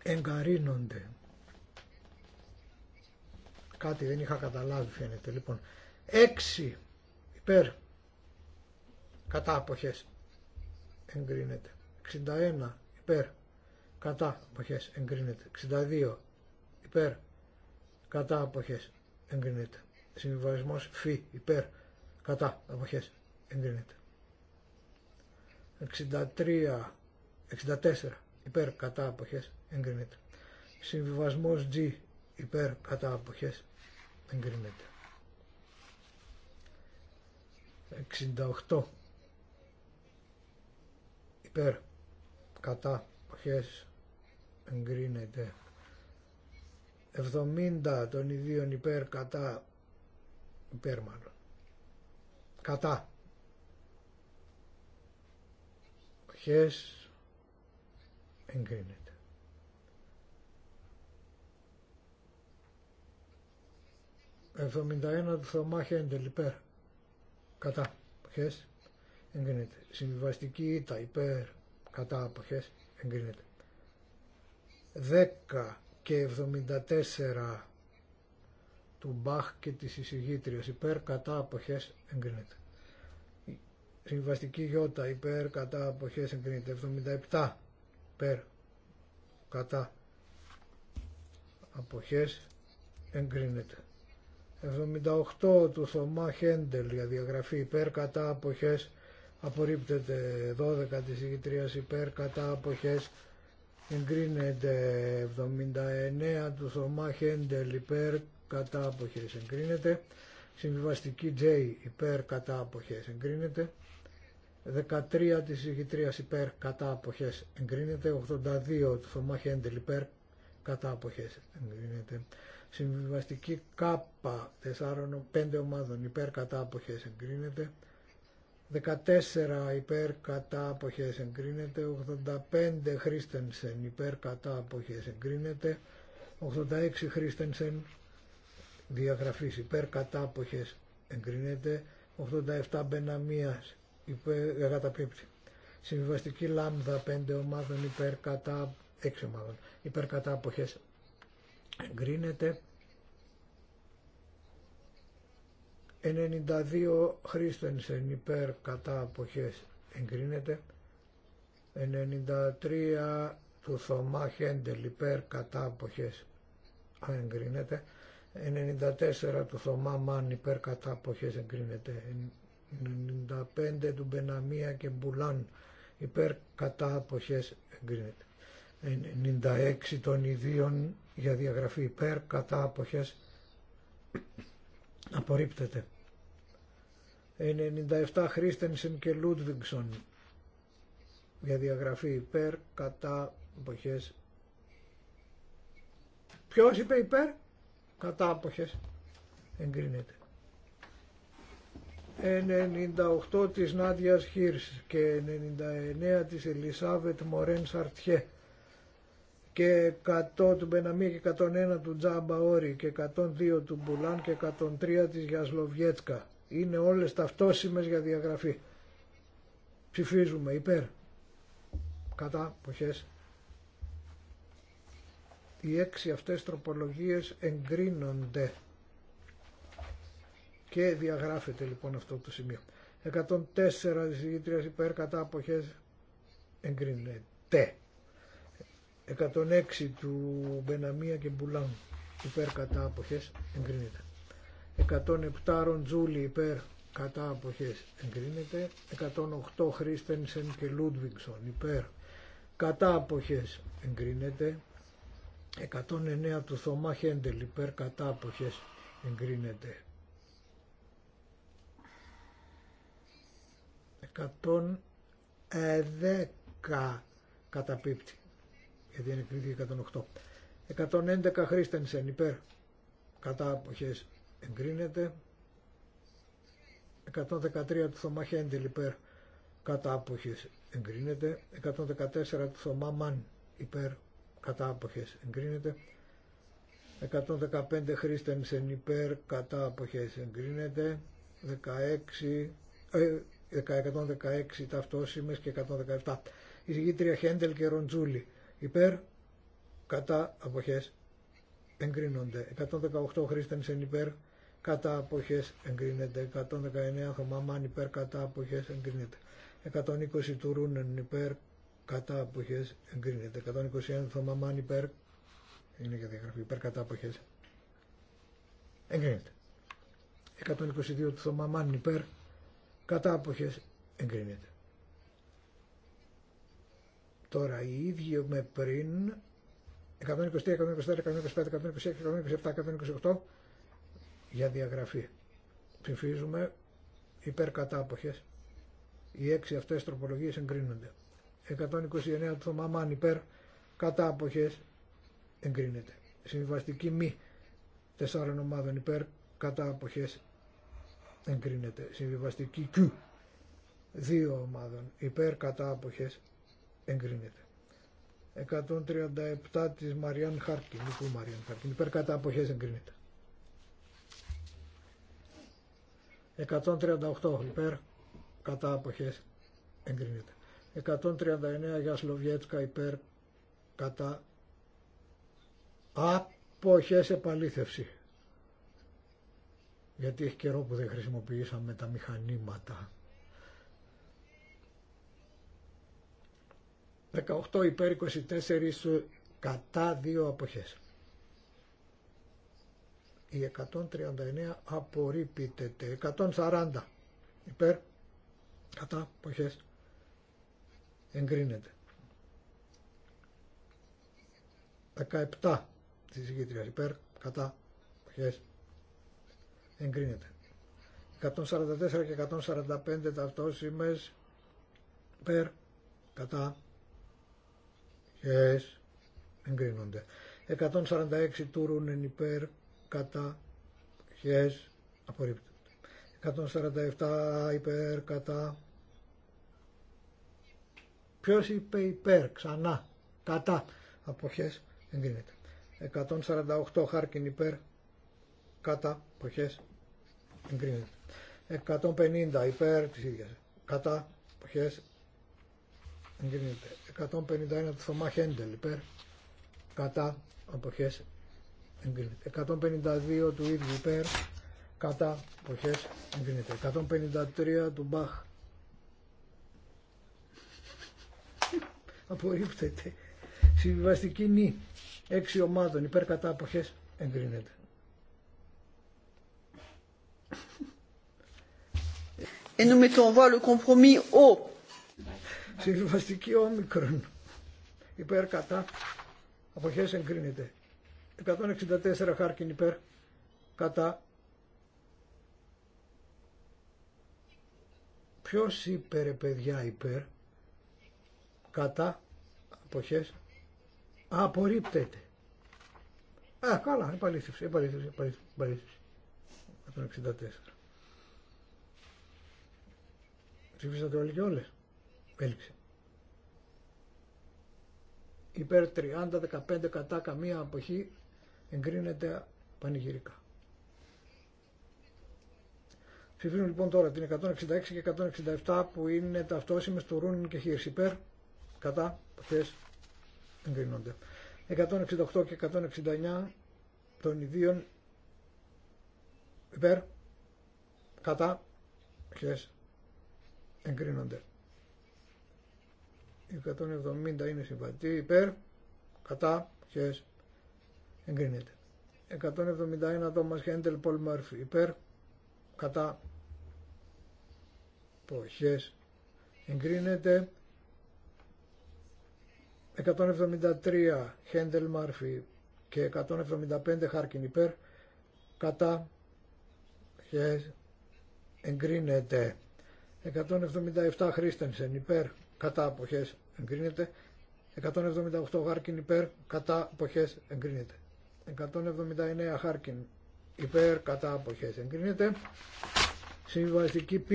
Εγκαρίνονται. Κάτι δεν είχα καταλάβει φαίνεται. Λοιπόν, 6 υπέρ κατά αποχές εγκρίνεται. 61 υπέρ κατά αποχές εγκρίνεται. 62 υπέρ κατά αποχές εγκρίνεται. Συμβιβασμός φι υπέρ κατά αποχές εγκρίνεται. 63, 64 υπέρ κατά αποχές εγκρίνεται. Συμβιβασμός G υπέρ κατά αποχές εγκρίνεται 68 υπέρ κατά αποχές εγκρίνεται 70 των ιδίων υπέρ κατά υπέρ μάλλον κατά αποχές εγκρίνεται 71 του Θωμά Χέντελ υπέρ. Κατά αποχές εγκρίνεται. Συμβιβαστική ήττα υπέρ. Κατά αποχές εγκρίνεται. 10 και 74 του Μπαχ και της εισηγήτριας υπέρ κατά αποχές εγκρίνεται. Συμβαστική γιώτα υπέρ κατά αποχές εγκρίνεται. 77 υπέρ κατά αποχές εγκρίνεται. 78 του Θωμά Χέντελ για διαγραφή υπέρ κατά αποχές απορρίπτεται 12 της ηγητρίας υπέρ κατά αποχές εγκρίνεται 79 του Θωμά Χέντελ υπέρ κατά αποχές εγκρίνεται συμβιβαστική J υπέρ κατά αποχές εγκρίνεται 13 της ηγητρίας υπέρ κατά αποχές εγκρίνεται 82 του Θωμά Χέντελ υπέρ κατά αποχές εγκρίνεται Συμβιβαστική κάπα K4 πέντε ομάδων υπέρ κατά αποχές εγκρίνεται. 14 υπέρ κατά αποχές εγκρίνεται. 85 Χρίστενσεν υπέρ κατά αποχές εγκρίνεται. 86 Χρίστενσεν διαγραφής υπέρ κατά αποχές εγκρίνεται. 87 Μπεναμίας υπέρ ε, Συμβιβαστική λάμδα 5 ομάδων υπέρ κατά 6 ομάδων αποχές Εγκρίνεται 92 Χρίστενσεν υπέρ κατά αποχές. Εγκρίνεται 93 του Θωμά Χέντελ υπέρ κατά αποχές. Εγκρίνεται 94 του Θωμά Μάν υπέρ κατά αποχές. Εγκρίνεται 95 του Μπεναμία και Μπουλάν υπέρ κατά αποχές εγκρίνεται. 96 των ιδίων για διαγραφή υπέρ κατά αποχές απορρίπτεται 97 Χρίστενσεν και Λούντβιγκσον για διαγραφή υπέρ κατά αποχές ποιος είπε υπέρ κατά αποχές εγκρίνεται 98 της Νάντιας Χίρς και 99 της Ελισάβετ Μορέν Σαρτιέ και 100 του Μπεναμί και 101 του Τζάμπα Όρη και 102 του Μπουλάν και 103 της Γιασλοβιέτσκα. Είναι όλες ταυτόσιμες για διαγραφή. Ψηφίζουμε υπέρ. Κατά ποχές. Οι έξι αυτές τροπολογίες εγκρίνονται και διαγράφεται λοιπόν αυτό το σημείο. 104 της υπέρ κατά αποχές εγκρίνεται. 106 του Μπεναμία και Μπουλάν υπέρ κατά αποχές εγκρίνεται. 107 Ροντζούλη υπέρ κατά αποχές εγκρίνεται. 108 Χρίστενσεν και Λούντβιγκσον υπέρ κατά αποχές εγκρίνεται. 109 του Θωμά Χέντελ υπέρ κατά αποχές εγκρίνεται. 110 καταπίπτει γιατί ενεκρίθηκε 108. 111 Χρίστενσεν υπέρ κατά αποχές εγκρίνεται. 113 του Θωμά Χέντελ υπέρ κατά αποχές εγκρίνεται. 114 του Θωμά Μαν υπέρ κατά αποχές εγκρίνεται. 115 Χρίστενσεν υπέρ κατά αποχές εγκρίνεται. 16 116 ε, ταυτόσημες και 117. Η Χέντελ και Ροντζούλη υπέρ κατά αποχές εγκρίνονται 118 Χρίστενσεν υπέρ κατά αποχές εγκρίνεται 119 Θωμαμάν υπέρ κατά αποχές εγκρίνεται 120 Τουρούνεν υπέρ κατά αποχές εγκρίνεται 121 Θωμαμάν υπέρ είναι για διαγραφή υπέρ κατά αποχές εγκρίνεται 122 Θωμαμάν υπέρ κατά αποχές εγκρίνεται Τώρα οι ίδιοι με πριν 123, 124, 125, 126, 127, 128 για διαγραφή. Ψηφίζουμε υπέρ κατάποχες. Οι έξι αυτές τροπολογίες εγκρίνονται. 129 του Θωμάμαν υπέρ κατάποχες εγκρίνεται. Συμβιβαστική μη τεσσάρων ομάδων υπέρ κατάποχες εγκρίνεται. Συμβιβαστική κ δύο ομάδων υπέρ κατάποχες εγκρίνεται. 137 της Μαριάν Χάρκιν, που Μαριάν Χάρκιν, υπέρ κατά αποχές εγκρίνεται. 138 υπέρ κατά αποχές εγκρίνεται. 139 για Σλοβιέτσκα υπέρ κατά αποχές επαλήθευση. Γιατί έχει καιρό που δεν χρησιμοποιήσαμε τα μηχανήματα. 18 υπέρ 24 κατά 2 αποχές. Η 139 απορρίπτεται. 140 υπέρ κατά αποχές εγκρίνεται. 17 της γήτριας υπέρ κατά αποχές εγκρίνεται. 144 και 145 ταυτόσημες υπέρ κατά Χες εγκρίνονται. 146 τούρουνεν υπέρ κατά χες απορρίπτεται. 147 υπέρ κατά ποιος είπε υπέρ ξανά κατά αποχές εγκρίνεται. 148 χάρκιν υπέρ κατά αποχές εγκρίνεται. 150 υπέρ της ίδιας κατά αποχές εγκρίνεται. 151 του Θωμά Χέντελ υπέρ κατά αποχές εγκρίνεται. 152 του ίδιου υπέρ κατά αποχές εγκρίνεται. 153 του Μπαχ απορρίπτεται. Συμβιβαστική νη 6 ομάδων υπέρ κατά αποχές εγκρίνεται. Et nous mettons en voie le compromis Συμβαστική όμικρον. Υπέρ κατά. Αποχές εγκρίνεται. 164 χάρκιν υπέρ κατά. Ποιος είπε παιδιά υπέρ κατά αποχές απορρίπτεται. Α, καλά, επαλήθευση, επαλήθεύση, επαλήθευση 164. Ψηφίσατε όλοι και όλες ελειψε Υπέρ 30, 15 κατά καμία αποχή εγκρίνεται πανηγυρικά. Ψηφίζουν λοιπόν τώρα την 166 και 167 που είναι ταυτόσιμες του Ρούνιν και Χίρς υπέρ, κατά, ποιε εγκρίνονται. 168 και 169 των ιδίων υπέρ, κατά, αποχές εγκρίνονται. 170 είναι συμβατή υπέρ κατά χες εγκρίνεται 171 Thomas Χέντελ Paul Murphy, υπέρ κατά ποχές εγκρίνεται 173 Χέντελ Murphy και 175 Harkin, υπέρ κατά χες εγκρίνεται 177 Christensen, υπέρ κατά αποχές εγκρίνεται. 178 Χάρκιν υπέρ κατά αποχές εγκρίνεται. 179 Χάρκιν υπέρ κατά αποχές εγκρίνεται. Συμβαστική π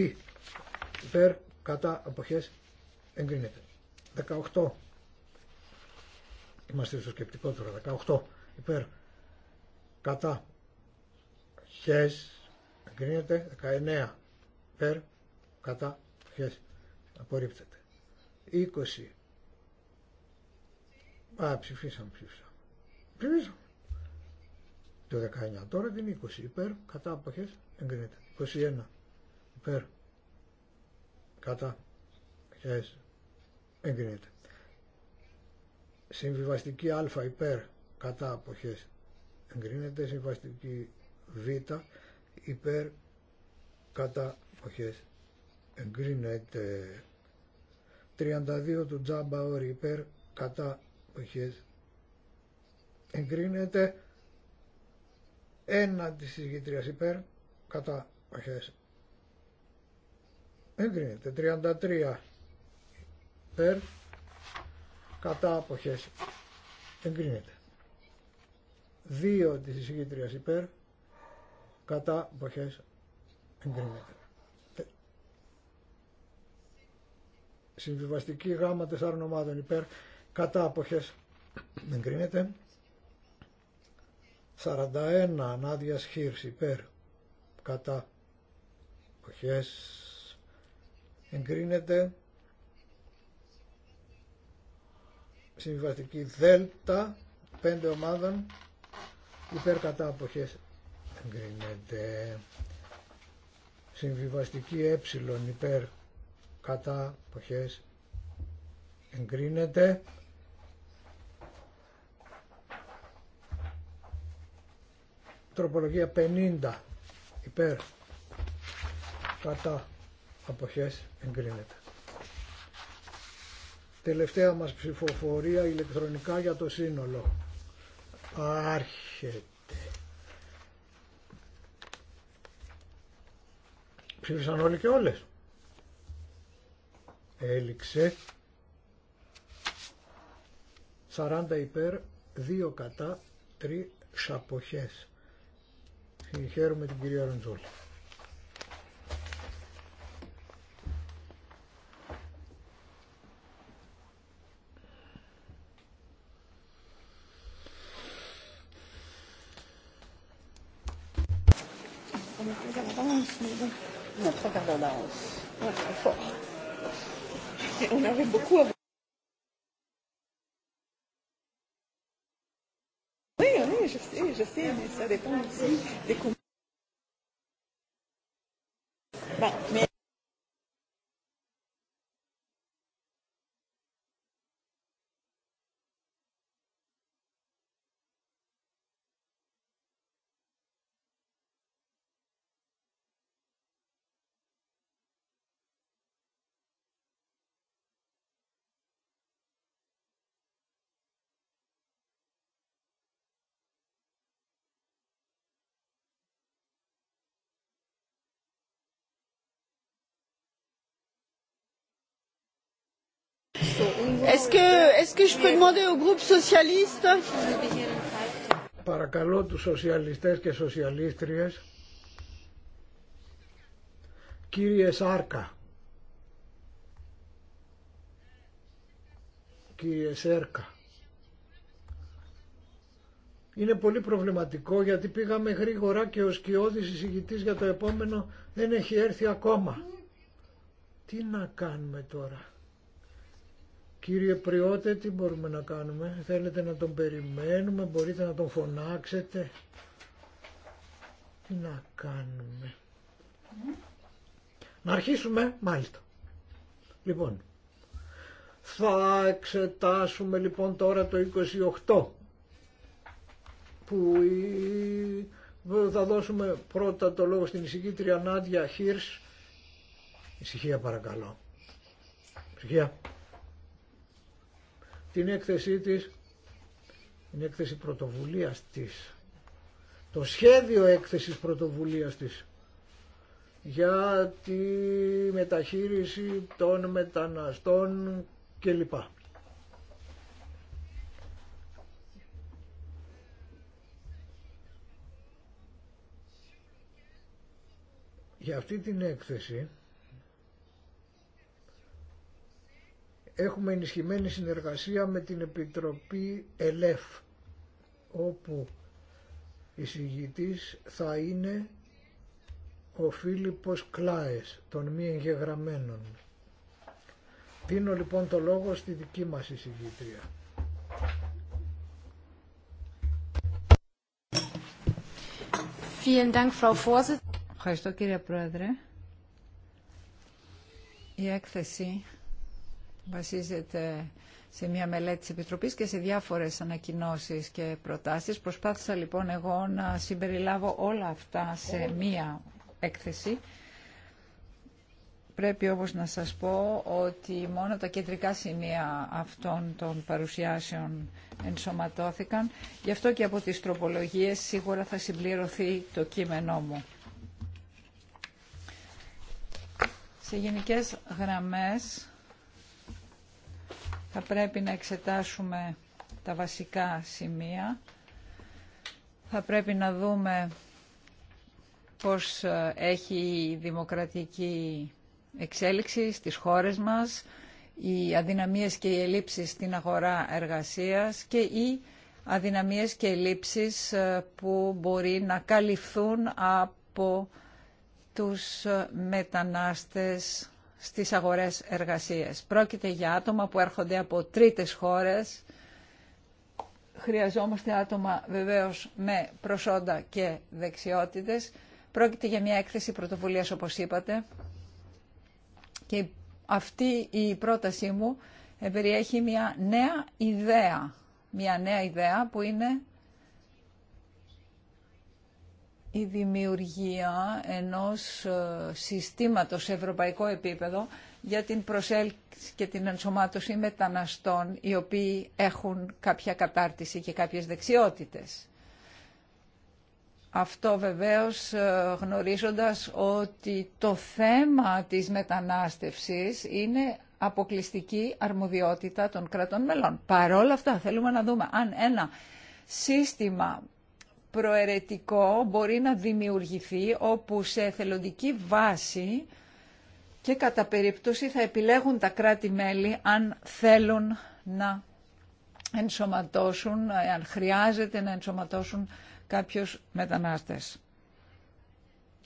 υπέρ κατά αποχές εγκρίνεται. 18 Είμαστε στο σκεπτικό τώρα. 18 υπέρ κατά χες εγκρίνεται. 19 υπέρ κατά χες απορρίπτεται. 20. Α, ψηφίσαμε, ψήφισαμε. Ψηφίσαμε. Το 19 τώρα την 20. Υπέρ, κατά αποχές, εγκρίνεται. 21. Υπέρ, κατά Χες. εγκρίνεται. Συμβιβαστική α υπέρ, κατά αποχές, εγκρίνεται. Συμβιβαστική β υπέρ, κατά αποχές, εγκρίνεται. 32 του Τζάμπα ο υπέρ κατά αποχές εγκρίνεται 1 της εισηγητρίας υπέρ κατά αποχές εγκρίνεται 33 υπέρ κατά αποχές εγκρίνεται 2 της εισηγητρίας υπέρ κατά αποχές εγκρίνεται Συμβιβαστική γάμα τεσσάρων ομάδων υπέρ κατά αποχές εγκρίνεται. 41 ανάδεια χείρς υπέρ κατά αποχές εγκρίνεται. Συμβιβαστική δέλτα πέντε ομάδων υπέρ κατά αποχές εγκρίνεται συμβιβαστική ε υπέρ κατά αποχές εγκρίνεται. Τροπολογία 50 υπέρ κατά αποχές εγκρίνεται. Τελευταία μας ψηφοφορία ηλεκτρονικά για το σύνολο. Άρχεται. Ψήφισαν όλοι και όλες έληξε 40 υπέρ 2 κατά 3 σαποχές συγχαίρουμε την κυρία Ραντζόλη Με. Παρακαλώ του σοσιαλιστέ και σοσιαλίστριες Κύριε Σάρκα Κύριε Σέρκα είναι πολύ προβληματικό γιατί πήγαμε γρήγορα και ο σκιώδης εισηγητής για το επόμενο δεν έχει έρθει ακόμα. Τι να κάνουμε τώρα. Κύριε Πριότε, τι μπορούμε να κάνουμε. Θέλετε να τον περιμένουμε, μπορείτε να τον φωνάξετε. Τι να κάνουμε. Να αρχίσουμε, μάλιστα. Λοιπόν, θα εξετάσουμε λοιπόν τώρα το 28 που θα δώσουμε πρώτα το λόγο στην εισηγήτρια Νάντια Χίρς. Ησυχία παρακαλώ. Ησυχία την έκθεσή της, την έκθεση πρωτοβουλίας της, το σχέδιο έκθεσης πρωτοβουλίας της για τη μεταχείριση των μεταναστών κλπ. Για αυτή την έκθεση έχουμε ενισχυμένη συνεργασία με την Επιτροπή ΕΛΕΦ όπου η συγητής θα είναι ο Φίλιππος Κλάες των μη εγγεγραμμένων. Δίνω λοιπόν το λόγο στη δική μας εισηγήτρια. Ευχαριστώ κύριε Πρόεδρε. Η έκθεση βασίζεται σε μια μελέτη της Επιτροπής και σε διάφορες ανακοινώσεις και προτάσεις. Προσπάθησα λοιπόν εγώ να συμπεριλάβω όλα αυτά σε μία έκθεση. Πρέπει όμως να σας πω ότι μόνο τα κεντρικά σημεία αυτών των παρουσιάσεων ενσωματώθηκαν. Γι' αυτό και από τις τροπολογίες σίγουρα θα συμπληρωθεί το κείμενό μου. Σε γενικές γραμμές θα πρέπει να εξετάσουμε τα βασικά σημεία. Θα πρέπει να δούμε πώς έχει η δημοκρατική εξέλιξη στις χώρες μας, οι αδυναμίες και οι ελλείψεις στην αγορά εργασίας και οι αδυναμίες και ελλείψεις ε, που μπορεί να καλυφθούν από τους μετανάστες στις αγορές εργασίας. Πρόκειται για άτομα που έρχονται από τρίτες χώρες. Χρειαζόμαστε άτομα βεβαίως με προσόντα και δεξιότητες. Πρόκειται για μια έκθεση πρωτοβουλίας όπως είπατε. Και αυτή η πρότασή μου περιέχει μια νέα ιδέα. Μια νέα ιδέα που είναι η δημιουργία ενός ε, συστήματος σε ευρωπαϊκό επίπεδο για την προσέλκυση και την ενσωμάτωση μεταναστών οι οποίοι έχουν κάποια κατάρτιση και κάποιες δεξιότητες. Αυτό βεβαίως ε, γνωρίζοντας ότι το θέμα της μετανάστευσης είναι αποκλειστική αρμοδιότητα των κρατών μελών. Παρόλα αυτά θέλουμε να δούμε αν ένα σύστημα προαιρετικό μπορεί να δημιουργηθεί όπου σε εθελοντική βάση και κατά περίπτωση θα επιλέγουν τα κράτη-μέλη αν θέλουν να ενσωματώσουν, αν χρειάζεται να ενσωματώσουν κάποιους μετανάστες.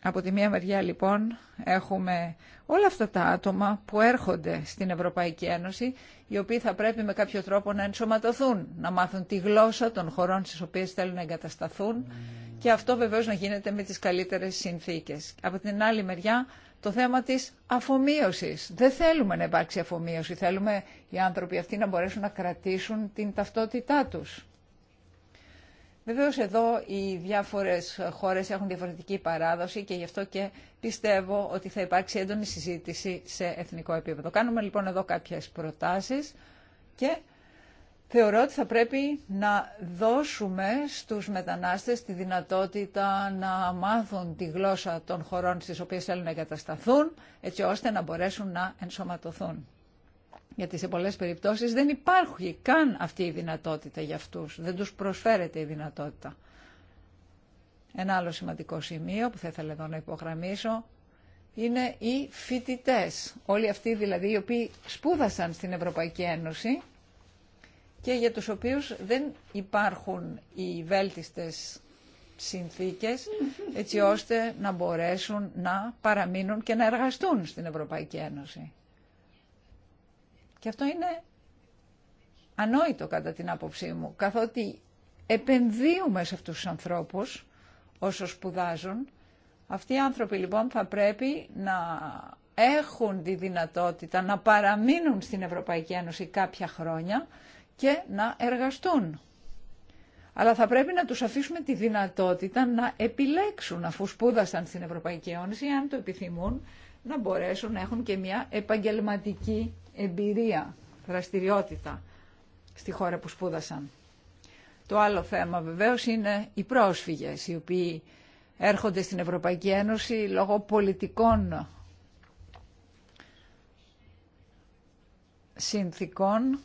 Από τη μία μεριά λοιπόν έχουμε όλα αυτά τα άτομα που έρχονται στην Ευρωπαϊκή Ένωση, οι οποίοι θα πρέπει με κάποιο τρόπο να ενσωματωθούν, να μάθουν τη γλώσσα των χωρών στις οποίες θέλουν να εγκατασταθούν και αυτό βεβαίως να γίνεται με τις καλύτερες συνθήκες. Από την άλλη μεριά το θέμα της αφομοίωσης. Δεν θέλουμε να υπάρξει αφομοίωση, θέλουμε οι άνθρωποι αυτοί να μπορέσουν να κρατήσουν την ταυτότητά τους. Βεβαίω, εδώ οι διάφορες χώρες έχουν διαφορετική παράδοση και γι' αυτό και πιστεύω ότι θα υπάρξει έντονη συζήτηση σε εθνικό επίπεδο. Κάνουμε λοιπόν εδώ κάποιες προτάσεις και θεωρώ ότι θα πρέπει να δώσουμε στους μετανάστες τη δυνατότητα να μάθουν τη γλώσσα των χωρών στις οποίες θέλουν να εγκατασταθούν, έτσι ώστε να μπορέσουν να ενσωματωθούν. Γιατί σε πολλές περιπτώσεις δεν υπάρχει καν αυτή η δυνατότητα για αυτούς. Δεν τους προσφέρεται η δυνατότητα. Ένα άλλο σημαντικό σημείο που θα ήθελα εδώ να υπογραμμίσω είναι οι φοιτητέ. Όλοι αυτοί δηλαδή οι οποίοι σπούδασαν στην Ευρωπαϊκή Ένωση και για τους οποίους δεν υπάρχουν οι βέλτιστες συνθήκες έτσι ώστε να μπορέσουν να παραμείνουν και να εργαστούν στην Ευρωπαϊκή Ένωση. Και αυτό είναι ανόητο κατά την άποψή μου, καθότι επενδύουμε σε αυτούς τους ανθρώπους όσο σπουδάζουν. Αυτοί οι άνθρωποι λοιπόν θα πρέπει να έχουν τη δυνατότητα να παραμείνουν στην Ευρωπαϊκή Ένωση κάποια χρόνια και να εργαστούν. Αλλά θα πρέπει να τους αφήσουμε τη δυνατότητα να επιλέξουν αφού σπούδασαν στην Ευρωπαϊκή Ένωση, αν το επιθυμούν, να μπορέσουν να έχουν και μια επαγγελματική εμπειρία, δραστηριότητα στη χώρα που σπούδασαν. Το άλλο θέμα βεβαίως είναι οι πρόσφυγες, οι οποίοι έρχονται στην Ευρωπαϊκή Ένωση λόγω πολιτικών συνθήκων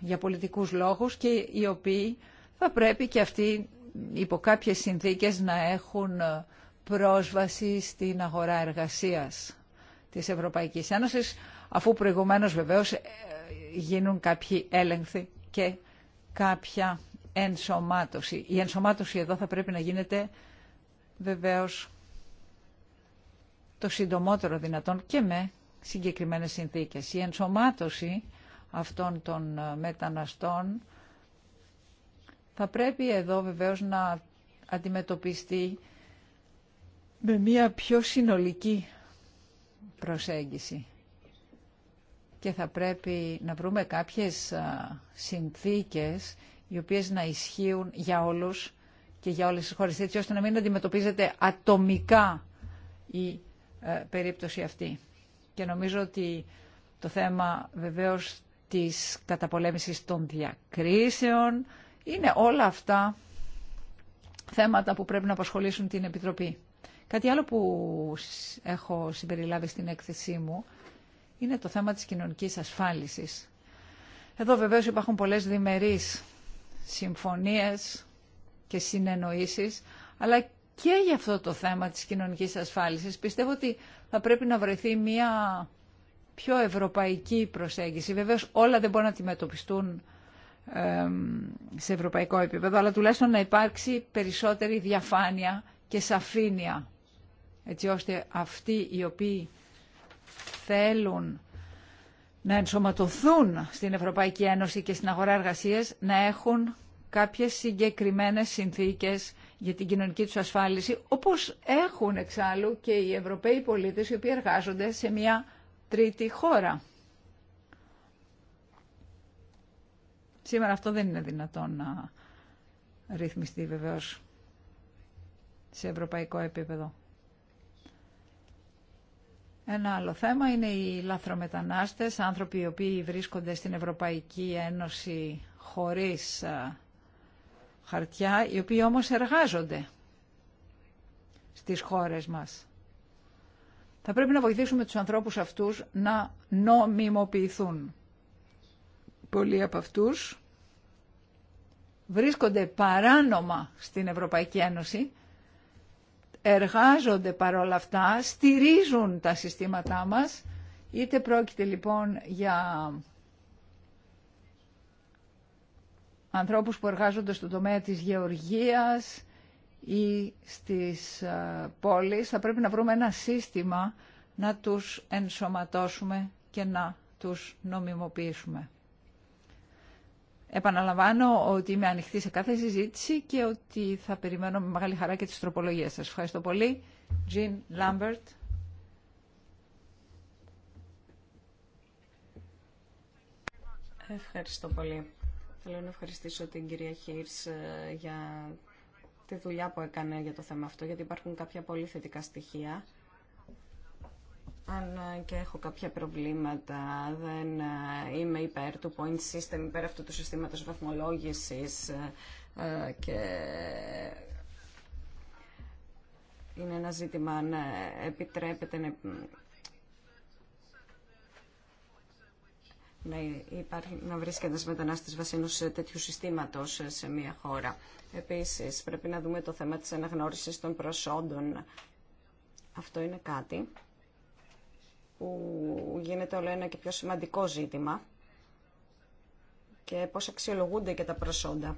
για πολιτικούς λόγους και οι οποίοι θα πρέπει και αυτοί υπό κάποιες συνθήκες να έχουν πρόσβαση στην αγορά εργασίας της Ευρωπαϊκής Ένωσης αφού προηγουμένως βεβαίως ε, γίνουν κάποιοι έλεγχοι και κάποια ενσωμάτωση. Η ενσωμάτωση εδώ θα πρέπει να γίνεται βεβαίως το συντομότερο δυνατόν και με συγκεκριμένες συνθήκες. Η ενσωμάτωση αυτών των ε, μεταναστών θα πρέπει εδώ βεβαίως να αντιμετωπιστεί με μια πιο συνολική προσέγγιση και θα πρέπει να βρούμε κάποιες συνθήκες οι οποίες να ισχύουν για όλους και για όλες τις χώρες, έτσι ώστε να μην αντιμετωπίζεται ατομικά η ε, περίπτωση αυτή. Και νομίζω ότι το θέμα βεβαίως της καταπολέμησης των διακρίσεων είναι όλα αυτά θέματα που πρέπει να απασχολήσουν την Επιτροπή. Κάτι άλλο που έχω συμπεριλάβει στην έκθεσή μου είναι το θέμα της κοινωνικής ασφάλισης. Εδώ βεβαίως υπάρχουν πολλές διμερείς συμφωνίες και συνεννοήσεις, αλλά και για αυτό το θέμα της κοινωνικής ασφάλισης πιστεύω ότι θα πρέπει να βρεθεί μια πιο ευρωπαϊκή προσέγγιση. Βεβαίως όλα δεν μπορούν να αντιμετωπιστούν σε ευρωπαϊκό επίπεδο, αλλά τουλάχιστον να υπάρξει περισσότερη διαφάνεια και σαφήνεια, έτσι ώστε αυτοί οι οποίοι θέλουν να ενσωματωθούν στην Ευρωπαϊκή Ένωση και στην αγορά εργασίας να έχουν κάποιες συγκεκριμένες συνθήκες για την κοινωνική τους ασφάλιση, όπως έχουν εξάλλου και οι Ευρωπαίοι πολίτες οι οποίοι εργάζονται σε μια τρίτη χώρα. Σήμερα αυτό δεν είναι δυνατόν να ρυθμιστεί βεβαίως σε ευρωπαϊκό επίπεδο. Ένα άλλο θέμα είναι οι λαθρομετανάστες, άνθρωποι οι οποίοι βρίσκονται στην Ευρωπαϊκή Ένωση χωρίς ε, χαρτιά, οι οποίοι όμως εργάζονται στις χώρες μας. Θα πρέπει να βοηθήσουμε τους ανθρώπους αυτούς να νομιμοποιηθούν. Πολλοί από αυτούς βρίσκονται παράνομα στην Ευρωπαϊκή Ένωση εργάζονται παρόλα αυτά, στηρίζουν τα συστήματά μας, είτε πρόκειται λοιπόν για ανθρώπους που εργάζονται στο τομέα της γεωργίας ή στις ε, πόλεις, θα πρέπει να βρούμε ένα σύστημα να τους ενσωματώσουμε και να τους νομιμοποιήσουμε. Επαναλαμβάνω ότι είμαι ανοιχτή σε κάθε συζήτηση και ότι θα περιμένω με μεγάλη χαρά και τις τροπολογίες σας. Ευχαριστώ πολύ. Jean Lambert. Ευχαριστώ πολύ. Θέλω να ευχαριστήσω την κυρία Χίρς ε, για τη δουλειά που έκανε για το θέμα αυτό, γιατί υπάρχουν κάποια πολύ θετικά στοιχεία αν και έχω κάποια προβλήματα, δεν ε, είμαι υπέρ του point system, υπέρ αυτού του συστήματος βαθμολόγησης ε, ε, και είναι ένα ζήτημα αν επιτρέπεται να, να, βρίσκεται ένας μετανάστης βασίνους τέτοιου συστήματος σε μια χώρα. Επίσης, πρέπει να δούμε το θέμα της αναγνώρισης των προσόντων. Αυτό είναι κάτι που γίνεται όλο ένα και πιο σημαντικό ζήτημα και πώς αξιολογούνται και τα προσόντα.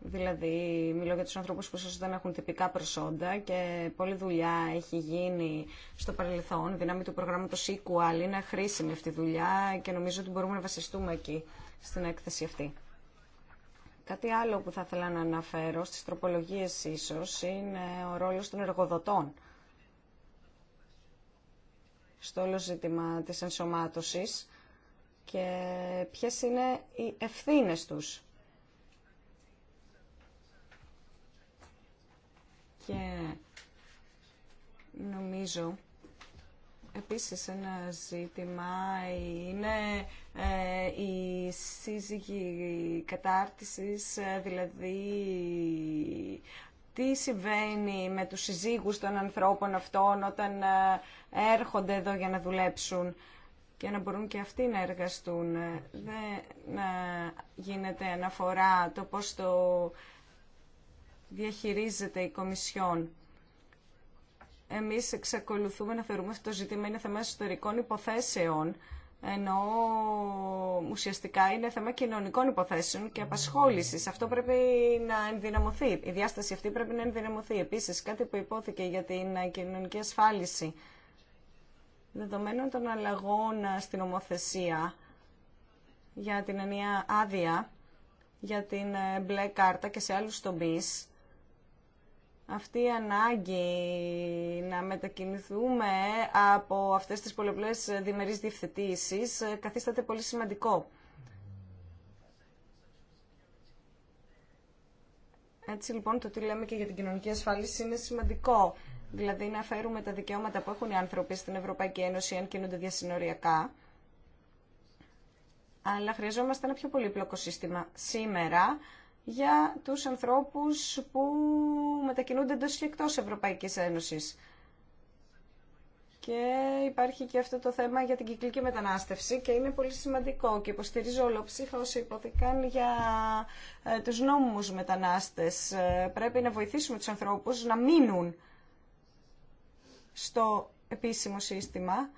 Δηλαδή, μιλώ για τους ανθρώπους που ίσως δεν έχουν τυπικά προσόντα και πολλή δουλειά έχει γίνει στο παρελθόν. Δυνάμει του προγράμματος Equal είναι χρήσιμη αυτή η δουλειά και νομίζω ότι μπορούμε να βασιστούμε εκεί, στην έκθεση αυτή. Κάτι άλλο που θα ήθελα να αναφέρω στις τροπολογίες ίσως είναι ο ρόλος των εργοδοτών στο όλο ζήτημα της ενσωμάτωσης και ποιες είναι οι ευθύνες τους. Και νομίζω επίσης ένα ζήτημα είναι ε, η σύζυγη κατάρτισης, ε, δηλαδή τι συμβαίνει με τους συζύγους των ανθρώπων αυτών όταν ε, έρχονται εδώ για να δουλέψουν και να μπορούν και αυτοί να εργαστούν. Ε, δεν ε, γίνεται αναφορά το πώς το διαχειρίζεται η Κομισιόν. Εμείς εξακολουθούμε να θεωρούμε αυτό το ζήτημα είναι θέμα ιστορικών υποθέσεων ενώ ουσιαστικά είναι θέμα κοινωνικών υποθέσεων και απασχόλησης. Αυτό πρέπει να ενδυναμωθεί. Η διάσταση αυτή πρέπει να ενδυναμωθεί. Επίσης, κάτι που υπόθηκε για την κοινωνική ασφάλιση δεδομένων των αλλαγών στην ομοθεσία για την ενιαία άδεια, για την μπλε κάρτα και σε άλλους τομείς, αυτή η ανάγκη να μετακινηθούμε από αυτές τις πολλαπλές διμερείς διευθετήσεις ε, καθίσταται πολύ σημαντικό. Έτσι λοιπόν το τι λέμε και για την κοινωνική ασφάλιση είναι σημαντικό. Δηλαδή να φέρουμε τα δικαιώματα που έχουν οι άνθρωποι στην Ευρωπαϊκή Ένωση αν κινούνται διασυνοριακά. Αλλά χρειαζόμαστε ένα πιο πολύπλοκο σύστημα. Σήμερα για τους ανθρώπους που μετακινούνται εντός και εκτός Ευρωπαϊκής Ένωσης. Και υπάρχει και αυτό το θέμα για την κυκλική μετανάστευση και είναι πολύ σημαντικό και υποστηρίζω ολοψήφα όσοι υποθήκαν για ε, τους νόμους μετανάστες. Ε, πρέπει να βοηθήσουμε τους ανθρώπους να μείνουν στο επίσημο σύστημα.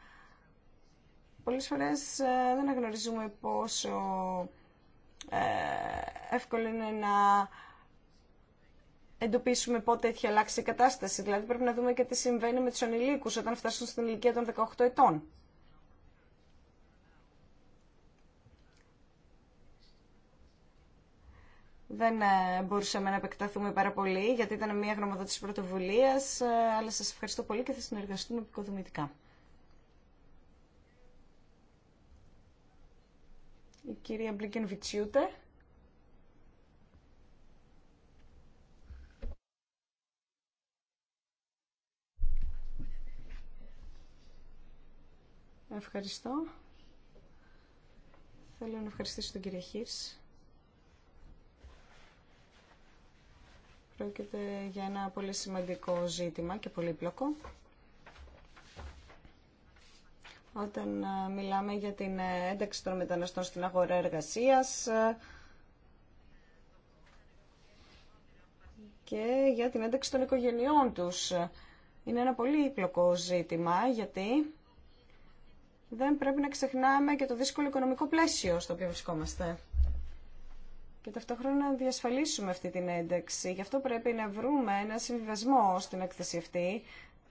Πολλές φορές ε, δεν αναγνωρίζουμε πόσο ε, εύκολο είναι να εντοπίσουμε πότε έχει αλλάξει η κατάσταση. Δηλαδή πρέπει να δούμε και τι συμβαίνει με τους ανηλίκους όταν φτάσουν στην ηλικία των 18 ετών. Δεν ε, μπορούσαμε να επεκταθούμε πάρα πολύ, γιατί ήταν μια γνωμοδότηση πρωτοβουλία, ε, αλλά σας ευχαριστώ πολύ και θα συνεργαστούμε επικοδομητικά. η κυρία Μπλίκεν Βιτσιούτε. Ευχαριστώ. Θέλω να ευχαριστήσω τον κύριο Χίρς. Πρόκειται για ένα πολύ σημαντικό ζήτημα και πολύπλοκο όταν ε, μιλάμε για την ε, ένταξη των μεταναστών στην αγορά εργασίας ε, και για την ένταξη των οικογενειών τους. Είναι ένα πολύ πλοκό ζήτημα γιατί δεν πρέπει να ξεχνάμε και το δύσκολο οικονομικό πλαίσιο στο οποίο βρισκόμαστε. Και ταυτόχρονα να διασφαλίσουμε αυτή την ένταξη. Γι' αυτό πρέπει να βρούμε ένα συμβιβασμό στην έκθεση αυτή,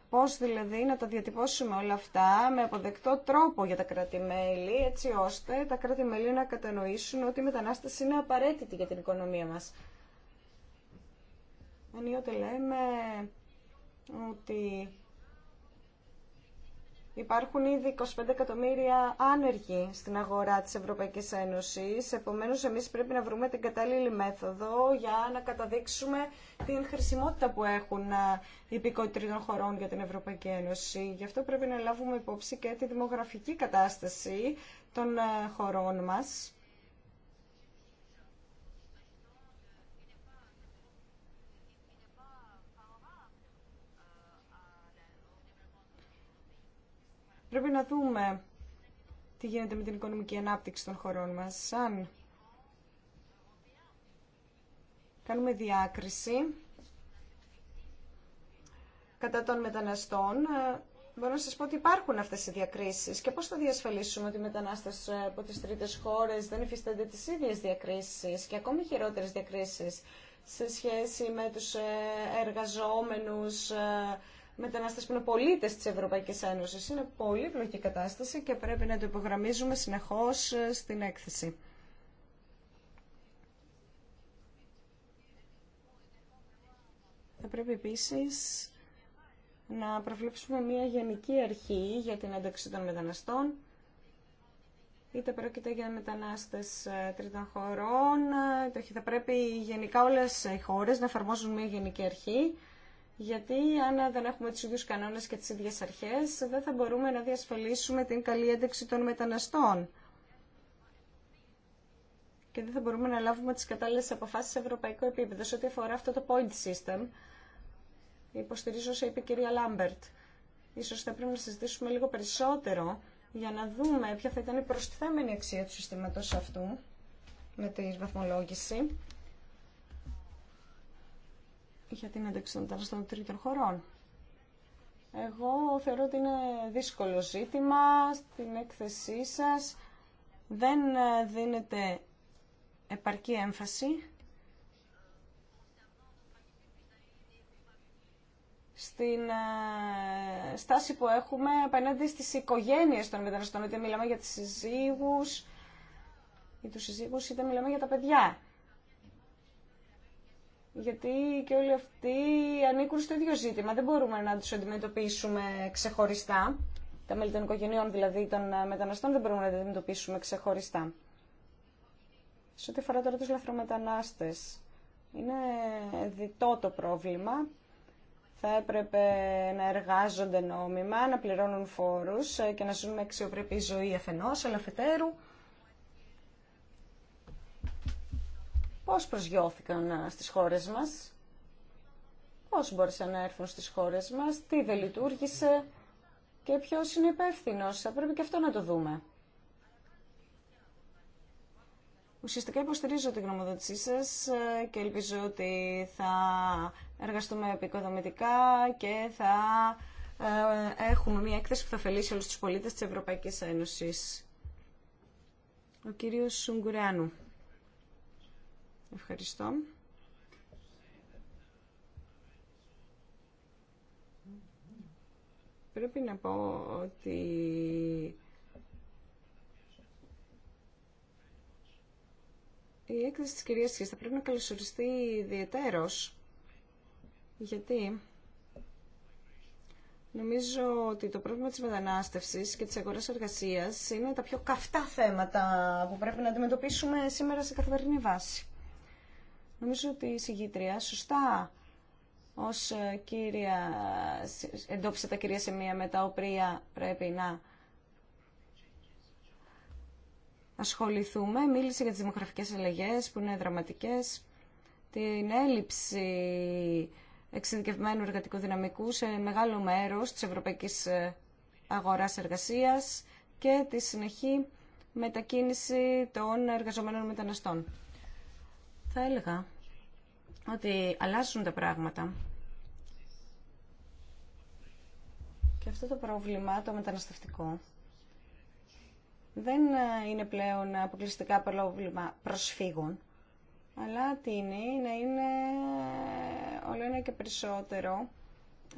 Πώς δηλαδή να τα διατυπώσουμε όλα αυτά με αποδεκτό τρόπο για τα κράτη-μέλη, έτσι ώστε τα κράτη-μέλη να κατανοήσουν ότι η μετανάσταση είναι απαραίτητη για την οικονομία μας. Ενίοτε λέμε ότι Υπάρχουν ήδη 25 εκατομμύρια άνεργοι στην αγορά της Ευρωπαϊκής Ένωσης, επομένως εμείς πρέπει να βρούμε την κατάλληλη μέθοδο για να καταδείξουμε την χρησιμότητα που έχουν οι των χωρών για την Ευρωπαϊκή Ένωση. Γι' αυτό πρέπει να λάβουμε υπόψη και τη δημογραφική κατάσταση των χωρών μας Πρέπει να δούμε τι γίνεται με την οικονομική ανάπτυξη των χωρών μας. Αν κάνουμε διάκριση κατά των μεταναστών, ε, μπορώ να σας πω ότι υπάρχουν αυτές οι διακρίσεις και πώς θα διασφαλίσουμε ότι οι μετανάστες ε, από τις τρίτες χώρες δεν υφίστανται τις ίδιες διακρίσεις και ακόμη χειρότερες διακρίσεις σε σχέση με τους ε, εργαζόμενους μετανάστες που είναι πολίτες της Ευρωπαϊκής Ένωσης. Είναι πολύ πλοκή κατάσταση και πρέπει να το υπογραμμίζουμε συνεχώς ε, στην έκθεση. Θα πρέπει επίσης να προβλέψουμε μια γενική αρχή για την ένταξη των μεταναστών, είτε πρόκειται για μετανάστες ε, τρίτων χωρών, ε, θα πρέπει γενικά όλες οι χώρες να εφαρμόζουν μια γενική αρχή γιατί αν δεν έχουμε του ίδιου κανόνες και τις ίδιες αρχές, δεν θα μπορούμε να διασφαλίσουμε την καλή ένταξη των μεταναστών. Και δεν θα μπορούμε να λάβουμε τις κατάλληλες αποφάσεις σε ευρωπαϊκό επίπεδο. Σε ό,τι αφορά αυτό το point system, υποστηρίζω όσα είπε η κυρία Λάμπερτ. Ίσως θα πρέπει να συζητήσουμε λίγο περισσότερο για να δούμε ποια θα ήταν η προσθέμενη αξία του συστήματος αυτού με τη βαθμολόγηση για την ένταξη των μεταναστών τρίτων χωρών. Εγώ θεωρώ ότι είναι δύσκολο ζήτημα. Στην έκθεσή σας δεν ε, δίνεται επαρκή έμφαση στην ε, στάση που έχουμε απέναντι στις οικογένειες των μεταναστών, είτε μιλάμε για τις συζύγους ή τους συζύγους, είτε μιλάμε για τα παιδιά γιατί και όλοι αυτοί ανήκουν στο ίδιο ζήτημα. Δεν μπορούμε να τους αντιμετωπίσουμε ξεχωριστά. Τα μέλη των οικογενειών, δηλαδή των ε, μεταναστών, δεν μπορούμε να τα αντιμετωπίσουμε ξεχωριστά. Σε ό,τι αφορά τώρα τους λαθρομετανάστες, είναι διτό το πρόβλημα. Θα έπρεπε να εργάζονται νόμιμα, να πληρώνουν φόρους ε, και να ζουν με αξιοπρεπή ζωή αφενός, αλλά αφετέρου πώς προσγειώθηκαν ε, στις χώρες μας, πώς μπόρεσαν να έρθουν στις χώρες μας, τι δεν λειτουργήσε και ποιος είναι υπεύθυνο. Θα πρέπει και αυτό να το δούμε. Ουσιαστικά υποστηρίζω την γνωμοδότησή σας ε, και ελπίζω ότι θα εργαστούμε επικοδομητικά και θα ε, έχουμε μια έκθεση που θα ωφελήσει όλους τους πολίτες της Ευρωπαϊκής Ένωσης. Ο κύριος Σουγκουράνου. Ευχαριστώ. Πρέπει να πω ότι η έκθεση της κυρίας Σχίστα πρέπει να καλωσοριστεί ιδιαιτέρως. Γιατί νομίζω ότι το πρόβλημα της μετανάστευσης και της αγοράς εργασίας είναι τα πιο καυτά θέματα που πρέπει να αντιμετωπίσουμε σήμερα σε καθημερινή βάση. Νομίζω ότι η συγγήτρια σωστά ως ε, κύρια, εντόπισε τα κυρία σημεία με τα οποία πρέπει να ασχοληθούμε. Μίλησε για τις δημογραφικές αλλαγές που είναι δραματικές, την έλλειψη εξειδικευμένου εργατικού δυναμικού σε μεγάλο μέρος της ευρωπαϊκής ε, αγοράς εργασίας και τη συνεχή μετακίνηση των εργαζομένων μεταναστών θα έλεγα ότι αλλάζουν τα πράγματα. Και αυτό το πρόβλημα, το μεταναστευτικό, δεν ε, είναι πλέον αποκλειστικά πρόβλημα προσφύγων, αλλά τίνει να είναι όλο ένα και περισσότερο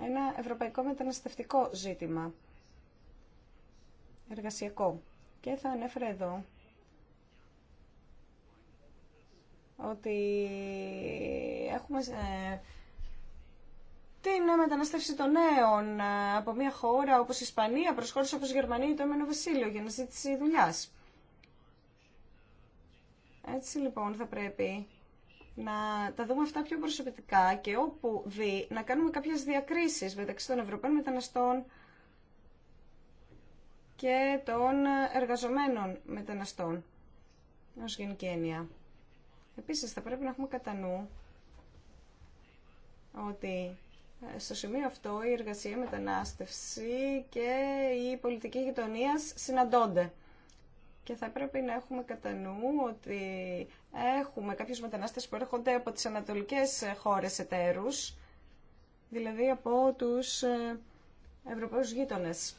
ένα ευρωπαϊκό μεταναστευτικό ζήτημα, εργασιακό. Και θα ανέφερα εδώ ότι έχουμε ε, την μετανάστευση των νέων ε, από μια χώρα όπως η Ισπανία προς χώρες όπως η Γερμανία ή το Εμένο Βασίλειο για να ζήτηση δουλειά. Έτσι λοιπόν θα πρέπει να τα δούμε αυτά πιο προσωπικά και όπου δει να κάνουμε κάποιες διακρίσεις μεταξύ των Ευρωπαίων μεταναστών και των εργαζομένων μεταναστών ως γενική έννοια. Επίσης θα πρέπει να έχουμε κατά νου ότι ε, στο σημείο αυτό η εργασία, μετανάστευση και η πολιτική γειτονία συναντώνται. Και θα πρέπει να έχουμε κατά νου ότι έχουμε κάποιους μετανάστες που έρχονται από τις ανατολικές ε, χώρες εταίρους, δηλαδή από τους ε, Ευρωπαίους γείτονες.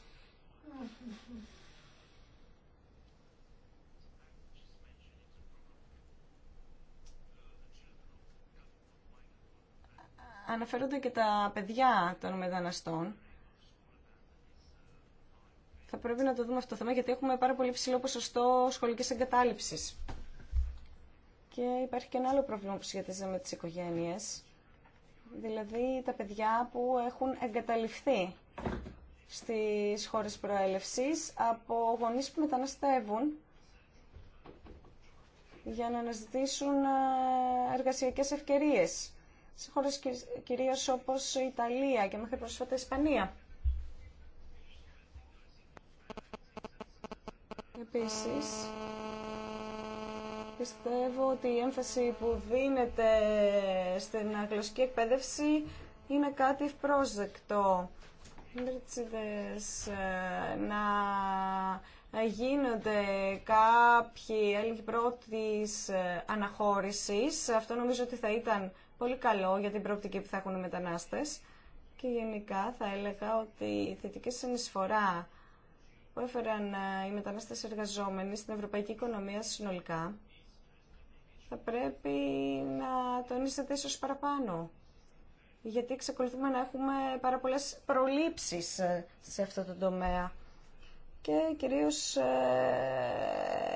αναφέρονται και τα παιδιά των μεταναστών. Θα πρέπει να το δούμε αυτό το θέμα γιατί έχουμε πάρα πολύ ψηλό ποσοστό σχολικής εγκατάλειψης. Και υπάρχει και ένα άλλο πρόβλημα που σχετίζεται με τις οικογένειες. Δηλαδή τα παιδιά που έχουν εγκαταληφθεί στις χώρες προέλευσης από γονείς που μεταναστεύουν για να αναζητήσουν ε, εργασιακές ευκαιρίες σε χώρες κυρίως όπως η Ιταλία και μέχρι πρόσφατα η Ισπανία. Επίσης, πιστεύω ότι η έμφαση που δίνεται στην γλωσσική εκπαίδευση είναι κάτι ευπρόσδεκτο. Ρίτσιδες, ε, να γίνονται κάποιοι έλεγχοι πρώτης ε, αναχώρησης. Αυτό νομίζω ότι θα ήταν πολύ καλό για την προοπτική που θα έχουν οι μετανάστες και γενικά θα έλεγα ότι η θετική συνεισφορά που έφεραν ε, οι μετανάστες εργαζόμενοι στην ευρωπαϊκή οικονομία συνολικά θα πρέπει να τονίσετε ίσως παραπάνω. Γιατί εξακολουθούμε να έχουμε πάρα πολλές προλήψεις ε, σε αυτό το τομέα. Και κυρίως ε,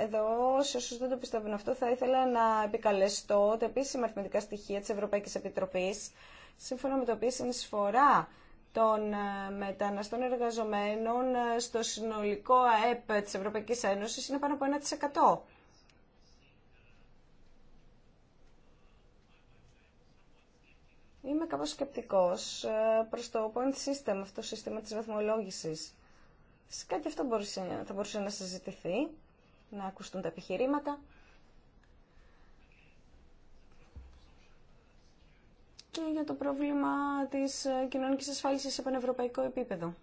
εδώ, σε όσους δεν το πιστεύουν αυτό, θα ήθελα να επικαλεστώ τα επίσημα αριθμητικά στοιχεία της Ευρωπαϊκής Επιτροπής, σύμφωνα με το οποίο η συνεισφορά των ε, μεταναστών εργαζομένων ε, στο συνολικό ΑΕΠ της Ευρωπαϊκής Ένωσης είναι πάνω από 1%. Είμαι κάπως σκεπτικός προς το point system, αυτό το σύστημα της βαθμολόγησης. Φυσικά και αυτό θα μπορούσε να συζητηθεί, να ακουστούν τα επιχειρήματα. Και για το πρόβλημα της ε, κοινωνικής ασφάλισης σε πανευρωπαϊκό επίπεδο.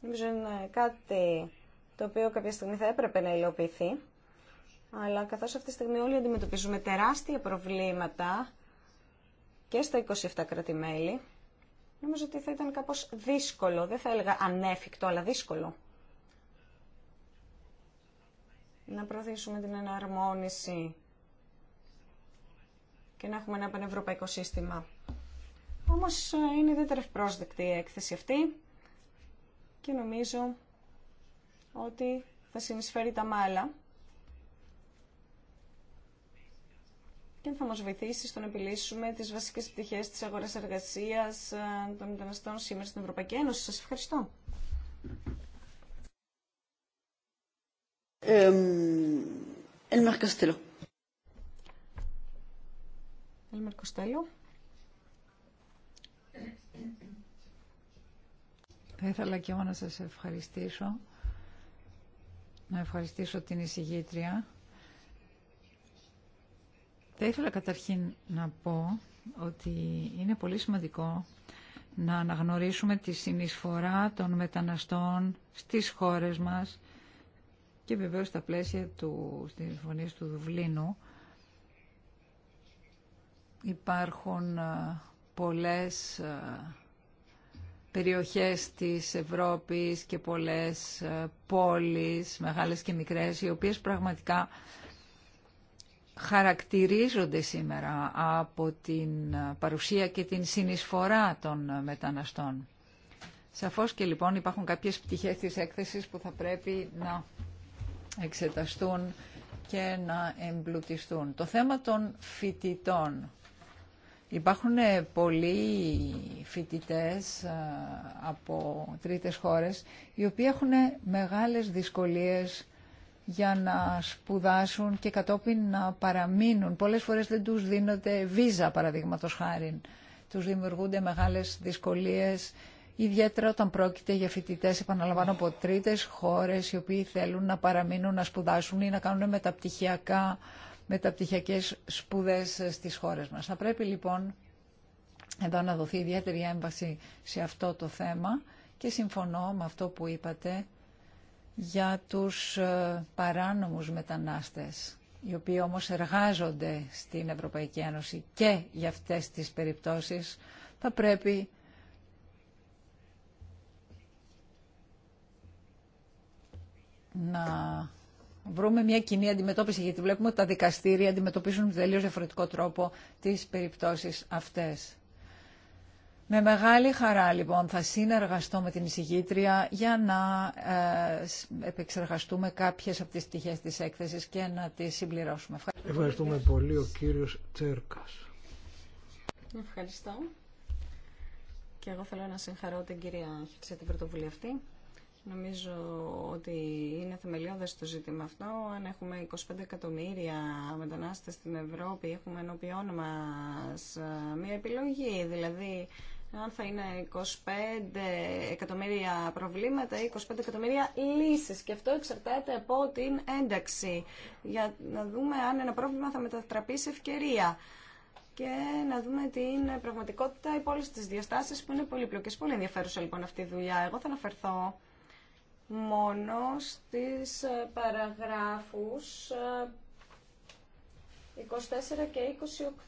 Νομίζω είναι κάτι το οποίο κάποια στιγμή θα έπρεπε να υλοποιηθεί αλλά καθώς αυτή τη στιγμή όλοι αντιμετωπίζουμε τεράστια προβλήματα και στα 27 κρατημέλη, νομίζω ότι θα ήταν κάπως δύσκολο, δεν θα έλεγα ανέφικτο, αλλά δύσκολο. Να προωθήσουμε την εναρμόνιση και να έχουμε ένα πανευρωπαϊκό σύστημα. Όμως ε, είναι ιδιαίτερα ευπρόσδεκτη η έκθεση αυτή και νομίζω ότι θα συνεισφέρει τα μάλα και θα μας βοηθήσει στο να επιλύσουμε τις βασικές πτυχές της αγοράς εργασίας ε, των μεταναστών σήμερα στην Ευρωπαϊκή Ένωση. Σας ευχαριστώ. Ελμαρ Θα ήθελα και εγώ να σας ευχαριστήσω. Να ευχαριστήσω την εισηγήτρια θα ήθελα καταρχήν να πω ότι είναι πολύ σημαντικό να αναγνωρίσουμε τη συνεισφορά των μεταναστών στις χώρες μας και βεβαίως στα πλαίσια του, Συμφωνίας του Δουβλίνου υπάρχουν πολλές περιοχές της Ευρώπης και πολλές πόλεις, μεγάλες και μικρές, οι οποίες πραγματικά χαρακτηρίζονται σήμερα από την παρουσία και την συνεισφορά των μεταναστών. Σαφώς και λοιπόν υπάρχουν κάποιες πτυχές της έκθεσης που θα πρέπει να εξεταστούν και να εμπλουτιστούν. Το θέμα των φοιτητών. Υπάρχουν πολλοί φοιτητές ε, από τρίτες χώρες οι οποίοι έχουν μεγάλες δυσκολίες για να σπουδάσουν και κατόπιν να παραμείνουν. Πολλές φορές δεν τους δίνονται βίζα, παραδείγματο χάρη. Τους δημιουργούνται μεγάλες δυσκολίες, ιδιαίτερα όταν πρόκειται για φοιτητέ, επαναλαμβάνω, από τρίτες χώρες, οι οποίοι θέλουν να παραμείνουν, να σπουδάσουν ή να κάνουν μεταπτυχιακά, μεταπτυχιακές σπουδές στις χώρες μας. Θα πρέπει λοιπόν εδώ να δοθεί ιδιαίτερη έμβαση σε αυτό το θέμα και συμφωνώ με αυτό που είπατε για τους ε, παράνομους μετανάστες, οι οποίοι όμως εργάζονται στην Ευρωπαϊκή Ένωση και για αυτές τις περιπτώσεις θα πρέπει να βρούμε μια κοινή αντιμετώπιση, γιατί βλέπουμε ότι τα δικαστήρια αντιμετωπίζουν με τελείως διαφορετικό τρόπο τις περιπτώσεις αυτές. Με μεγάλη χαρά λοιπόν θα συνεργαστώ με την εισηγήτρια για να ε, επεξεργαστούμε κάποιες από τις στοιχές της έκθεσης και να τις συμπληρώσουμε. Ευχαριστούμε, Ευχαριστούμε πολύ ο κύριος Τσέρκας. Ευχαριστώ. Και εγώ θέλω να συγχαρώ την κυρία σε την πρωτοβουλία αυτή. Νομίζω ότι είναι θεμελιώδες το ζήτημα αυτό. Αν έχουμε 25 εκατομμύρια μετανάστες στην Ευρώπη, έχουμε ενώπιόν μας ε, μία επιλογή, δηλαδή αν θα είναι 25 εκατομμύρια προβλήματα ή 25 εκατομμύρια λύσεις. Και αυτό εξαρτάται από την ένταξη, για να δούμε αν ένα πρόβλημα θα μετατραπεί σε ευκαιρία και να δούμε την πραγματικότητα υπό όλες τις διαστάσεις που είναι πολύπλοκες. Πολύ ενδιαφέρουσα λοιπόν αυτή η δουλειά. Εγώ θα αναφερθώ μόνο στις παραγράφους ε, 24 και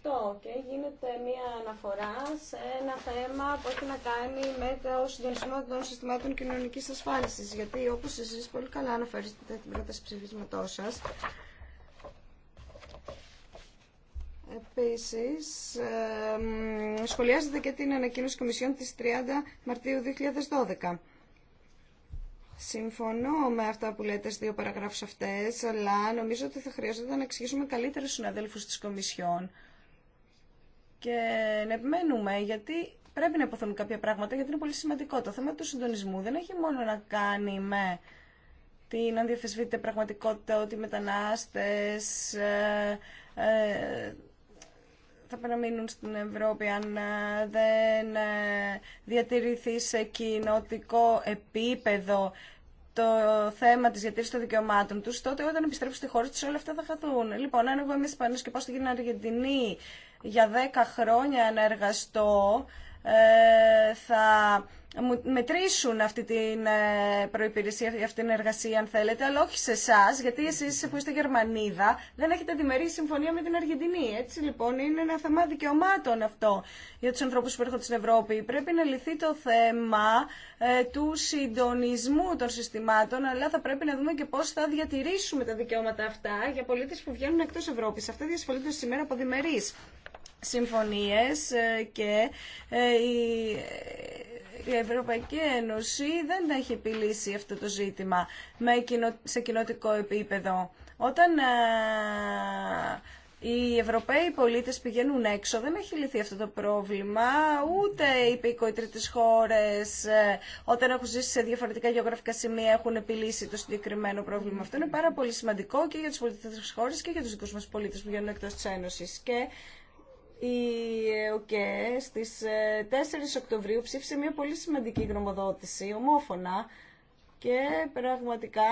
28 και γίνεται μία αναφορά σε ένα θέμα που έχει να κάνει με το συντονισμό των συστημάτων κοινωνική ασφάλισης γιατί όπω εσεί πολύ καλά αναφέρεστε την πρόταση ψηφίσματός σας Επίση, σχολιάζεται και την ανακοίνωση Κομισιόν τη 30 Μαρτίου 2012. Συμφωνώ με αυτά που λέτε στις δύο παραγράφους αυτές, αλλά νομίζω ότι θα χρειαζόταν να εξηγήσουμε καλύτερα στους συναδέλφους της Κομισιόν και να επιμένουμε γιατί πρέπει να υποθούν κάποια πράγματα γιατί είναι πολύ σημαντικό. Το θέμα του συντονισμού δεν έχει μόνο να κάνει με την αντιαφεσβήτητη πραγματικότητα ότι οι μετανάστες ε, ε θα παραμείνουν στην Ευρώπη αν ε, δεν ε, διατηρηθεί σε κοινοτικό επίπεδο το θέμα τη διατήρηση των δικαιωμάτων του, τότε όταν επιστρέψουν στη χώρα του όλα αυτά θα χαθούν. Λοιπόν, αν εγώ είμαι Ισπανό και πάω στην Αργεντινή για 10 χρόνια να εργαστώ, ε, θα μετρήσουν αυτή την ε, προϋπηρεσία, αυτή την εργασία αν θέλετε, αλλά όχι σε εσά, γιατί εσείς που είστε Γερμανίδα δεν έχετε διμερή συμφωνία με την Αργεντινή. Έτσι λοιπόν είναι ένα θέμα δικαιωμάτων αυτό για τους ανθρώπους που έρχονται στην Ευρώπη. Πρέπει να λυθεί το θέμα ε, του συντονισμού των συστημάτων, αλλά θα πρέπει να δούμε και πώς θα διατηρήσουμε τα δικαιώματα αυτά για πολίτες που βγαίνουν εκτός Ευρώπης. Αυτά διασφαλίζονται σήμερα από διμερείς συμφωνίες ε, και η Ευρωπαϊκή Ένωση δεν έχει επιλύσει αυτό το ζήτημα σε κοινοτικό επίπεδο. Όταν ε, οι Ευρωπαίοι πολίτες πηγαίνουν έξω, δεν έχει λυθεί αυτό το πρόβλημα, ούτε οι πήκοοι της χώρες, ε, όταν έχουν ζήσει σε διαφορετικά γεωγραφικά σημεία, έχουν επιλύσει το συγκεκριμένο πρόβλημα. Αυτό είναι πάρα πολύ σημαντικό και για τις πολιτικές χώρες και για τους δικούς μας πολίτες που βγαίνουν εκτός της Ένωσης. Και η ΟΚΕ στις 4 ε, Οκτωβρίου ψήφισε μια πολύ σημαντική γνωμοδότηση, ομόφωνα, και πραγματικά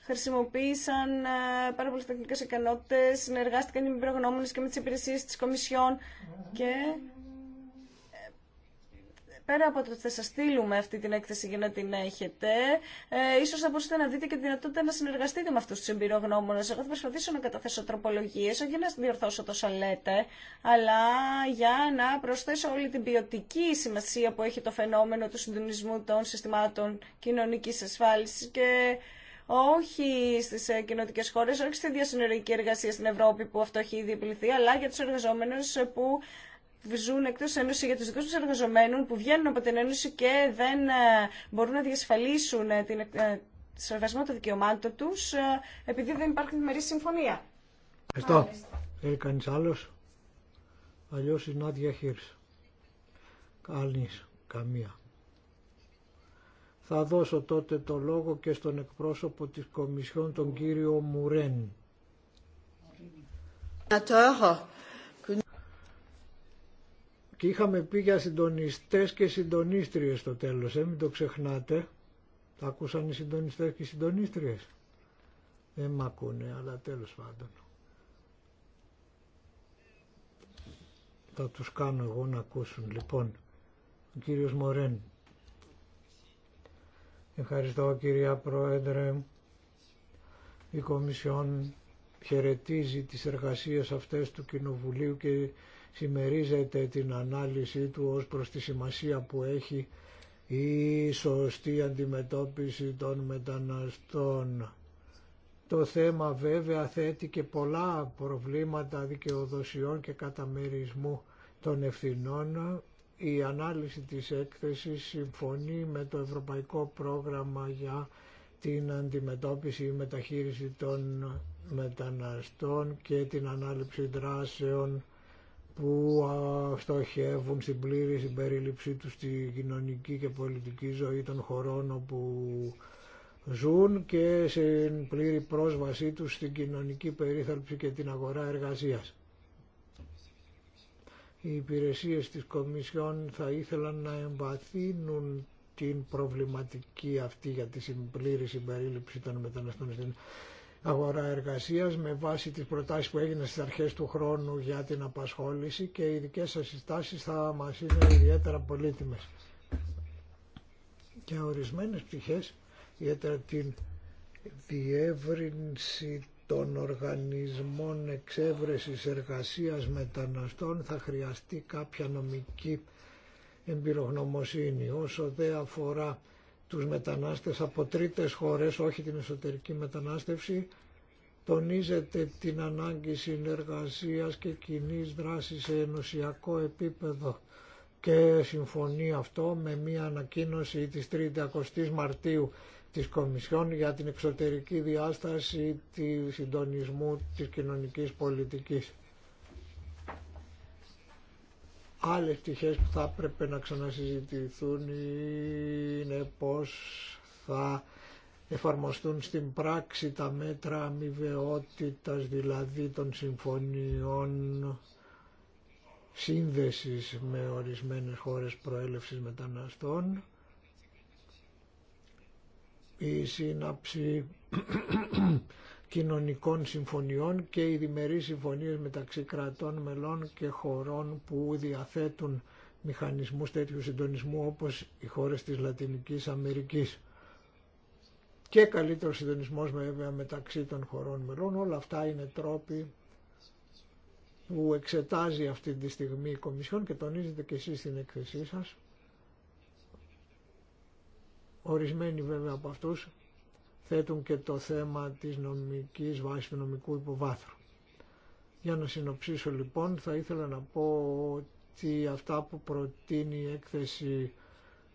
χρησιμοποίησαν ε, πάρα πολλέ τεχνικέ ικανότητε, συνεργάστηκαν οι προγνώμονε και με τι υπηρεσίε τη Κομισιόν και πέρα από το ότι θα σα στείλουμε αυτή την έκθεση για να την έχετε, ε, ίσως θα μπορούσατε να δείτε και τη δυνατότητα να συνεργαστείτε με αυτού του εμπειρογνώμονε. Εγώ θα προσπαθήσω να καταθέσω τροπολογίε όχι να διορθώσω τόσα λέτε, αλλά για να προσθέσω όλη την ποιοτική σημασία που έχει το φαινόμενο του συντονισμού των συστημάτων κοινωνική ασφάλισης και όχι στι ε, κοινότικέ χώρε, όχι στη διασυνορική εργασία στην Ευρώπη που αυτό έχει ήδη επιληθεί, αλλά για του εργαζόμενου που ζουν εκτό Ένωση για του δικού του εργαζομένου που βγαίνουν από την Ένωση και δεν ε, μπορούν να διασφαλίσουν ε, την ε, σεβασμό των δικαιωμάτων του επειδή δεν υπάρχει μερή συμφωνία. Ευχαριστώ. Θέλει κανεί άλλο. Αλλιώ η Νάντια Χίρς. Κανεί. Καμία. Θα δώσω τότε το λόγο και στον εκπρόσωπο της Κομισιόν, τον κύριο Μουρέν. Και είχαμε πει για συντονιστές και συντονίστριες στο τέλος, ε, μην το ξεχνάτε. Τα ακούσαν οι συντονιστές και οι συντονίστριες. Δεν μ' ακούνε, αλλά τέλος πάντων. Θα τους κάνω εγώ να ακούσουν. Λοιπόν, ο κύριος Μωρέν. Ευχαριστώ κυρία Πρόεδρε. Η Κομισιόν χαιρετίζει τις εργασίες αυτές του Κοινοβουλίου και συμμερίζεται την ανάλυση του ως προς τη σημασία που έχει η σωστή αντιμετώπιση των μεταναστών. Το θέμα βέβαια θέτει και πολλά προβλήματα δικαιοδοσιών και καταμερισμού των ευθυνών. Η ανάλυση της έκθεσης συμφωνεί με το Ευρωπαϊκό Πρόγραμμα για την αντιμετώπιση ή μεταχείριση των μεταναστών και την ανάληψη δράσεων που στοχεύουν στην πλήρη συμπερίληψή τους στη κοινωνική και πολιτική ζωή των χωρών όπου ζουν και στην πλήρη πρόσβασή τους στην κοινωνική περίθαλψη και την αγορά εργασίας. Οι υπηρεσίες της Κομισιόν θα ήθελαν να εμβαθύνουν την προβληματική αυτή για τη πλήρη συμπερίληψη των μεταναστών στην αγορά εργασίας με βάση τις προτάσεις που έγιναν στις αρχές του χρόνου για την απασχόληση και οι δικές σας συστάσεις θα μας είναι ιδιαίτερα πολύτιμες. Και ορισμένες πτυχές, ιδιαίτερα την διεύρυνση των οργανισμών εξέβρεσης εργασίας μεταναστών θα χρειαστεί κάποια νομική εμπειρογνωμοσύνη. Όσο αφορά τους μετανάστες από τρίτες χώρες, όχι την εσωτερική μετανάστευση, τονίζεται την ανάγκη συνεργασίας και κοινή δράση σε ενωσιακό επίπεδο και συμφωνεί αυτό με μία ανακοίνωση της 30 2η Μαρτίου της Κομισιόν για την εξωτερική διάσταση του συντονισμού της κοινωνικής πολιτικής. Άλλες πτυχές που θα έπρεπε να ξανασυζητηθούν είναι πώς θα εφαρμοστούν στην πράξη τα μέτρα αμοιβαιότητας, δηλαδή των συμφωνιών σύνδεσης με ορισμένες χώρες προέλευσης μεταναστών, η σύναψη κοινωνικών συμφωνιών και οι διμερείς συμφωνίες μεταξύ κρατών, μελών και χωρών που διαθέτουν μηχανισμούς τέτοιου συντονισμού όπως οι χώρες της Λατινικής Αμερικής και καλύτερο συντονισμός βέβαια μεταξύ των χωρών μελών. Όλα αυτά είναι τρόποι που εξετάζει αυτή τη στιγμή η Κομισιόν και τονίζετε και εσείς στην έκθεσή σας. Ορισμένοι βέβαια από αυτούς θέτουν και το θέμα της νομικής βάσης του νομικού υποβάθρου. Για να συνοψίσω λοιπόν θα ήθελα να πω ότι αυτά που προτείνει η έκθεση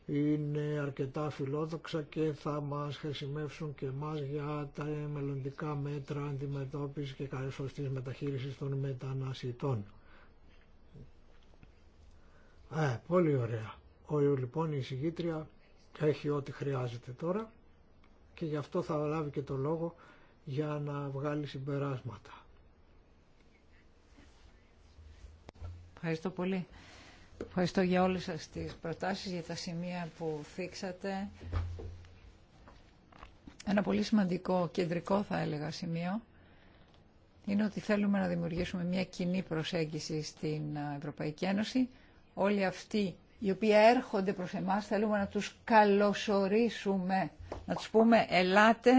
είναι αρκετά φιλόδοξα και θα μας χρησιμεύσουν και μάς για τα μελλοντικά μέτρα αντιμετώπισης και της μεταχείρισης των μεταναστητών. Ε, πολύ ωραία. Ο, λοιπόν η συγγήτρια έχει ό,τι χρειάζεται τώρα και γι' αυτό θα λάβει και το λόγο για να βγάλει συμπεράσματα. Ευχαριστώ πολύ. Ευχαριστώ για όλες σας τις προτάσεις, για τα σημεία που θίξατε. Ένα πολύ σημαντικό, κεντρικό θα έλεγα σημείο, είναι ότι θέλουμε να δημιουργήσουμε μια κοινή προσέγγιση στην Ευρωπαϊκή Ένωση. Όλοι αυτοί οι οποίοι έρχονται προς εμάς, θέλουμε να τους καλωσορίσουμε, να τους πούμε «ελάτε,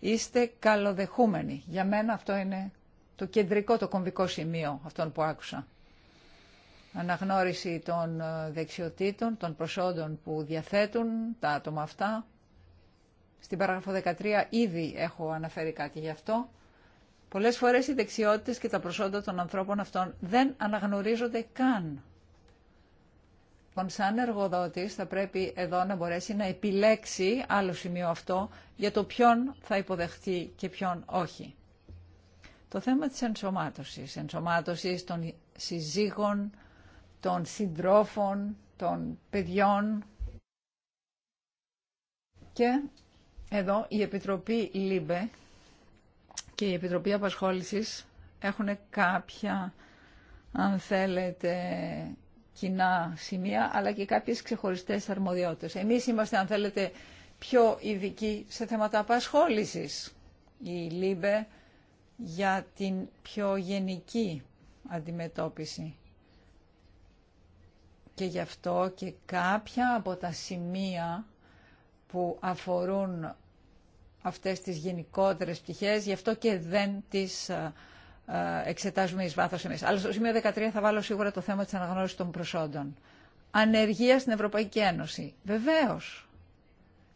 είστε καλοδεχούμενοι». Για μένα αυτό είναι το κεντρικό, το κομβικό σημείο αυτών που άκουσα. Αναγνώριση των ε, δεξιοτήτων, των προσόντων που διαθέτουν τα άτομα αυτά. Στην παράγραφο 13 ήδη έχω αναφέρει κάτι γι' αυτό. Πολλές φορές οι δεξιότητες και τα προσόντα των ανθρώπων αυτών δεν αναγνωρίζονται καν λοιπόν σαν εργοδότη, θα πρέπει εδώ να μπορέσει να επιλέξει άλλο σημείο αυτό για το ποιον θα υποδεχτεί και ποιον όχι. Το θέμα της ενσωμάτωσης, ενσωμάτωσης των συζύγων, των συντρόφων, των παιδιών και εδώ η Επιτροπή ΛΥΜΠΕ και η Επιτροπή Απασχόλησης έχουν κάποια, αν θέλετε, κοινά σημεία, αλλά και κάποιες ξεχωριστές αρμοδιότητες. Εμείς είμαστε, αν θέλετε, πιο ειδικοί σε θέματα απασχόλησης. Η ΛΥΜΠΕ για την πιο γενική αντιμετώπιση. Και γι' αυτό και κάποια από τα σημεία που αφορούν αυτές τις γενικότερες πτυχές, γι' αυτό και δεν τις ε, εξετάζουμε εις βάθος εμείς. Αλλά στο σημείο 13 θα βάλω σίγουρα το θέμα της αναγνώρισης των προσόντων. Ανεργία στην Ευρωπαϊκή Ένωση. Βεβαίως.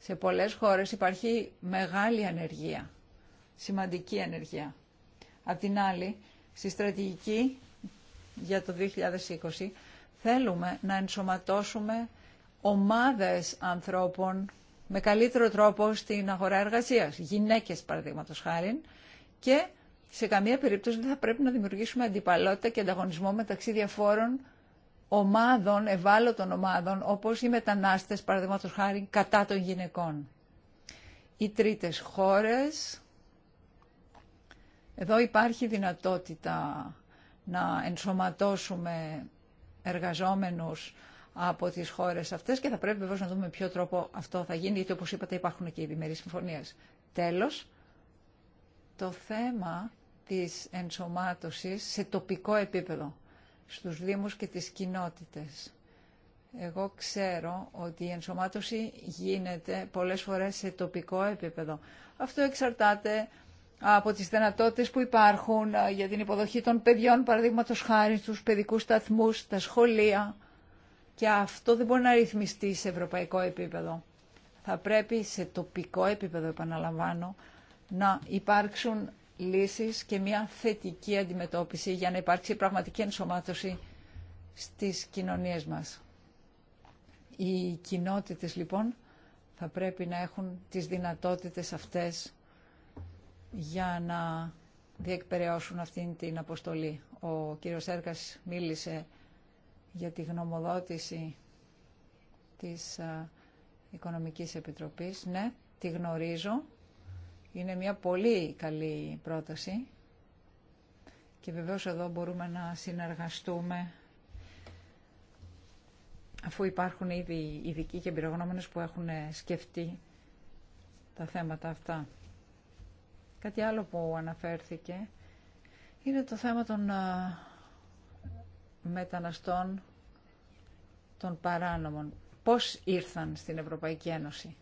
Σε πολλές χώρες υπάρχει μεγάλη ανεργία. Σημαντική ανεργία. Απ' την άλλη, στη στρατηγική για το 2020 θέλουμε να ενσωματώσουμε ομάδες ανθρώπων με καλύτερο τρόπο στην αγορά εργασίας. Γυναίκες, παραδείγματος χάρη, και σε καμία περίπτωση δεν θα πρέπει να δημιουργήσουμε αντιπαλότητα και ανταγωνισμό μεταξύ διαφόρων ομάδων, ευάλωτων ομάδων, όπως οι μετανάστες, παραδείγματο χάρη, κατά των γυναικών. Οι τρίτες χώρες, εδώ υπάρχει δυνατότητα να ενσωματώσουμε εργαζόμενους από τις χώρες αυτές και θα πρέπει βεβαίως να δούμε ποιο τρόπο αυτό θα γίνει, γιατί όπως είπατε υπάρχουν και οι διμερείς συμφωνίες. Τέλος, το θέμα της ενσωμάτωσης σε τοπικό επίπεδο, στους Δήμους και τις κοινότητες. Εγώ ξέρω ότι η ενσωμάτωση γίνεται πολλές φορές σε τοπικό επίπεδο. Αυτό εξαρτάται από τις δυνατότητες που υπάρχουν ε, για την υποδοχή των παιδιών, παραδείγματος χάρη στους παιδικούς σταθμούς, τα σχολεία. Και αυτό δεν μπορεί να ρυθμιστεί σε ευρωπαϊκό επίπεδο. Θα πρέπει σε τοπικό επίπεδο, επαναλαμβάνω, να υπάρξουν λύσεις και μια θετική αντιμετώπιση για να υπάρξει πραγματική ενσωμάτωση στις κοινωνίες μας. Οι κοινότητες λοιπόν θα πρέπει να έχουν τις δυνατότητες αυτές για να διεκπαιρεώσουν αυτήν την αποστολή. Ο κύριος Σέρκας μίλησε για τη γνωμοδότηση της Οικονομικής Επιτροπής. Ναι, τη γνωρίζω. Είναι μια πολύ καλή πρόταση και βεβαίως εδώ μπορούμε να συνεργαστούμε αφού υπάρχουν ήδη ειδικοί και εμπειρογνώμενες που έχουν σκεφτεί τα θέματα αυτά. Κάτι άλλο που αναφέρθηκε είναι το θέμα των μεταναστών των παράνομων. Πώς ήρθαν στην Ευρωπαϊκή Ένωση.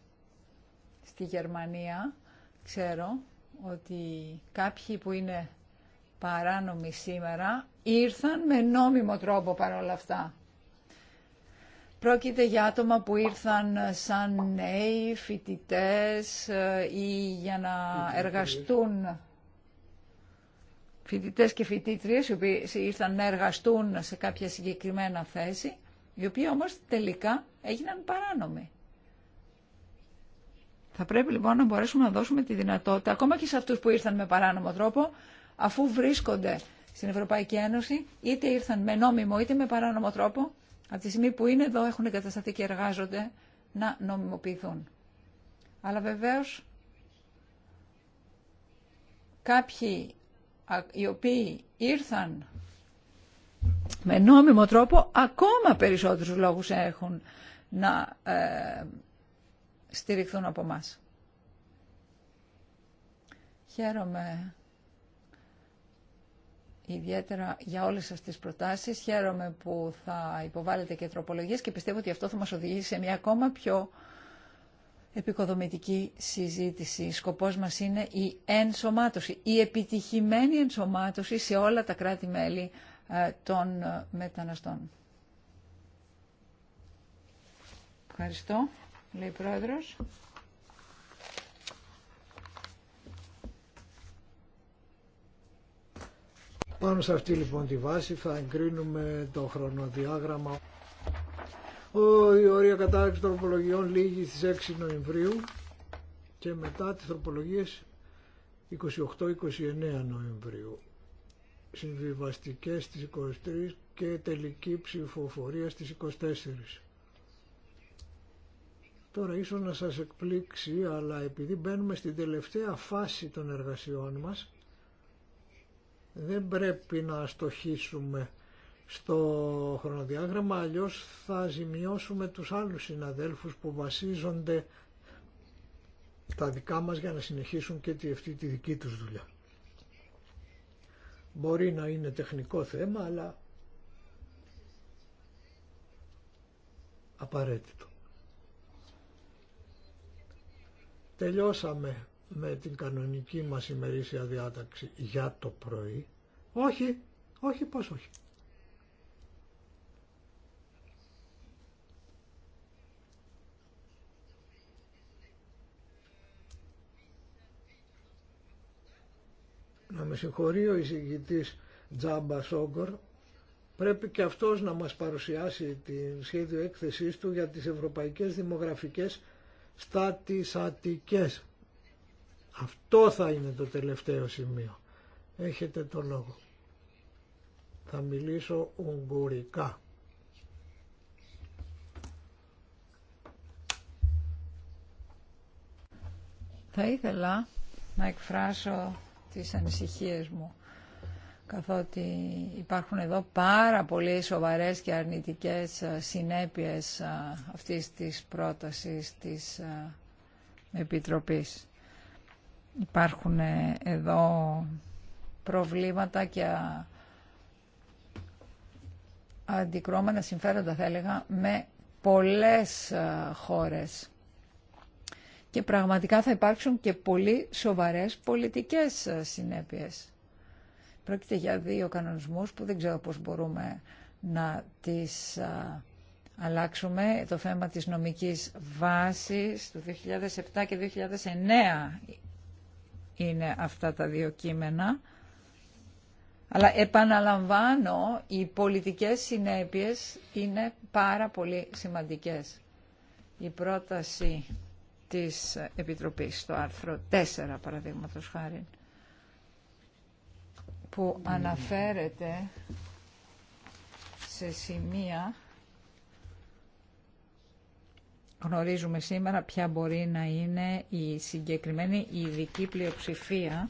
Στη Γερμανία Ξέρω ότι κάποιοι που είναι παράνομοι σήμερα ήρθαν με νόμιμο τρόπο παρόλα αυτά. Πρόκειται για άτομα που ήρθαν σαν νέοι φοιτητέ ε, ή για να εργαστούν φοιτητέ και φοιτήτριες οι οποίοι ήρθαν να εργαστούν σε κάποια συγκεκριμένα θέση, οι οποίοι όμως τελικά έγιναν παράνομοι. Θα πρέπει λοιπόν να μπορέσουμε να δώσουμε τη δυνατότητα, ακόμα και σε αυτούς που ήρθαν με παράνομο τρόπο, αφού βρίσκονται στην Ευρωπαϊκή Ένωση, είτε ήρθαν με νόμιμο είτε με παράνομο τρόπο, από τη στιγμή που είναι εδώ, έχουν εγκατασταθεί και εργάζονται, να νομιμοποιηθούν. Αλλά βεβαίως κάποιοι οι οποίοι ήρθαν με νόμιμο τρόπο, ακόμα περισσότερους λόγους έχουν να ε, στηριχθούν από εμά. Χαίρομαι ιδιαίτερα για όλες σας τις προτάσεις. Χαίρομαι που θα υποβάλλετε και τροπολογίες και πιστεύω ότι αυτό θα μας οδηγήσει σε μια ακόμα πιο επικοδομητική συζήτηση. Σκοπός μας είναι η ενσωμάτωση, η επιτυχημένη ενσωμάτωση σε όλα τα κράτη-μέλη ε, των ε, μεταναστών. Ευχαριστώ λέει Πάνω σε αυτή λοιπόν τη βάση θα εγκρίνουμε το χρονοδιάγραμμα. Ο, η όρια κατάρριξη τροπολογιών λήγει στις 6 Νοεμβρίου και μετά τις τροπολογίες 28-29 Νοεμβρίου. Συμβιβαστικές στις 23 και τελική ψηφοφορία στις 24. Τώρα ίσως να σας εκπλήξει, αλλά επειδή μπαίνουμε στην τελευταία φάση των εργασιών μας, δεν πρέπει να στοχίσουμε στο χρονοδιάγραμμα, αλλιώς θα ζημιώσουμε τους άλλους συναδέλφους που βασίζονται τα δικά μας για να συνεχίσουν και τη, αυτή τη δική τους δουλειά. Μπορεί να είναι τεχνικό θέμα, αλλά απαραίτητο. τελειώσαμε με την κανονική μας ημερήσια διάταξη για το πρωί. Όχι, όχι, πώς όχι. Να με συγχωρεί ο εισηγητής Τζάμπα Σόγκορ, πρέπει και αυτός να μας παρουσιάσει την σχέδιο έκθεσής του για τις ευρωπαϊκές δημογραφικές στα Αυτό θα είναι το τελευταίο σημείο. Έχετε το λόγο. Θα μιλήσω ουγγουρικά. Θα ήθελα να εκφράσω τις ανησυχίες μου καθότι υπάρχουν εδώ πάρα πολύ σοβαρές και αρνητικές ε, συνέπειες ε, αυτής της πρότασης της ε, Επιτροπής. Υπάρχουν εδώ προβλήματα και αντικρώμενα συμφέροντα θα έλεγα με πολλές χώρες. Και πραγματικά θα υπάρξουν και πολύ σοβαρές πολιτικές συνέπειες. Πρόκειται για δύο κανονισμούς που δεν ξέρω πώς μπορούμε να τις αλλάξουμε. Το θέμα της νομικής βάσης του 2007 και 2009 είναι αυτά τα δύο κείμενα. Αλλά επαναλαμβάνω, οι πολιτικές συνέπειες είναι πάρα πολύ σημαντικές. Η πρόταση της Επιτροπής στο άρθρο 4, παραδείγματος χάρη, που αναφέρεται σε σημεία γνωρίζουμε σήμερα ποια μπορεί να είναι η συγκεκριμένη ειδική πλειοψηφία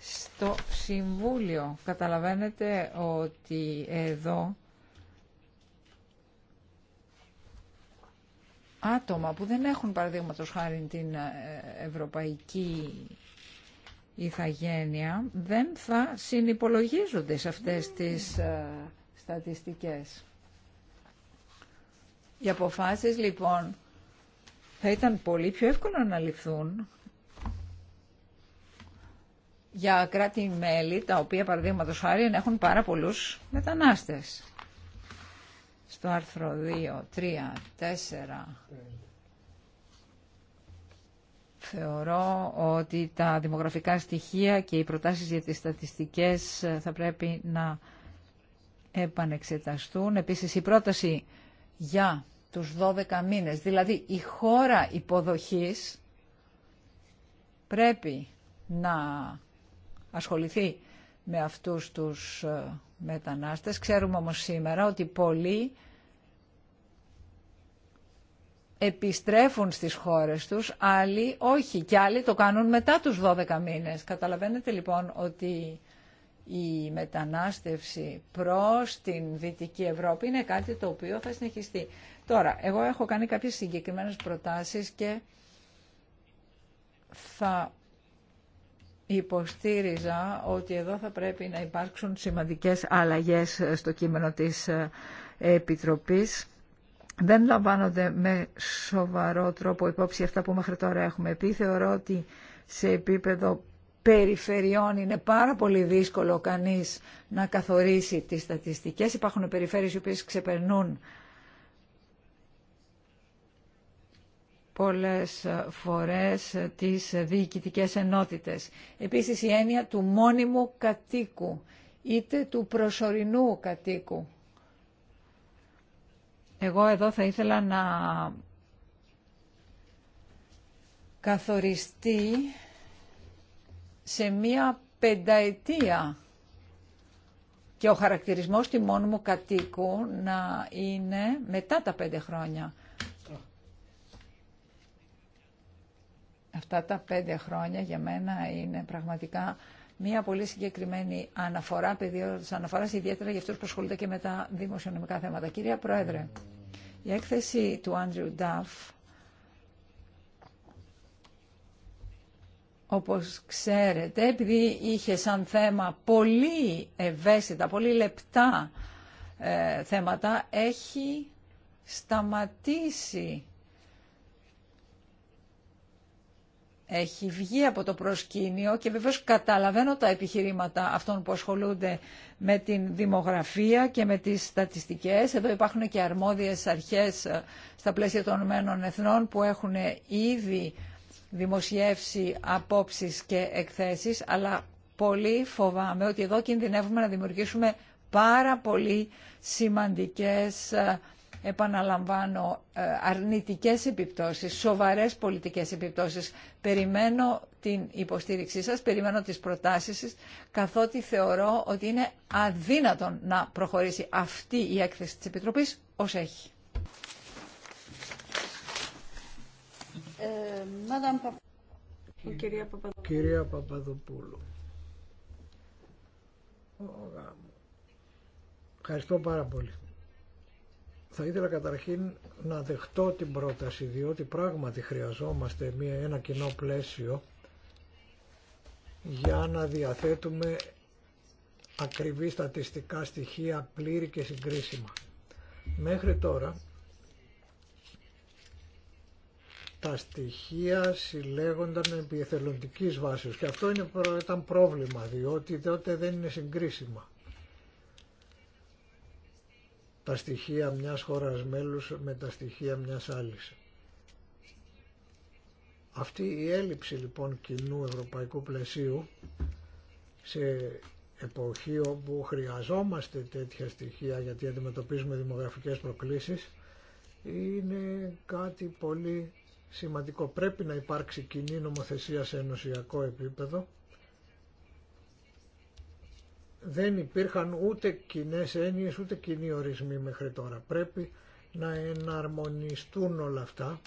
στο Συμβούλιο. Καταλαβαίνετε ότι εδώ άτομα που δεν έχουν παραδείγματος χάρη την ε, ευρωπαϊκή η ηθαγένεια δεν θα συνυπολογίζονται σε αυτές τις ε, στατιστικές. Οι αποφάσεις λοιπόν θα ήταν πολύ πιο εύκολο να ληφθούν για κράτη-μέλη τα οποία παραδείγματο χάρη έχουν πάρα πολλούς μετανάστες. Στο άρθρο 2, 3, 4, Θεωρώ ότι τα δημογραφικά στοιχεία και οι προτάσεις για τις στατιστικές θα πρέπει να επανεξεταστούν. Επίσης η πρόταση για τους 12 μήνες, δηλαδή η χώρα υποδοχής πρέπει να ασχοληθεί με αυτούς τους ε, μετανάστες. Ξέρουμε όμως σήμερα ότι πολλοί επιστρέφουν στις χώρες τους, άλλοι όχι και άλλοι το κάνουν μετά τους 12 μήνες. Καταλαβαίνετε λοιπόν ότι η μετανάστευση προς την Δυτική Ευρώπη είναι κάτι το οποίο θα συνεχιστεί. Τώρα, εγώ έχω κάνει κάποιες συγκεκριμένες προτάσεις και θα υποστήριζα ότι εδώ θα πρέπει να υπάρξουν σημαντικές αλλαγές στο κείμενο της Επιτροπής δεν λαμβάνονται με σοβαρό τρόπο υπόψη αυτά που μέχρι τώρα έχουμε πει. Θεωρώ ότι σε επίπεδο περιφερειών είναι πάρα πολύ δύσκολο κανείς να καθορίσει τις στατιστικές. Υπάρχουν περιφέρειες οι οποίες ξεπερνούν πολλές φορές τις διοικητικές ενότητες. Επίσης η έννοια του μόνιμου κατοίκου, είτε του προσωρινού κατοίκου. Εγώ εδώ θα ήθελα να καθοριστεί σε μία πενταετία και ο χαρακτηρισμός τη μου κατοίκου να είναι μετά τα πέντε χρόνια. Αυτά τα πέντε χρόνια για μένα είναι πραγματικά μια πολύ συγκεκριμένη αναφορά, πεδίο αναφορά ιδιαίτερα για αυτού που ασχολούνται και με τα δημοσιονομικά θέματα. Κυρία Πρόεδρε, η έκθεση του Άντριου Νταφ, όπως ξέρετε, επειδή είχε σαν θέμα πολύ ευαίσθητα, πολύ λεπτά ε, θέματα, έχει σταματήσει έχει βγει από το προσκήνιο και βεβαίως καταλαβαίνω τα επιχειρήματα αυτών που ασχολούνται με την δημογραφία και με τις στατιστικές. Εδώ υπάρχουν και αρμόδιες αρχές ε, στα πλαίσια των Ηνωμένων Εθνών που έχουν ήδη δημοσιεύσει απόψεις και εκθέσεις, αλλά πολύ φοβάμαι ότι εδώ κινδυνεύουμε να δημιουργήσουμε πάρα πολύ σημαντικές ε, επαναλαμβάνω, ε, αρνητικές επιπτώσεις, σοβαρές πολιτικές επιπτώσεις. Περιμένω την υποστήριξή σας, περιμένω τις προτάσεις σας, καθότι θεωρώ ότι είναι αδύνατον να προχωρήσει αυτή η έκθεση της Επιτροπής ως έχει. Ε, Κυρία Παπαδοπούλου. Ευχαριστώ πάρα πολύ. Θα ήθελα καταρχήν να δεχτώ την πρόταση διότι πράγματι χρειαζόμαστε μια, ένα κοινό πλαίσιο για να διαθέτουμε ακριβή στατιστικά στοιχεία πλήρη και συγκρίσιμα. Μέχρι τώρα τα στοιχεία συλλέγονταν επί εθελοντικής βάσης και αυτό είναι, ήταν πρόβλημα διότι τότε δεν είναι συγκρίσιμα τα στοιχεία μιας χώρας μέλους με τα στοιχεία μιας άλλης. Αυτή η έλλειψη λοιπόν κοινού ευρωπαϊκού πλαισίου σε εποχή όπου χρειαζόμαστε τέτοια στοιχεία γιατί αντιμετωπίζουμε δημογραφικές προκλήσεις είναι κάτι πολύ σημαντικό. Πρέπει να υπάρξει κοινή νομοθεσία σε ενωσιακό επίπεδο δεν υπήρχαν ούτε κοινέ έννοιε ούτε κοινοί ορισμοί μέχρι τώρα. Πρέπει να εναρμονιστούν όλα αυτά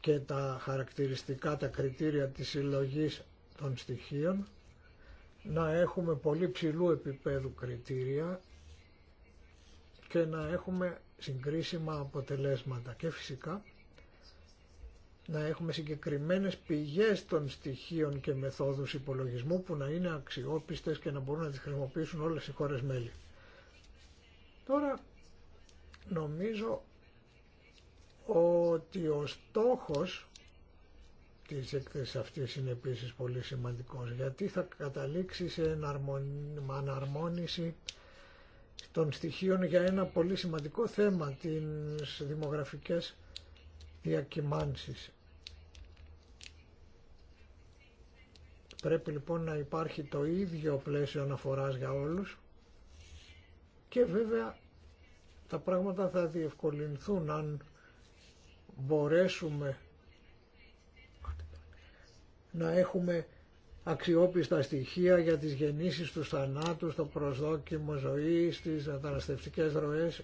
και τα χαρακτηριστικά, τα κριτήρια της συλλογή των στοιχείων, να έχουμε πολύ ψηλού επίπεδου κριτήρια και να έχουμε συγκρίσιμα αποτελέσματα και φυσικά να έχουμε συγκεκριμένες πηγές των στοιχείων και μεθόδους υπολογισμού που να είναι αξιόπιστες και να μπορούν να τις χρησιμοποιήσουν όλες οι χώρες μέλη. Τώρα νομίζω ότι ο στόχος της έκθεσης αυτής είναι επίσης πολύ σημαντικός γιατί θα καταλήξει σε αναρμόνιση των στοιχείων για ένα πολύ σημαντικό θέμα, τις δημογραφικές διακυμάνσεις. Πρέπει λοιπόν να υπάρχει το ίδιο πλαίσιο αναφοράς για όλους και βέβαια τα πράγματα θα διευκολυνθούν αν μπορέσουμε να έχουμε αξιόπιστα στοιχεία για τις γεννήσεις, τους θανάτους, το προσδόκιμο ζωής, τις και ροές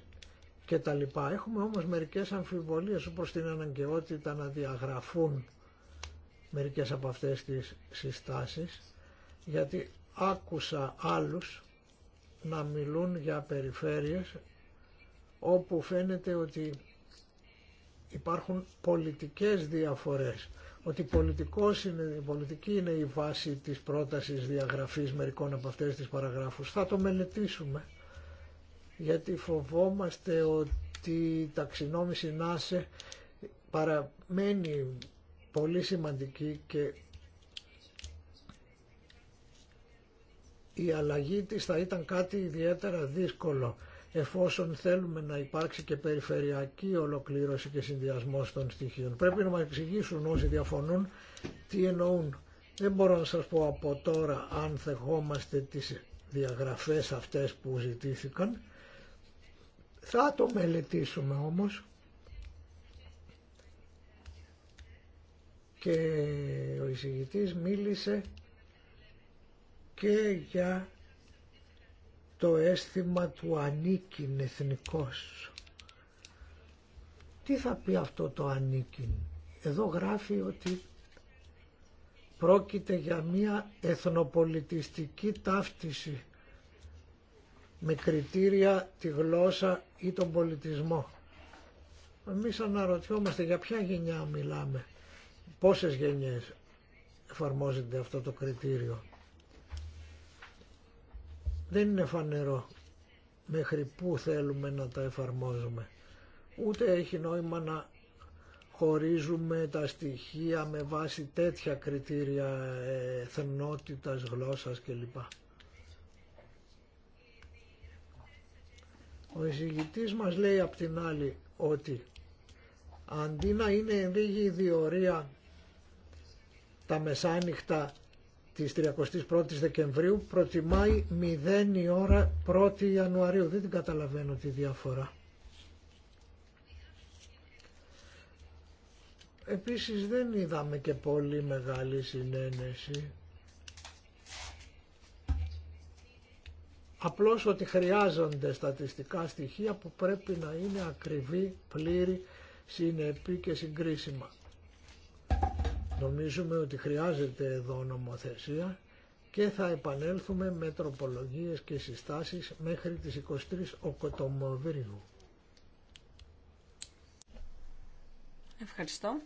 κτλ. Έχουμε όμως μερικές αμφιβολίες όπως την αναγκαιότητα να διαγραφούν μερικές από αυτές τις συστάσεις γιατί άκουσα άλλους να μιλούν για περιφέρειες όπου φαίνεται ότι υπάρχουν πολιτικές διαφορές ότι πολιτικός είναι, η πολιτική είναι η βάση της πρότασης διαγραφής μερικών από αυτές τις παραγράφους. Θα το μελετήσουμε, γιατί φοβόμαστε ότι η ταξινόμηση σε παραμένει πολύ σημαντική και η αλλαγή της θα ήταν κάτι ιδιαίτερα δύσκολο εφόσον θέλουμε να υπάρξει και περιφερειακή ολοκλήρωση και συνδυασμός των στοιχείων. Πρέπει να μας εξηγήσουν όσοι διαφωνούν τι εννοούν. Δεν μπορώ να σας πω από τώρα αν θεχόμαστε τις διαγραφές αυτές που ζητήθηκαν. Θα το μελετήσουμε όμως και ο εισηγητής μίλησε και για το αίσθημα του ανήκειν εθνικός. Τι θα πει αυτό το ανήκειν. Εδώ γράφει ότι πρόκειται για μία εθνοπολιτιστική ταύτιση με κριτήρια τη γλώσσα ή τον πολιτισμό. Εμείς αναρωτιόμαστε για ποια γενιά μιλάμε πόσες γενιές εφαρμόζεται αυτό το κριτήριο. Δεν είναι φανερό μέχρι πού θέλουμε να τα εφαρμόζουμε. Ούτε έχει νόημα να χωρίζουμε τα στοιχεία με βάση τέτοια κριτήρια ε, εθνότητας, γλώσσας κλπ. Ο εισηγητής μας λέει απ' την άλλη ότι αντί να είναι λίγη διορία τα μεσάνυχτα της 31ης Δεκεμβρίου προτιμάει 0 η ώρα 1η Ιανουαρίου. Δεν την καταλαβαίνω τη διαφορά. Επίσης δεν είδαμε και πολύ μεγάλη συνένεση. Απλώς ότι χρειάζονται στατιστικά στοιχεία που πρέπει να είναι ακριβή, πλήρη, συνεπή και συγκρίσιμα. Νομίζουμε ότι χρειάζεται εδώ νομοθεσία και θα επανέλθουμε με τροπολογίες και συστάσεις μέχρι τις 23 Οκτωβρίου. Ευχαριστώ.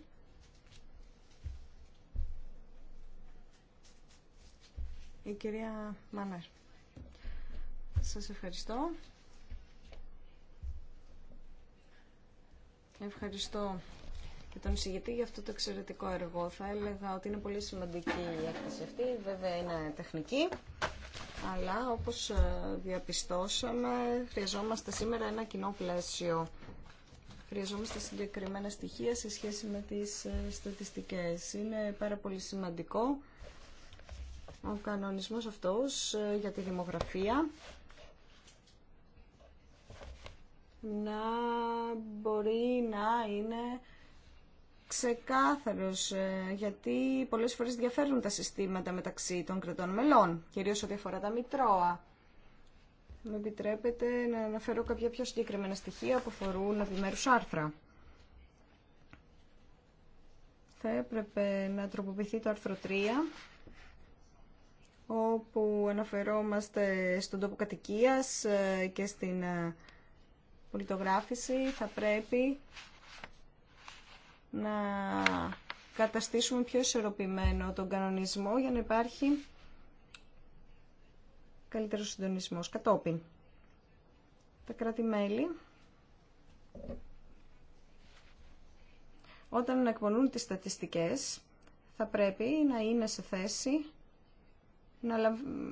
Η κυρία Μάνερ. Σας ευχαριστώ. Ευχαριστώ και τον συγγετή για αυτό το εξαιρετικό έργο. Θα έλεγα ότι είναι πολύ σημαντική η έκθεση αυτή, βέβαια είναι τεχνική, αλλά όπως ε, διαπιστώσαμε χρειαζόμαστε σήμερα ένα κοινό πλαίσιο. Χρειαζόμαστε συγκεκριμένα στοιχεία σε σχέση με τις ε, στατιστικές. Είναι πάρα πολύ σημαντικό ο κανονισμός αυτός ε, για τη δημογραφία να μπορεί να είναι ξεκάθαρος, ε, γιατί πολλές φορές διαφέρουν τα συστήματα μεταξύ των κρατών μελών, κυρίως ό,τι αφορά τα μητρώα. Με επιτρέπετε να αναφέρω κάποια πιο συγκεκριμένα στοιχεία που αφορούν επιμέρους άρθρα. Θα έπρεπε να τροποποιηθεί το άρθρο 3, όπου αναφερόμαστε στον τόπο κατοικίας ε, και στην ε, πολιτογράφηση. Θα πρέπει να καταστήσουμε πιο ισορροπημένο τον κανονισμό για να υπάρχει καλύτερο συντονισμός κατόπιν. Τα κράτη-μέλη όταν εκπονούν τις στατιστικές θα πρέπει να είναι σε θέση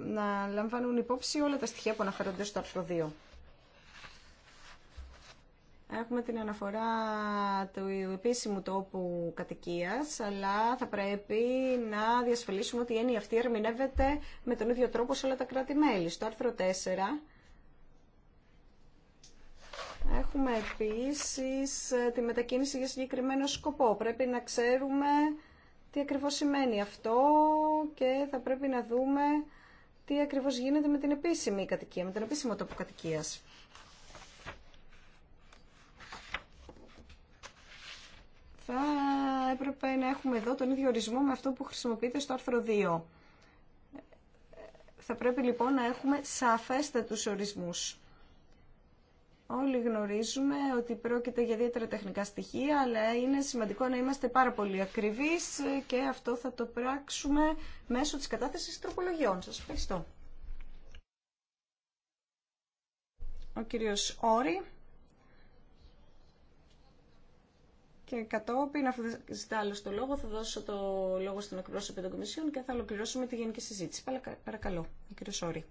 να, λαμβάνουν υπόψη όλα τα στοιχεία που αναφέρονται στο άρθρο Έχουμε την αναφορά του επίσημου τόπου κατοικίας, αλλά θα πρέπει να διασφαλίσουμε ότι η έννοια αυτή ερμηνεύεται με τον ίδιο τρόπο σε όλα τα κράτη-μέλη. Στο άρθρο 4 έχουμε επίσης ε, τη μετακίνηση για συγκεκριμένο σκοπό. Πρέπει να ξέρουμε τι ακριβώς σημαίνει αυτό και θα πρέπει να δούμε τι ακριβώς γίνεται με την επίσημη κατοικία, με τον επίσημο τόπο κατοικίας. θα έπρεπε να έχουμε εδώ τον ίδιο ορισμό με αυτό που χρησιμοποιείται στο άρθρο 2. Θα πρέπει λοιπόν να έχουμε σαφέστατους ορισμούς. Όλοι γνωρίζουμε ότι πρόκειται για ιδιαίτερα τεχνικά στοιχεία, αλλά είναι σημαντικό να είμαστε πάρα πολύ ακριβείς και αυτό θα το πράξουμε μέσω της κατάθεσης τροπολογιών. Σας ευχαριστώ. Ο κύριος Όρη. Και κατόπιν, αφού ζητά το λόγο, θα δώσω το λόγο στον εκπρόσωπο των Κομισιών και θα ολοκληρώσουμε τη γενική συζήτηση. Παρακαλώ, κύριε Σόρη.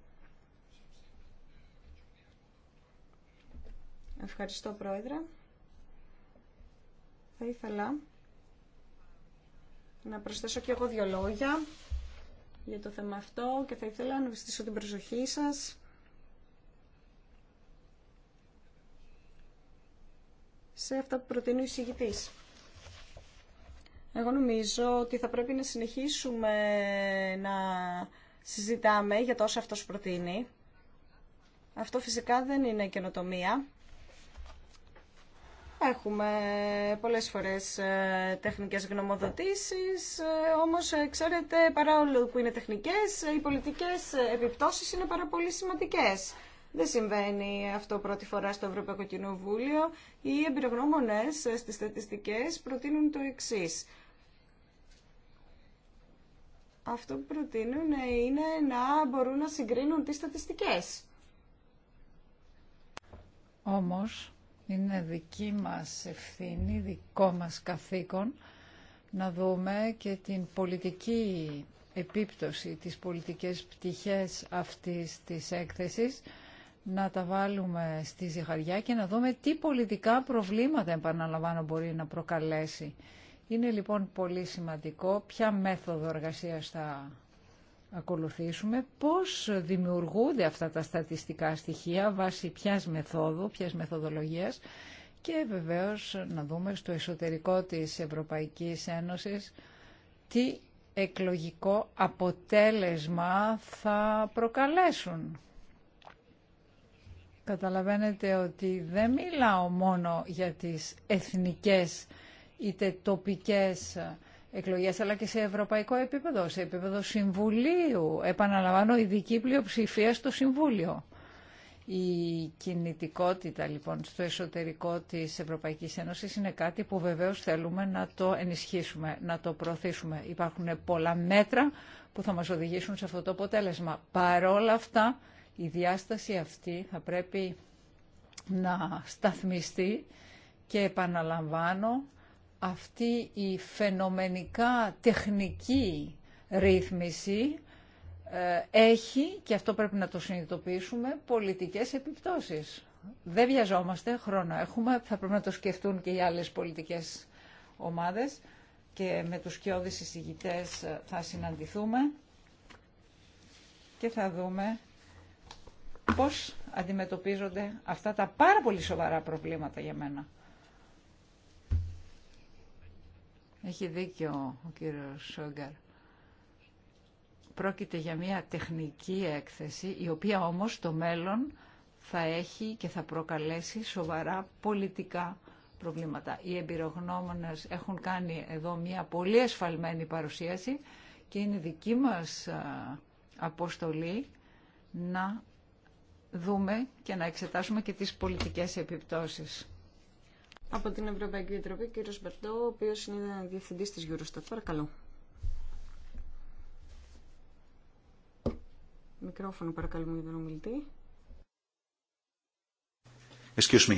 Ευχαριστώ, Πρόεδρε. Θα ήθελα να προσθέσω και εγώ δύο λόγια για το θέμα αυτό και θα ήθελα να ευχαριστήσω την προσοχή σας σε αυτά που προτείνει ο εισηγητής. Εγώ νομίζω ότι θα πρέπει να συνεχίσουμε να συζητάμε για το όσο αυτός προτείνει. Αυτό φυσικά δεν είναι καινοτομία. Έχουμε πολλές φορές ε, τεχνικές γνωμοδοτήσεις, ε, όμως ε, ξέρετε παρά όλο που είναι τεχνικές, οι πολιτικές επιπτώσεις είναι πάρα πολύ σημαντικές. Δεν συμβαίνει αυτό πρώτη φορά στο Ευρωπαϊκό Κοινοβούλιο. Οι εμπειρογνώμονες στις στατιστικές προτείνουν το εξής. Αυτό που προτείνουν είναι να μπορούν να συγκρίνουν τις στατιστικές. Όμως είναι δική μας ευθύνη, δικό μας καθήκον να δούμε και την πολιτική επίπτωση, της πολιτικές πτυχές αυτής της έκθεσης να τα βάλουμε στη ζυγαριά και να δούμε τι πολιτικά προβλήματα, επαναλαμβάνω, μπορεί να προκαλέσει. Είναι λοιπόν πολύ σημαντικό ποια μέθοδο εργασίας θα ακολουθήσουμε, πώς δημιουργούνται αυτά τα στατιστικά στοιχεία, βάσει ποιας μεθόδου, ποιας μεθοδολογίας και βεβαίως να δούμε στο εσωτερικό της Ευρωπαϊκής Ένωσης τι εκλογικό αποτέλεσμα θα προκαλέσουν. Καταλαβαίνετε ότι δεν μιλάω μόνο για τις εθνικές είτε τοπικές εκλογές, αλλά και σε ευρωπαϊκό επίπεδο, σε επίπεδο συμβουλίου. Επαναλαμβάνω, ειδική πλειοψηφία στο Συμβούλιο. Η κινητικότητα λοιπόν στο εσωτερικό της Ευρωπαϊκής Ένωσης είναι κάτι που βεβαίως θέλουμε να το ενισχύσουμε, να το προωθήσουμε. Υπάρχουν πολλά μέτρα που θα μας οδηγήσουν σε αυτό το αποτέλεσμα. Παρόλα αυτά η διάσταση αυτή θα πρέπει να σταθμιστεί και επαναλαμβάνω αυτή η φαινομενικά τεχνική ρύθμιση ε, έχει, και αυτό πρέπει να το συνειδητοποιήσουμε, πολιτικές επιπτώσεις. Δεν βιαζόμαστε, χρόνο έχουμε, θα πρέπει να το σκεφτούν και οι άλλες πολιτικές ομάδες και με τους κοιόδης εισηγητές ε, θα συναντηθούμε και θα δούμε πώς αντιμετωπίζονται αυτά τα πάρα πολύ σοβαρά προβλήματα για μένα. Έχει δίκιο ο κύριος Σόγκαρ. Πρόκειται για μια τεχνική έκθεση, η οποία όμως στο μέλλον θα έχει και θα προκαλέσει σοβαρά πολιτικά προβλήματα. Οι εμπειρογνώμονες έχουν κάνει εδώ μια πολύ ασφαλμένη παρουσίαση και είναι δική μας αποστολή να δούμε και να εξετάσουμε και τις πολιτικές επιπτώσεις. Από την Ευρωπαϊκή Επιτροπή, κύριο Μπερντό, ο οποίο είναι διευθυντή της Eurostat. Παρακαλώ. Μικρόφωνο παρακαλούμε για τον ομιλητή. Excuse me.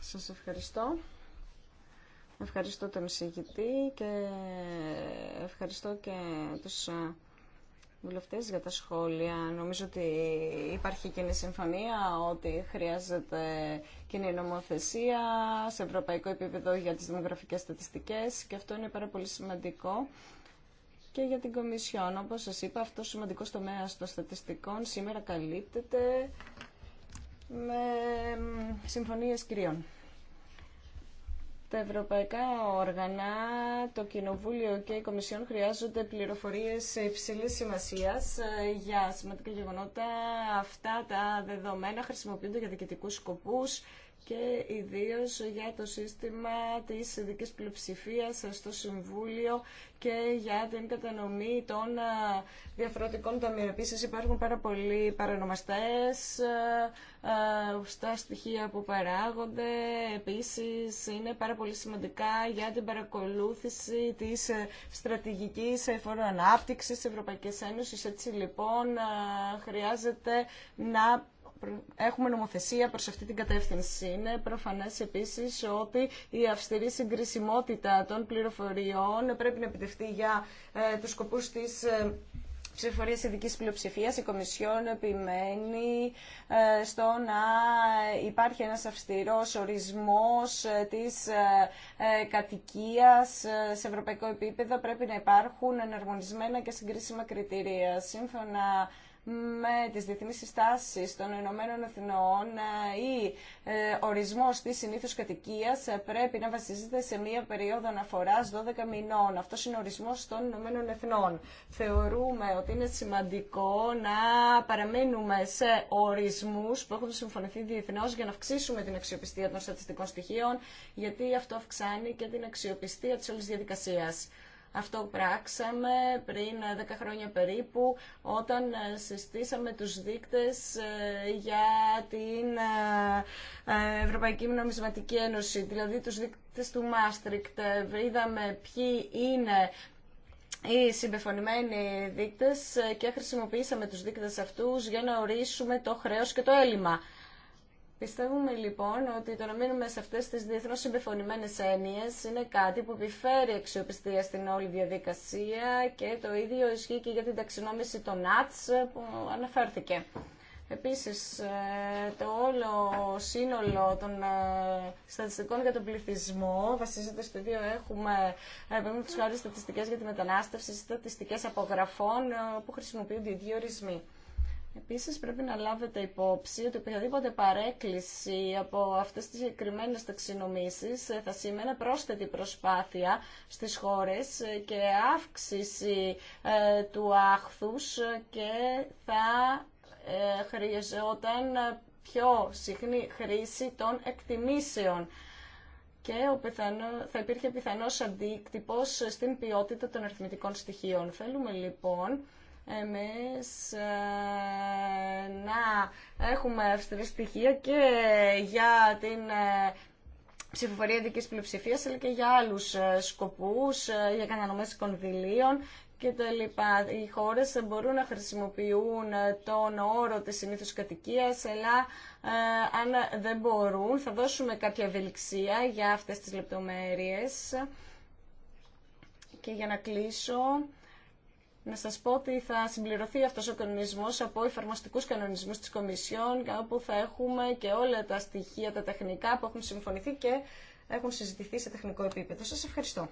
Σας ευχαριστώ. Ευχαριστώ τον εισηγητή και ευχαριστώ και τους ε, βουλευτέ για τα σχόλια. Νομίζω ότι υπάρχει κοινή συμφωνία ότι χρειάζεται κοινή νομοθεσία σε ευρωπαϊκό επίπεδο για τις δημογραφικές στατιστικές και αυτό είναι πάρα πολύ σημαντικό και για την Κομισιόν. Όπως σας είπα, αυτός ο σημαντικός τομέας των στατιστικών σήμερα καλύπτεται με συμφωνίες κυρίων τα ευρωπαϊκά όργανα, το Κοινοβούλιο και η Κομισιόν χρειάζονται πληροφορίες υψηλής σημασίας ε, για σημαντικά γεγονότα. Αυτά τα δεδομένα χρησιμοποιούνται για διοικητικούς σκοπούς και ιδίως για το σύστημα της ειδικής πλειοψηφία στο Συμβούλιο και για την κατανομή των διαφορετικών ταμείων. Επίση υπάρχουν πάρα πολλοί παρανομαστές στα στοιχεία που παράγονται. Επίσης είναι πάρα πολύ σημαντικά για την παρακολούθηση της στρατηγικής ανάπτυξη τη Ευρωπαϊκής Ένωσης. Έτσι λοιπόν χρειάζεται να έχουμε νομοθεσία προς αυτή την κατεύθυνση. Είναι προφανές επίσης ότι η αυστηρή συγκρισιμότητα των πληροφοριών πρέπει να επιτευχθεί για ε, τους σκοπούς της ε, ψηφορία ειδική πλειοψηφία. Η Κομισιόν επιμένει ε, στο να υπάρχει ένα αυστηρό ορισμό τη κατοικία σε ευρωπαϊκό επίπεδο. Πρέπει να υπάρχουν εναρμονισμένα και συγκρίσιμα κριτήρια. Σύμφωνα με τις διεθνείς συστάσεις των Ηνωμένων Εθνών ε, ή ε, ορισμός της συνήθους κατοικίας ε, πρέπει να βασίζεται σε μία περίοδο αναφοράς 12 μηνών. Αυτό είναι ο ορισμός των Ηνωμένων Εθνών. Θεωρούμε ότι είναι σημαντικό να παραμένουμε σε ορισμούς που έχουν συμφωνηθεί διεθνώς για να αυξήσουμε την αξιοπιστία των στατιστικών στοιχείων, γιατί αυτό αυξάνει και την αξιοπιστία της όλης διαδικασίας. Αυτό πράξαμε πριν 10 χρόνια περίπου όταν ε, συστήσαμε τους δείκτες ε, για την ε, Ευρωπαϊκή Νομισματική Ένωση, δηλαδή τους δείκτες του Μάστρικτ. Είδαμε ποιοι είναι οι συμπεφωνημένοι δείκτες και χρησιμοποιήσαμε τους δείκτες αυτούς για να ορίσουμε το χρέος και το έλλειμμα. Πιστεύουμε λοιπόν ότι το να μείνουμε σε αυτές τις διεθνώς συμπεφωνημένες έννοιες είναι κάτι που επιφέρει αξιοπιστία στην όλη διαδικασία και το ίδιο ισχύει και για την ταξινόμηση των ΝΑΤΣ που αναφέρθηκε. Επίσης, ε, το όλο σύνολο των ε, στατιστικών για τον πληθυσμό βασίζεται στο δύο έχουμε ε, τις χάρη στατιστικές για τη μετανάστευση, στατιστικές απογραφών που χρησιμοποιούνται οι δύο ορισμοί. Επίσης πρέπει να λάβετε υπόψη ότι οποιαδήποτε παρέκκληση από αυτές τις συγκεκριμένε ταξινομήσεις ε, θα σημαίνει πρόσθετη προσπάθεια στις χώρες ε, και αύξηση ε, του άχθους και θα χρειαζόταν πιο συχνή χρήση των εκτιμήσεων και ο πιθανό, θα υπήρχε πιθανός αντίκτυπος στην ποιότητα των αριθμητικών στοιχείων. Θέλουμε λοιπόν εμείς ε, να έχουμε αυστηρή στοιχεία και για την ε, ψηφοφορία δικής πλειοψηφίας αλλά και για άλλους ε, σκοπούς, για κατανομές κονδυλίων και τα λοιπά. Οι χώρες μπορούν να χρησιμοποιούν τον όρο της συνήθως κατοικίας, αλλά αν δεν μπορούν θα δώσουμε κάποια ευελιξία για αυτές τις λεπτομέρειες. Και για να κλείσω, να σας πω ότι θα συμπληρωθεί αυτός ο κανονισμός από εφαρμοστικούς κανονισμούς της Κομισιόν, όπου θα έχουμε και όλα τα στοιχεία, τα τεχνικά που έχουν συμφωνηθεί και έχουν συζητηθεί σε τεχνικό επίπεδο. Σας ευχαριστώ.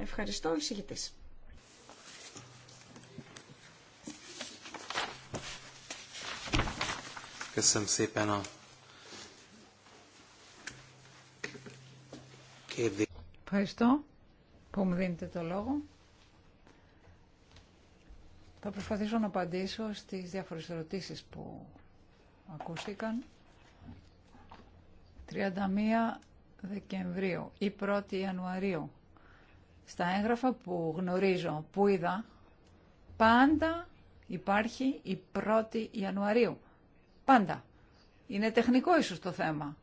Ευχαριστώ, εισηγητής. Ευχαριστώ που μου δίνετε το λόγο. Θα προσπαθήσω να απαντήσω στις διάφορες ερωτήσεις που ακούστηκαν. 31 Δεκεμβρίου ή 1η Ιανουαρίου. Στα έγγραφα που γνωρίζω, που είδα, πάντα υπάρχει η 1η Ιανουαρίου. Πάντα. Είναι τεχνικό ίσως το θέμα.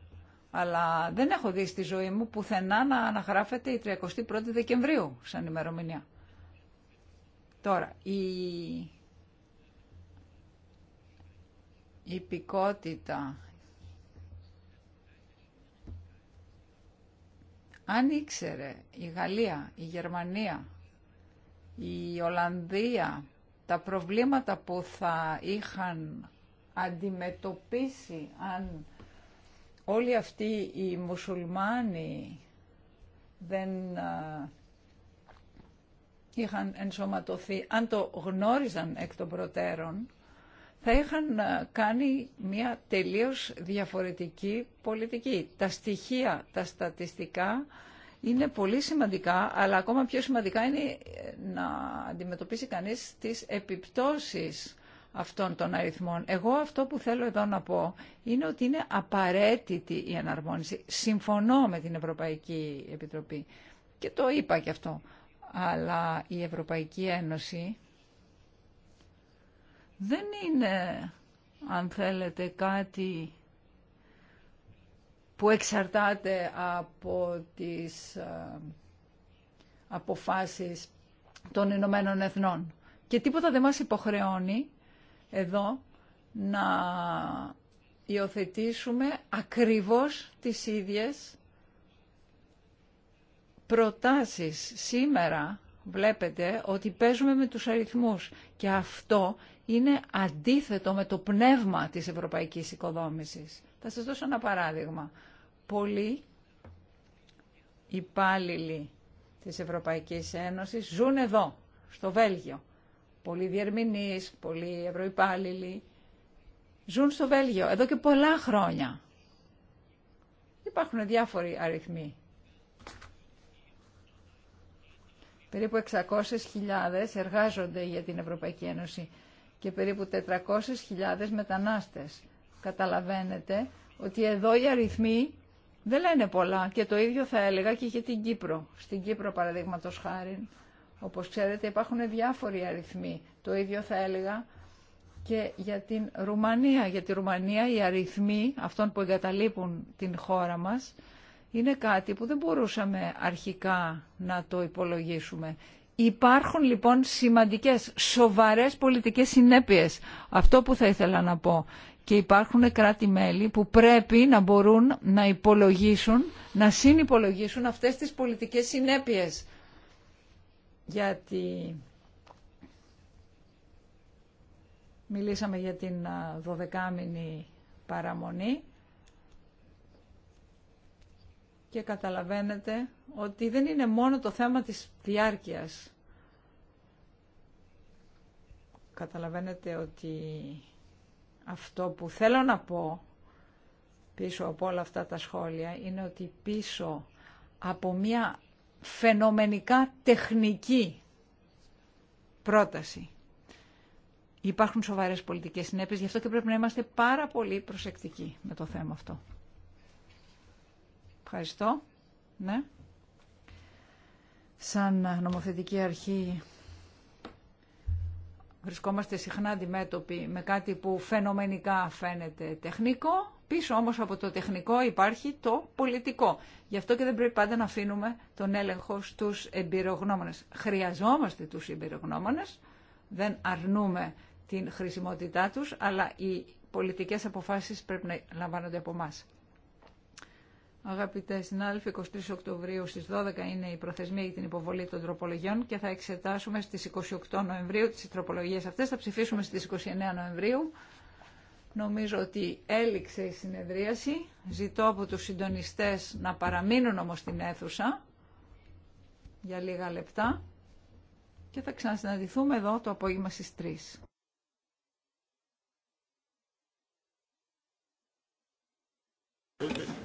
Αλλά δεν έχω δει στη ζωή μου πουθενά να αναγράφεται η 31η Δεκεμβρίου σαν ημερομηνία. Τώρα, η υπηκότητα. Αν ήξερε η Γαλλία, η Γερμανία, η Ολλανδία, τα προβλήματα που θα είχαν αντιμετωπίσει αν όλοι αυτοί οι μουσουλμάνοι δεν είχαν ενσωματωθεί, αν το γνώριζαν εκ των προτέρων, θα είχαν ε, κάνει μια τελείως διαφορετική πολιτική. Τα στοιχεία, τα στατιστικά είναι πολύ σημαντικά, αλλά ακόμα πιο σημαντικά είναι ε, να αντιμετωπίσει κανείς τις επιπτώσεις αυτών των αριθμών. Εγώ αυτό που θέλω εδώ να πω είναι ότι είναι απαραίτητη η εναρμόνιση. Συμφωνώ με την Ευρωπαϊκή Επιτροπή και το είπα και αυτό αλλά η Ευρωπαϊκή Ένωση δεν είναι, αν θέλετε, κάτι που εξαρτάται από τις ε, αποφάσεις των Ηνωμένων Εθνών. Και τίποτα δεν μας υποχρεώνει εδώ να υιοθετήσουμε ακριβώς τις ίδιες προτάσεις. Σήμερα βλέπετε ότι παίζουμε με τους αριθμούς και αυτό είναι αντίθετο με το πνεύμα της ευρωπαϊκής οικοδόμησης. Θα σας δώσω ένα παράδειγμα. Πολλοί υπάλληλοι της Ευρωπαϊκής Ένωσης ζουν εδώ, στο Βέλγιο. Πολλοί διερμηνείς, πολλοί ευρωυπάλληλοι ζουν στο Βέλγιο εδώ και πολλά χρόνια. Υπάρχουν διάφοροι αριθμοί. Περίπου 600.000 εργάζονται για την Ευρωπαϊκή Ένωση και περίπου 400.000 μετανάστες. Καταλαβαίνετε ότι εδώ οι αριθμοί δεν λένε πολλά και το ίδιο θα έλεγα και για την Κύπρο. Στην Κύπρο παραδείγματος χάρη, όπως ξέρετε υπάρχουν διάφοροι αριθμοί. Το ίδιο θα έλεγα και για την Ρουμανία. Για τη Ρουμανία οι αριθμοί αυτών που εγκαταλείπουν την χώρα μας είναι κάτι που δεν μπορούσαμε αρχικά να το υπολογίσουμε. Υπάρχουν λοιπόν σημαντικές, σοβαρές πολιτικές συνέπειες. Αυτό που θα ήθελα να πω. Και υπάρχουν κράτη-μέλη που πρέπει να μπορούν να υπολογίσουν, να συνυπολογίσουν αυτές τις πολιτικές συνέπειες. Γιατί μιλήσαμε για την 12 παραμονή και καταλαβαίνετε ότι δεν είναι μόνο το θέμα της διάρκειας. Καταλαβαίνετε ότι αυτό που θέλω να πω πίσω από όλα αυτά τα σχόλια είναι ότι πίσω από μια φαινομενικά τεχνική πρόταση υπάρχουν σοβαρές πολιτικές συνέπειες, γι' αυτό και πρέπει να είμαστε πάρα πολύ προσεκτικοί με το θέμα αυτό. Ευχαριστώ. Ναι. Σαν νομοθετική αρχή βρισκόμαστε συχνά αντιμέτωποι με κάτι που φαινομενικά φαίνεται τεχνικό, πίσω όμως από το τεχνικό υπάρχει το πολιτικό. Γι' αυτό και δεν πρέπει πάντα να αφήνουμε τον έλεγχο στους εμπειρογνώμονες. Χρειαζόμαστε τους εμπειρογνώμονες, δεν αρνούμε την χρησιμότητά τους, αλλά οι πολιτικές αποφάσεις πρέπει να λαμβάνονται από εμά. Αγαπητέ συνάδελφοι, 23 Οκτωβρίου στις 12 είναι η προθεσμία για την υποβολή των τροπολογιών και θα εξετάσουμε στις 28 Νοεμβρίου τις τροπολογίες αυτές. Θα ψηφίσουμε στις 29 Νοεμβρίου. Νομίζω ότι έληξε η συνεδρίαση. Ζητώ από τους συντονιστές να παραμείνουν όμως στην αίθουσα για λίγα λεπτά και θα ξανασυναντηθούμε εδώ το απόγευμα στις 3.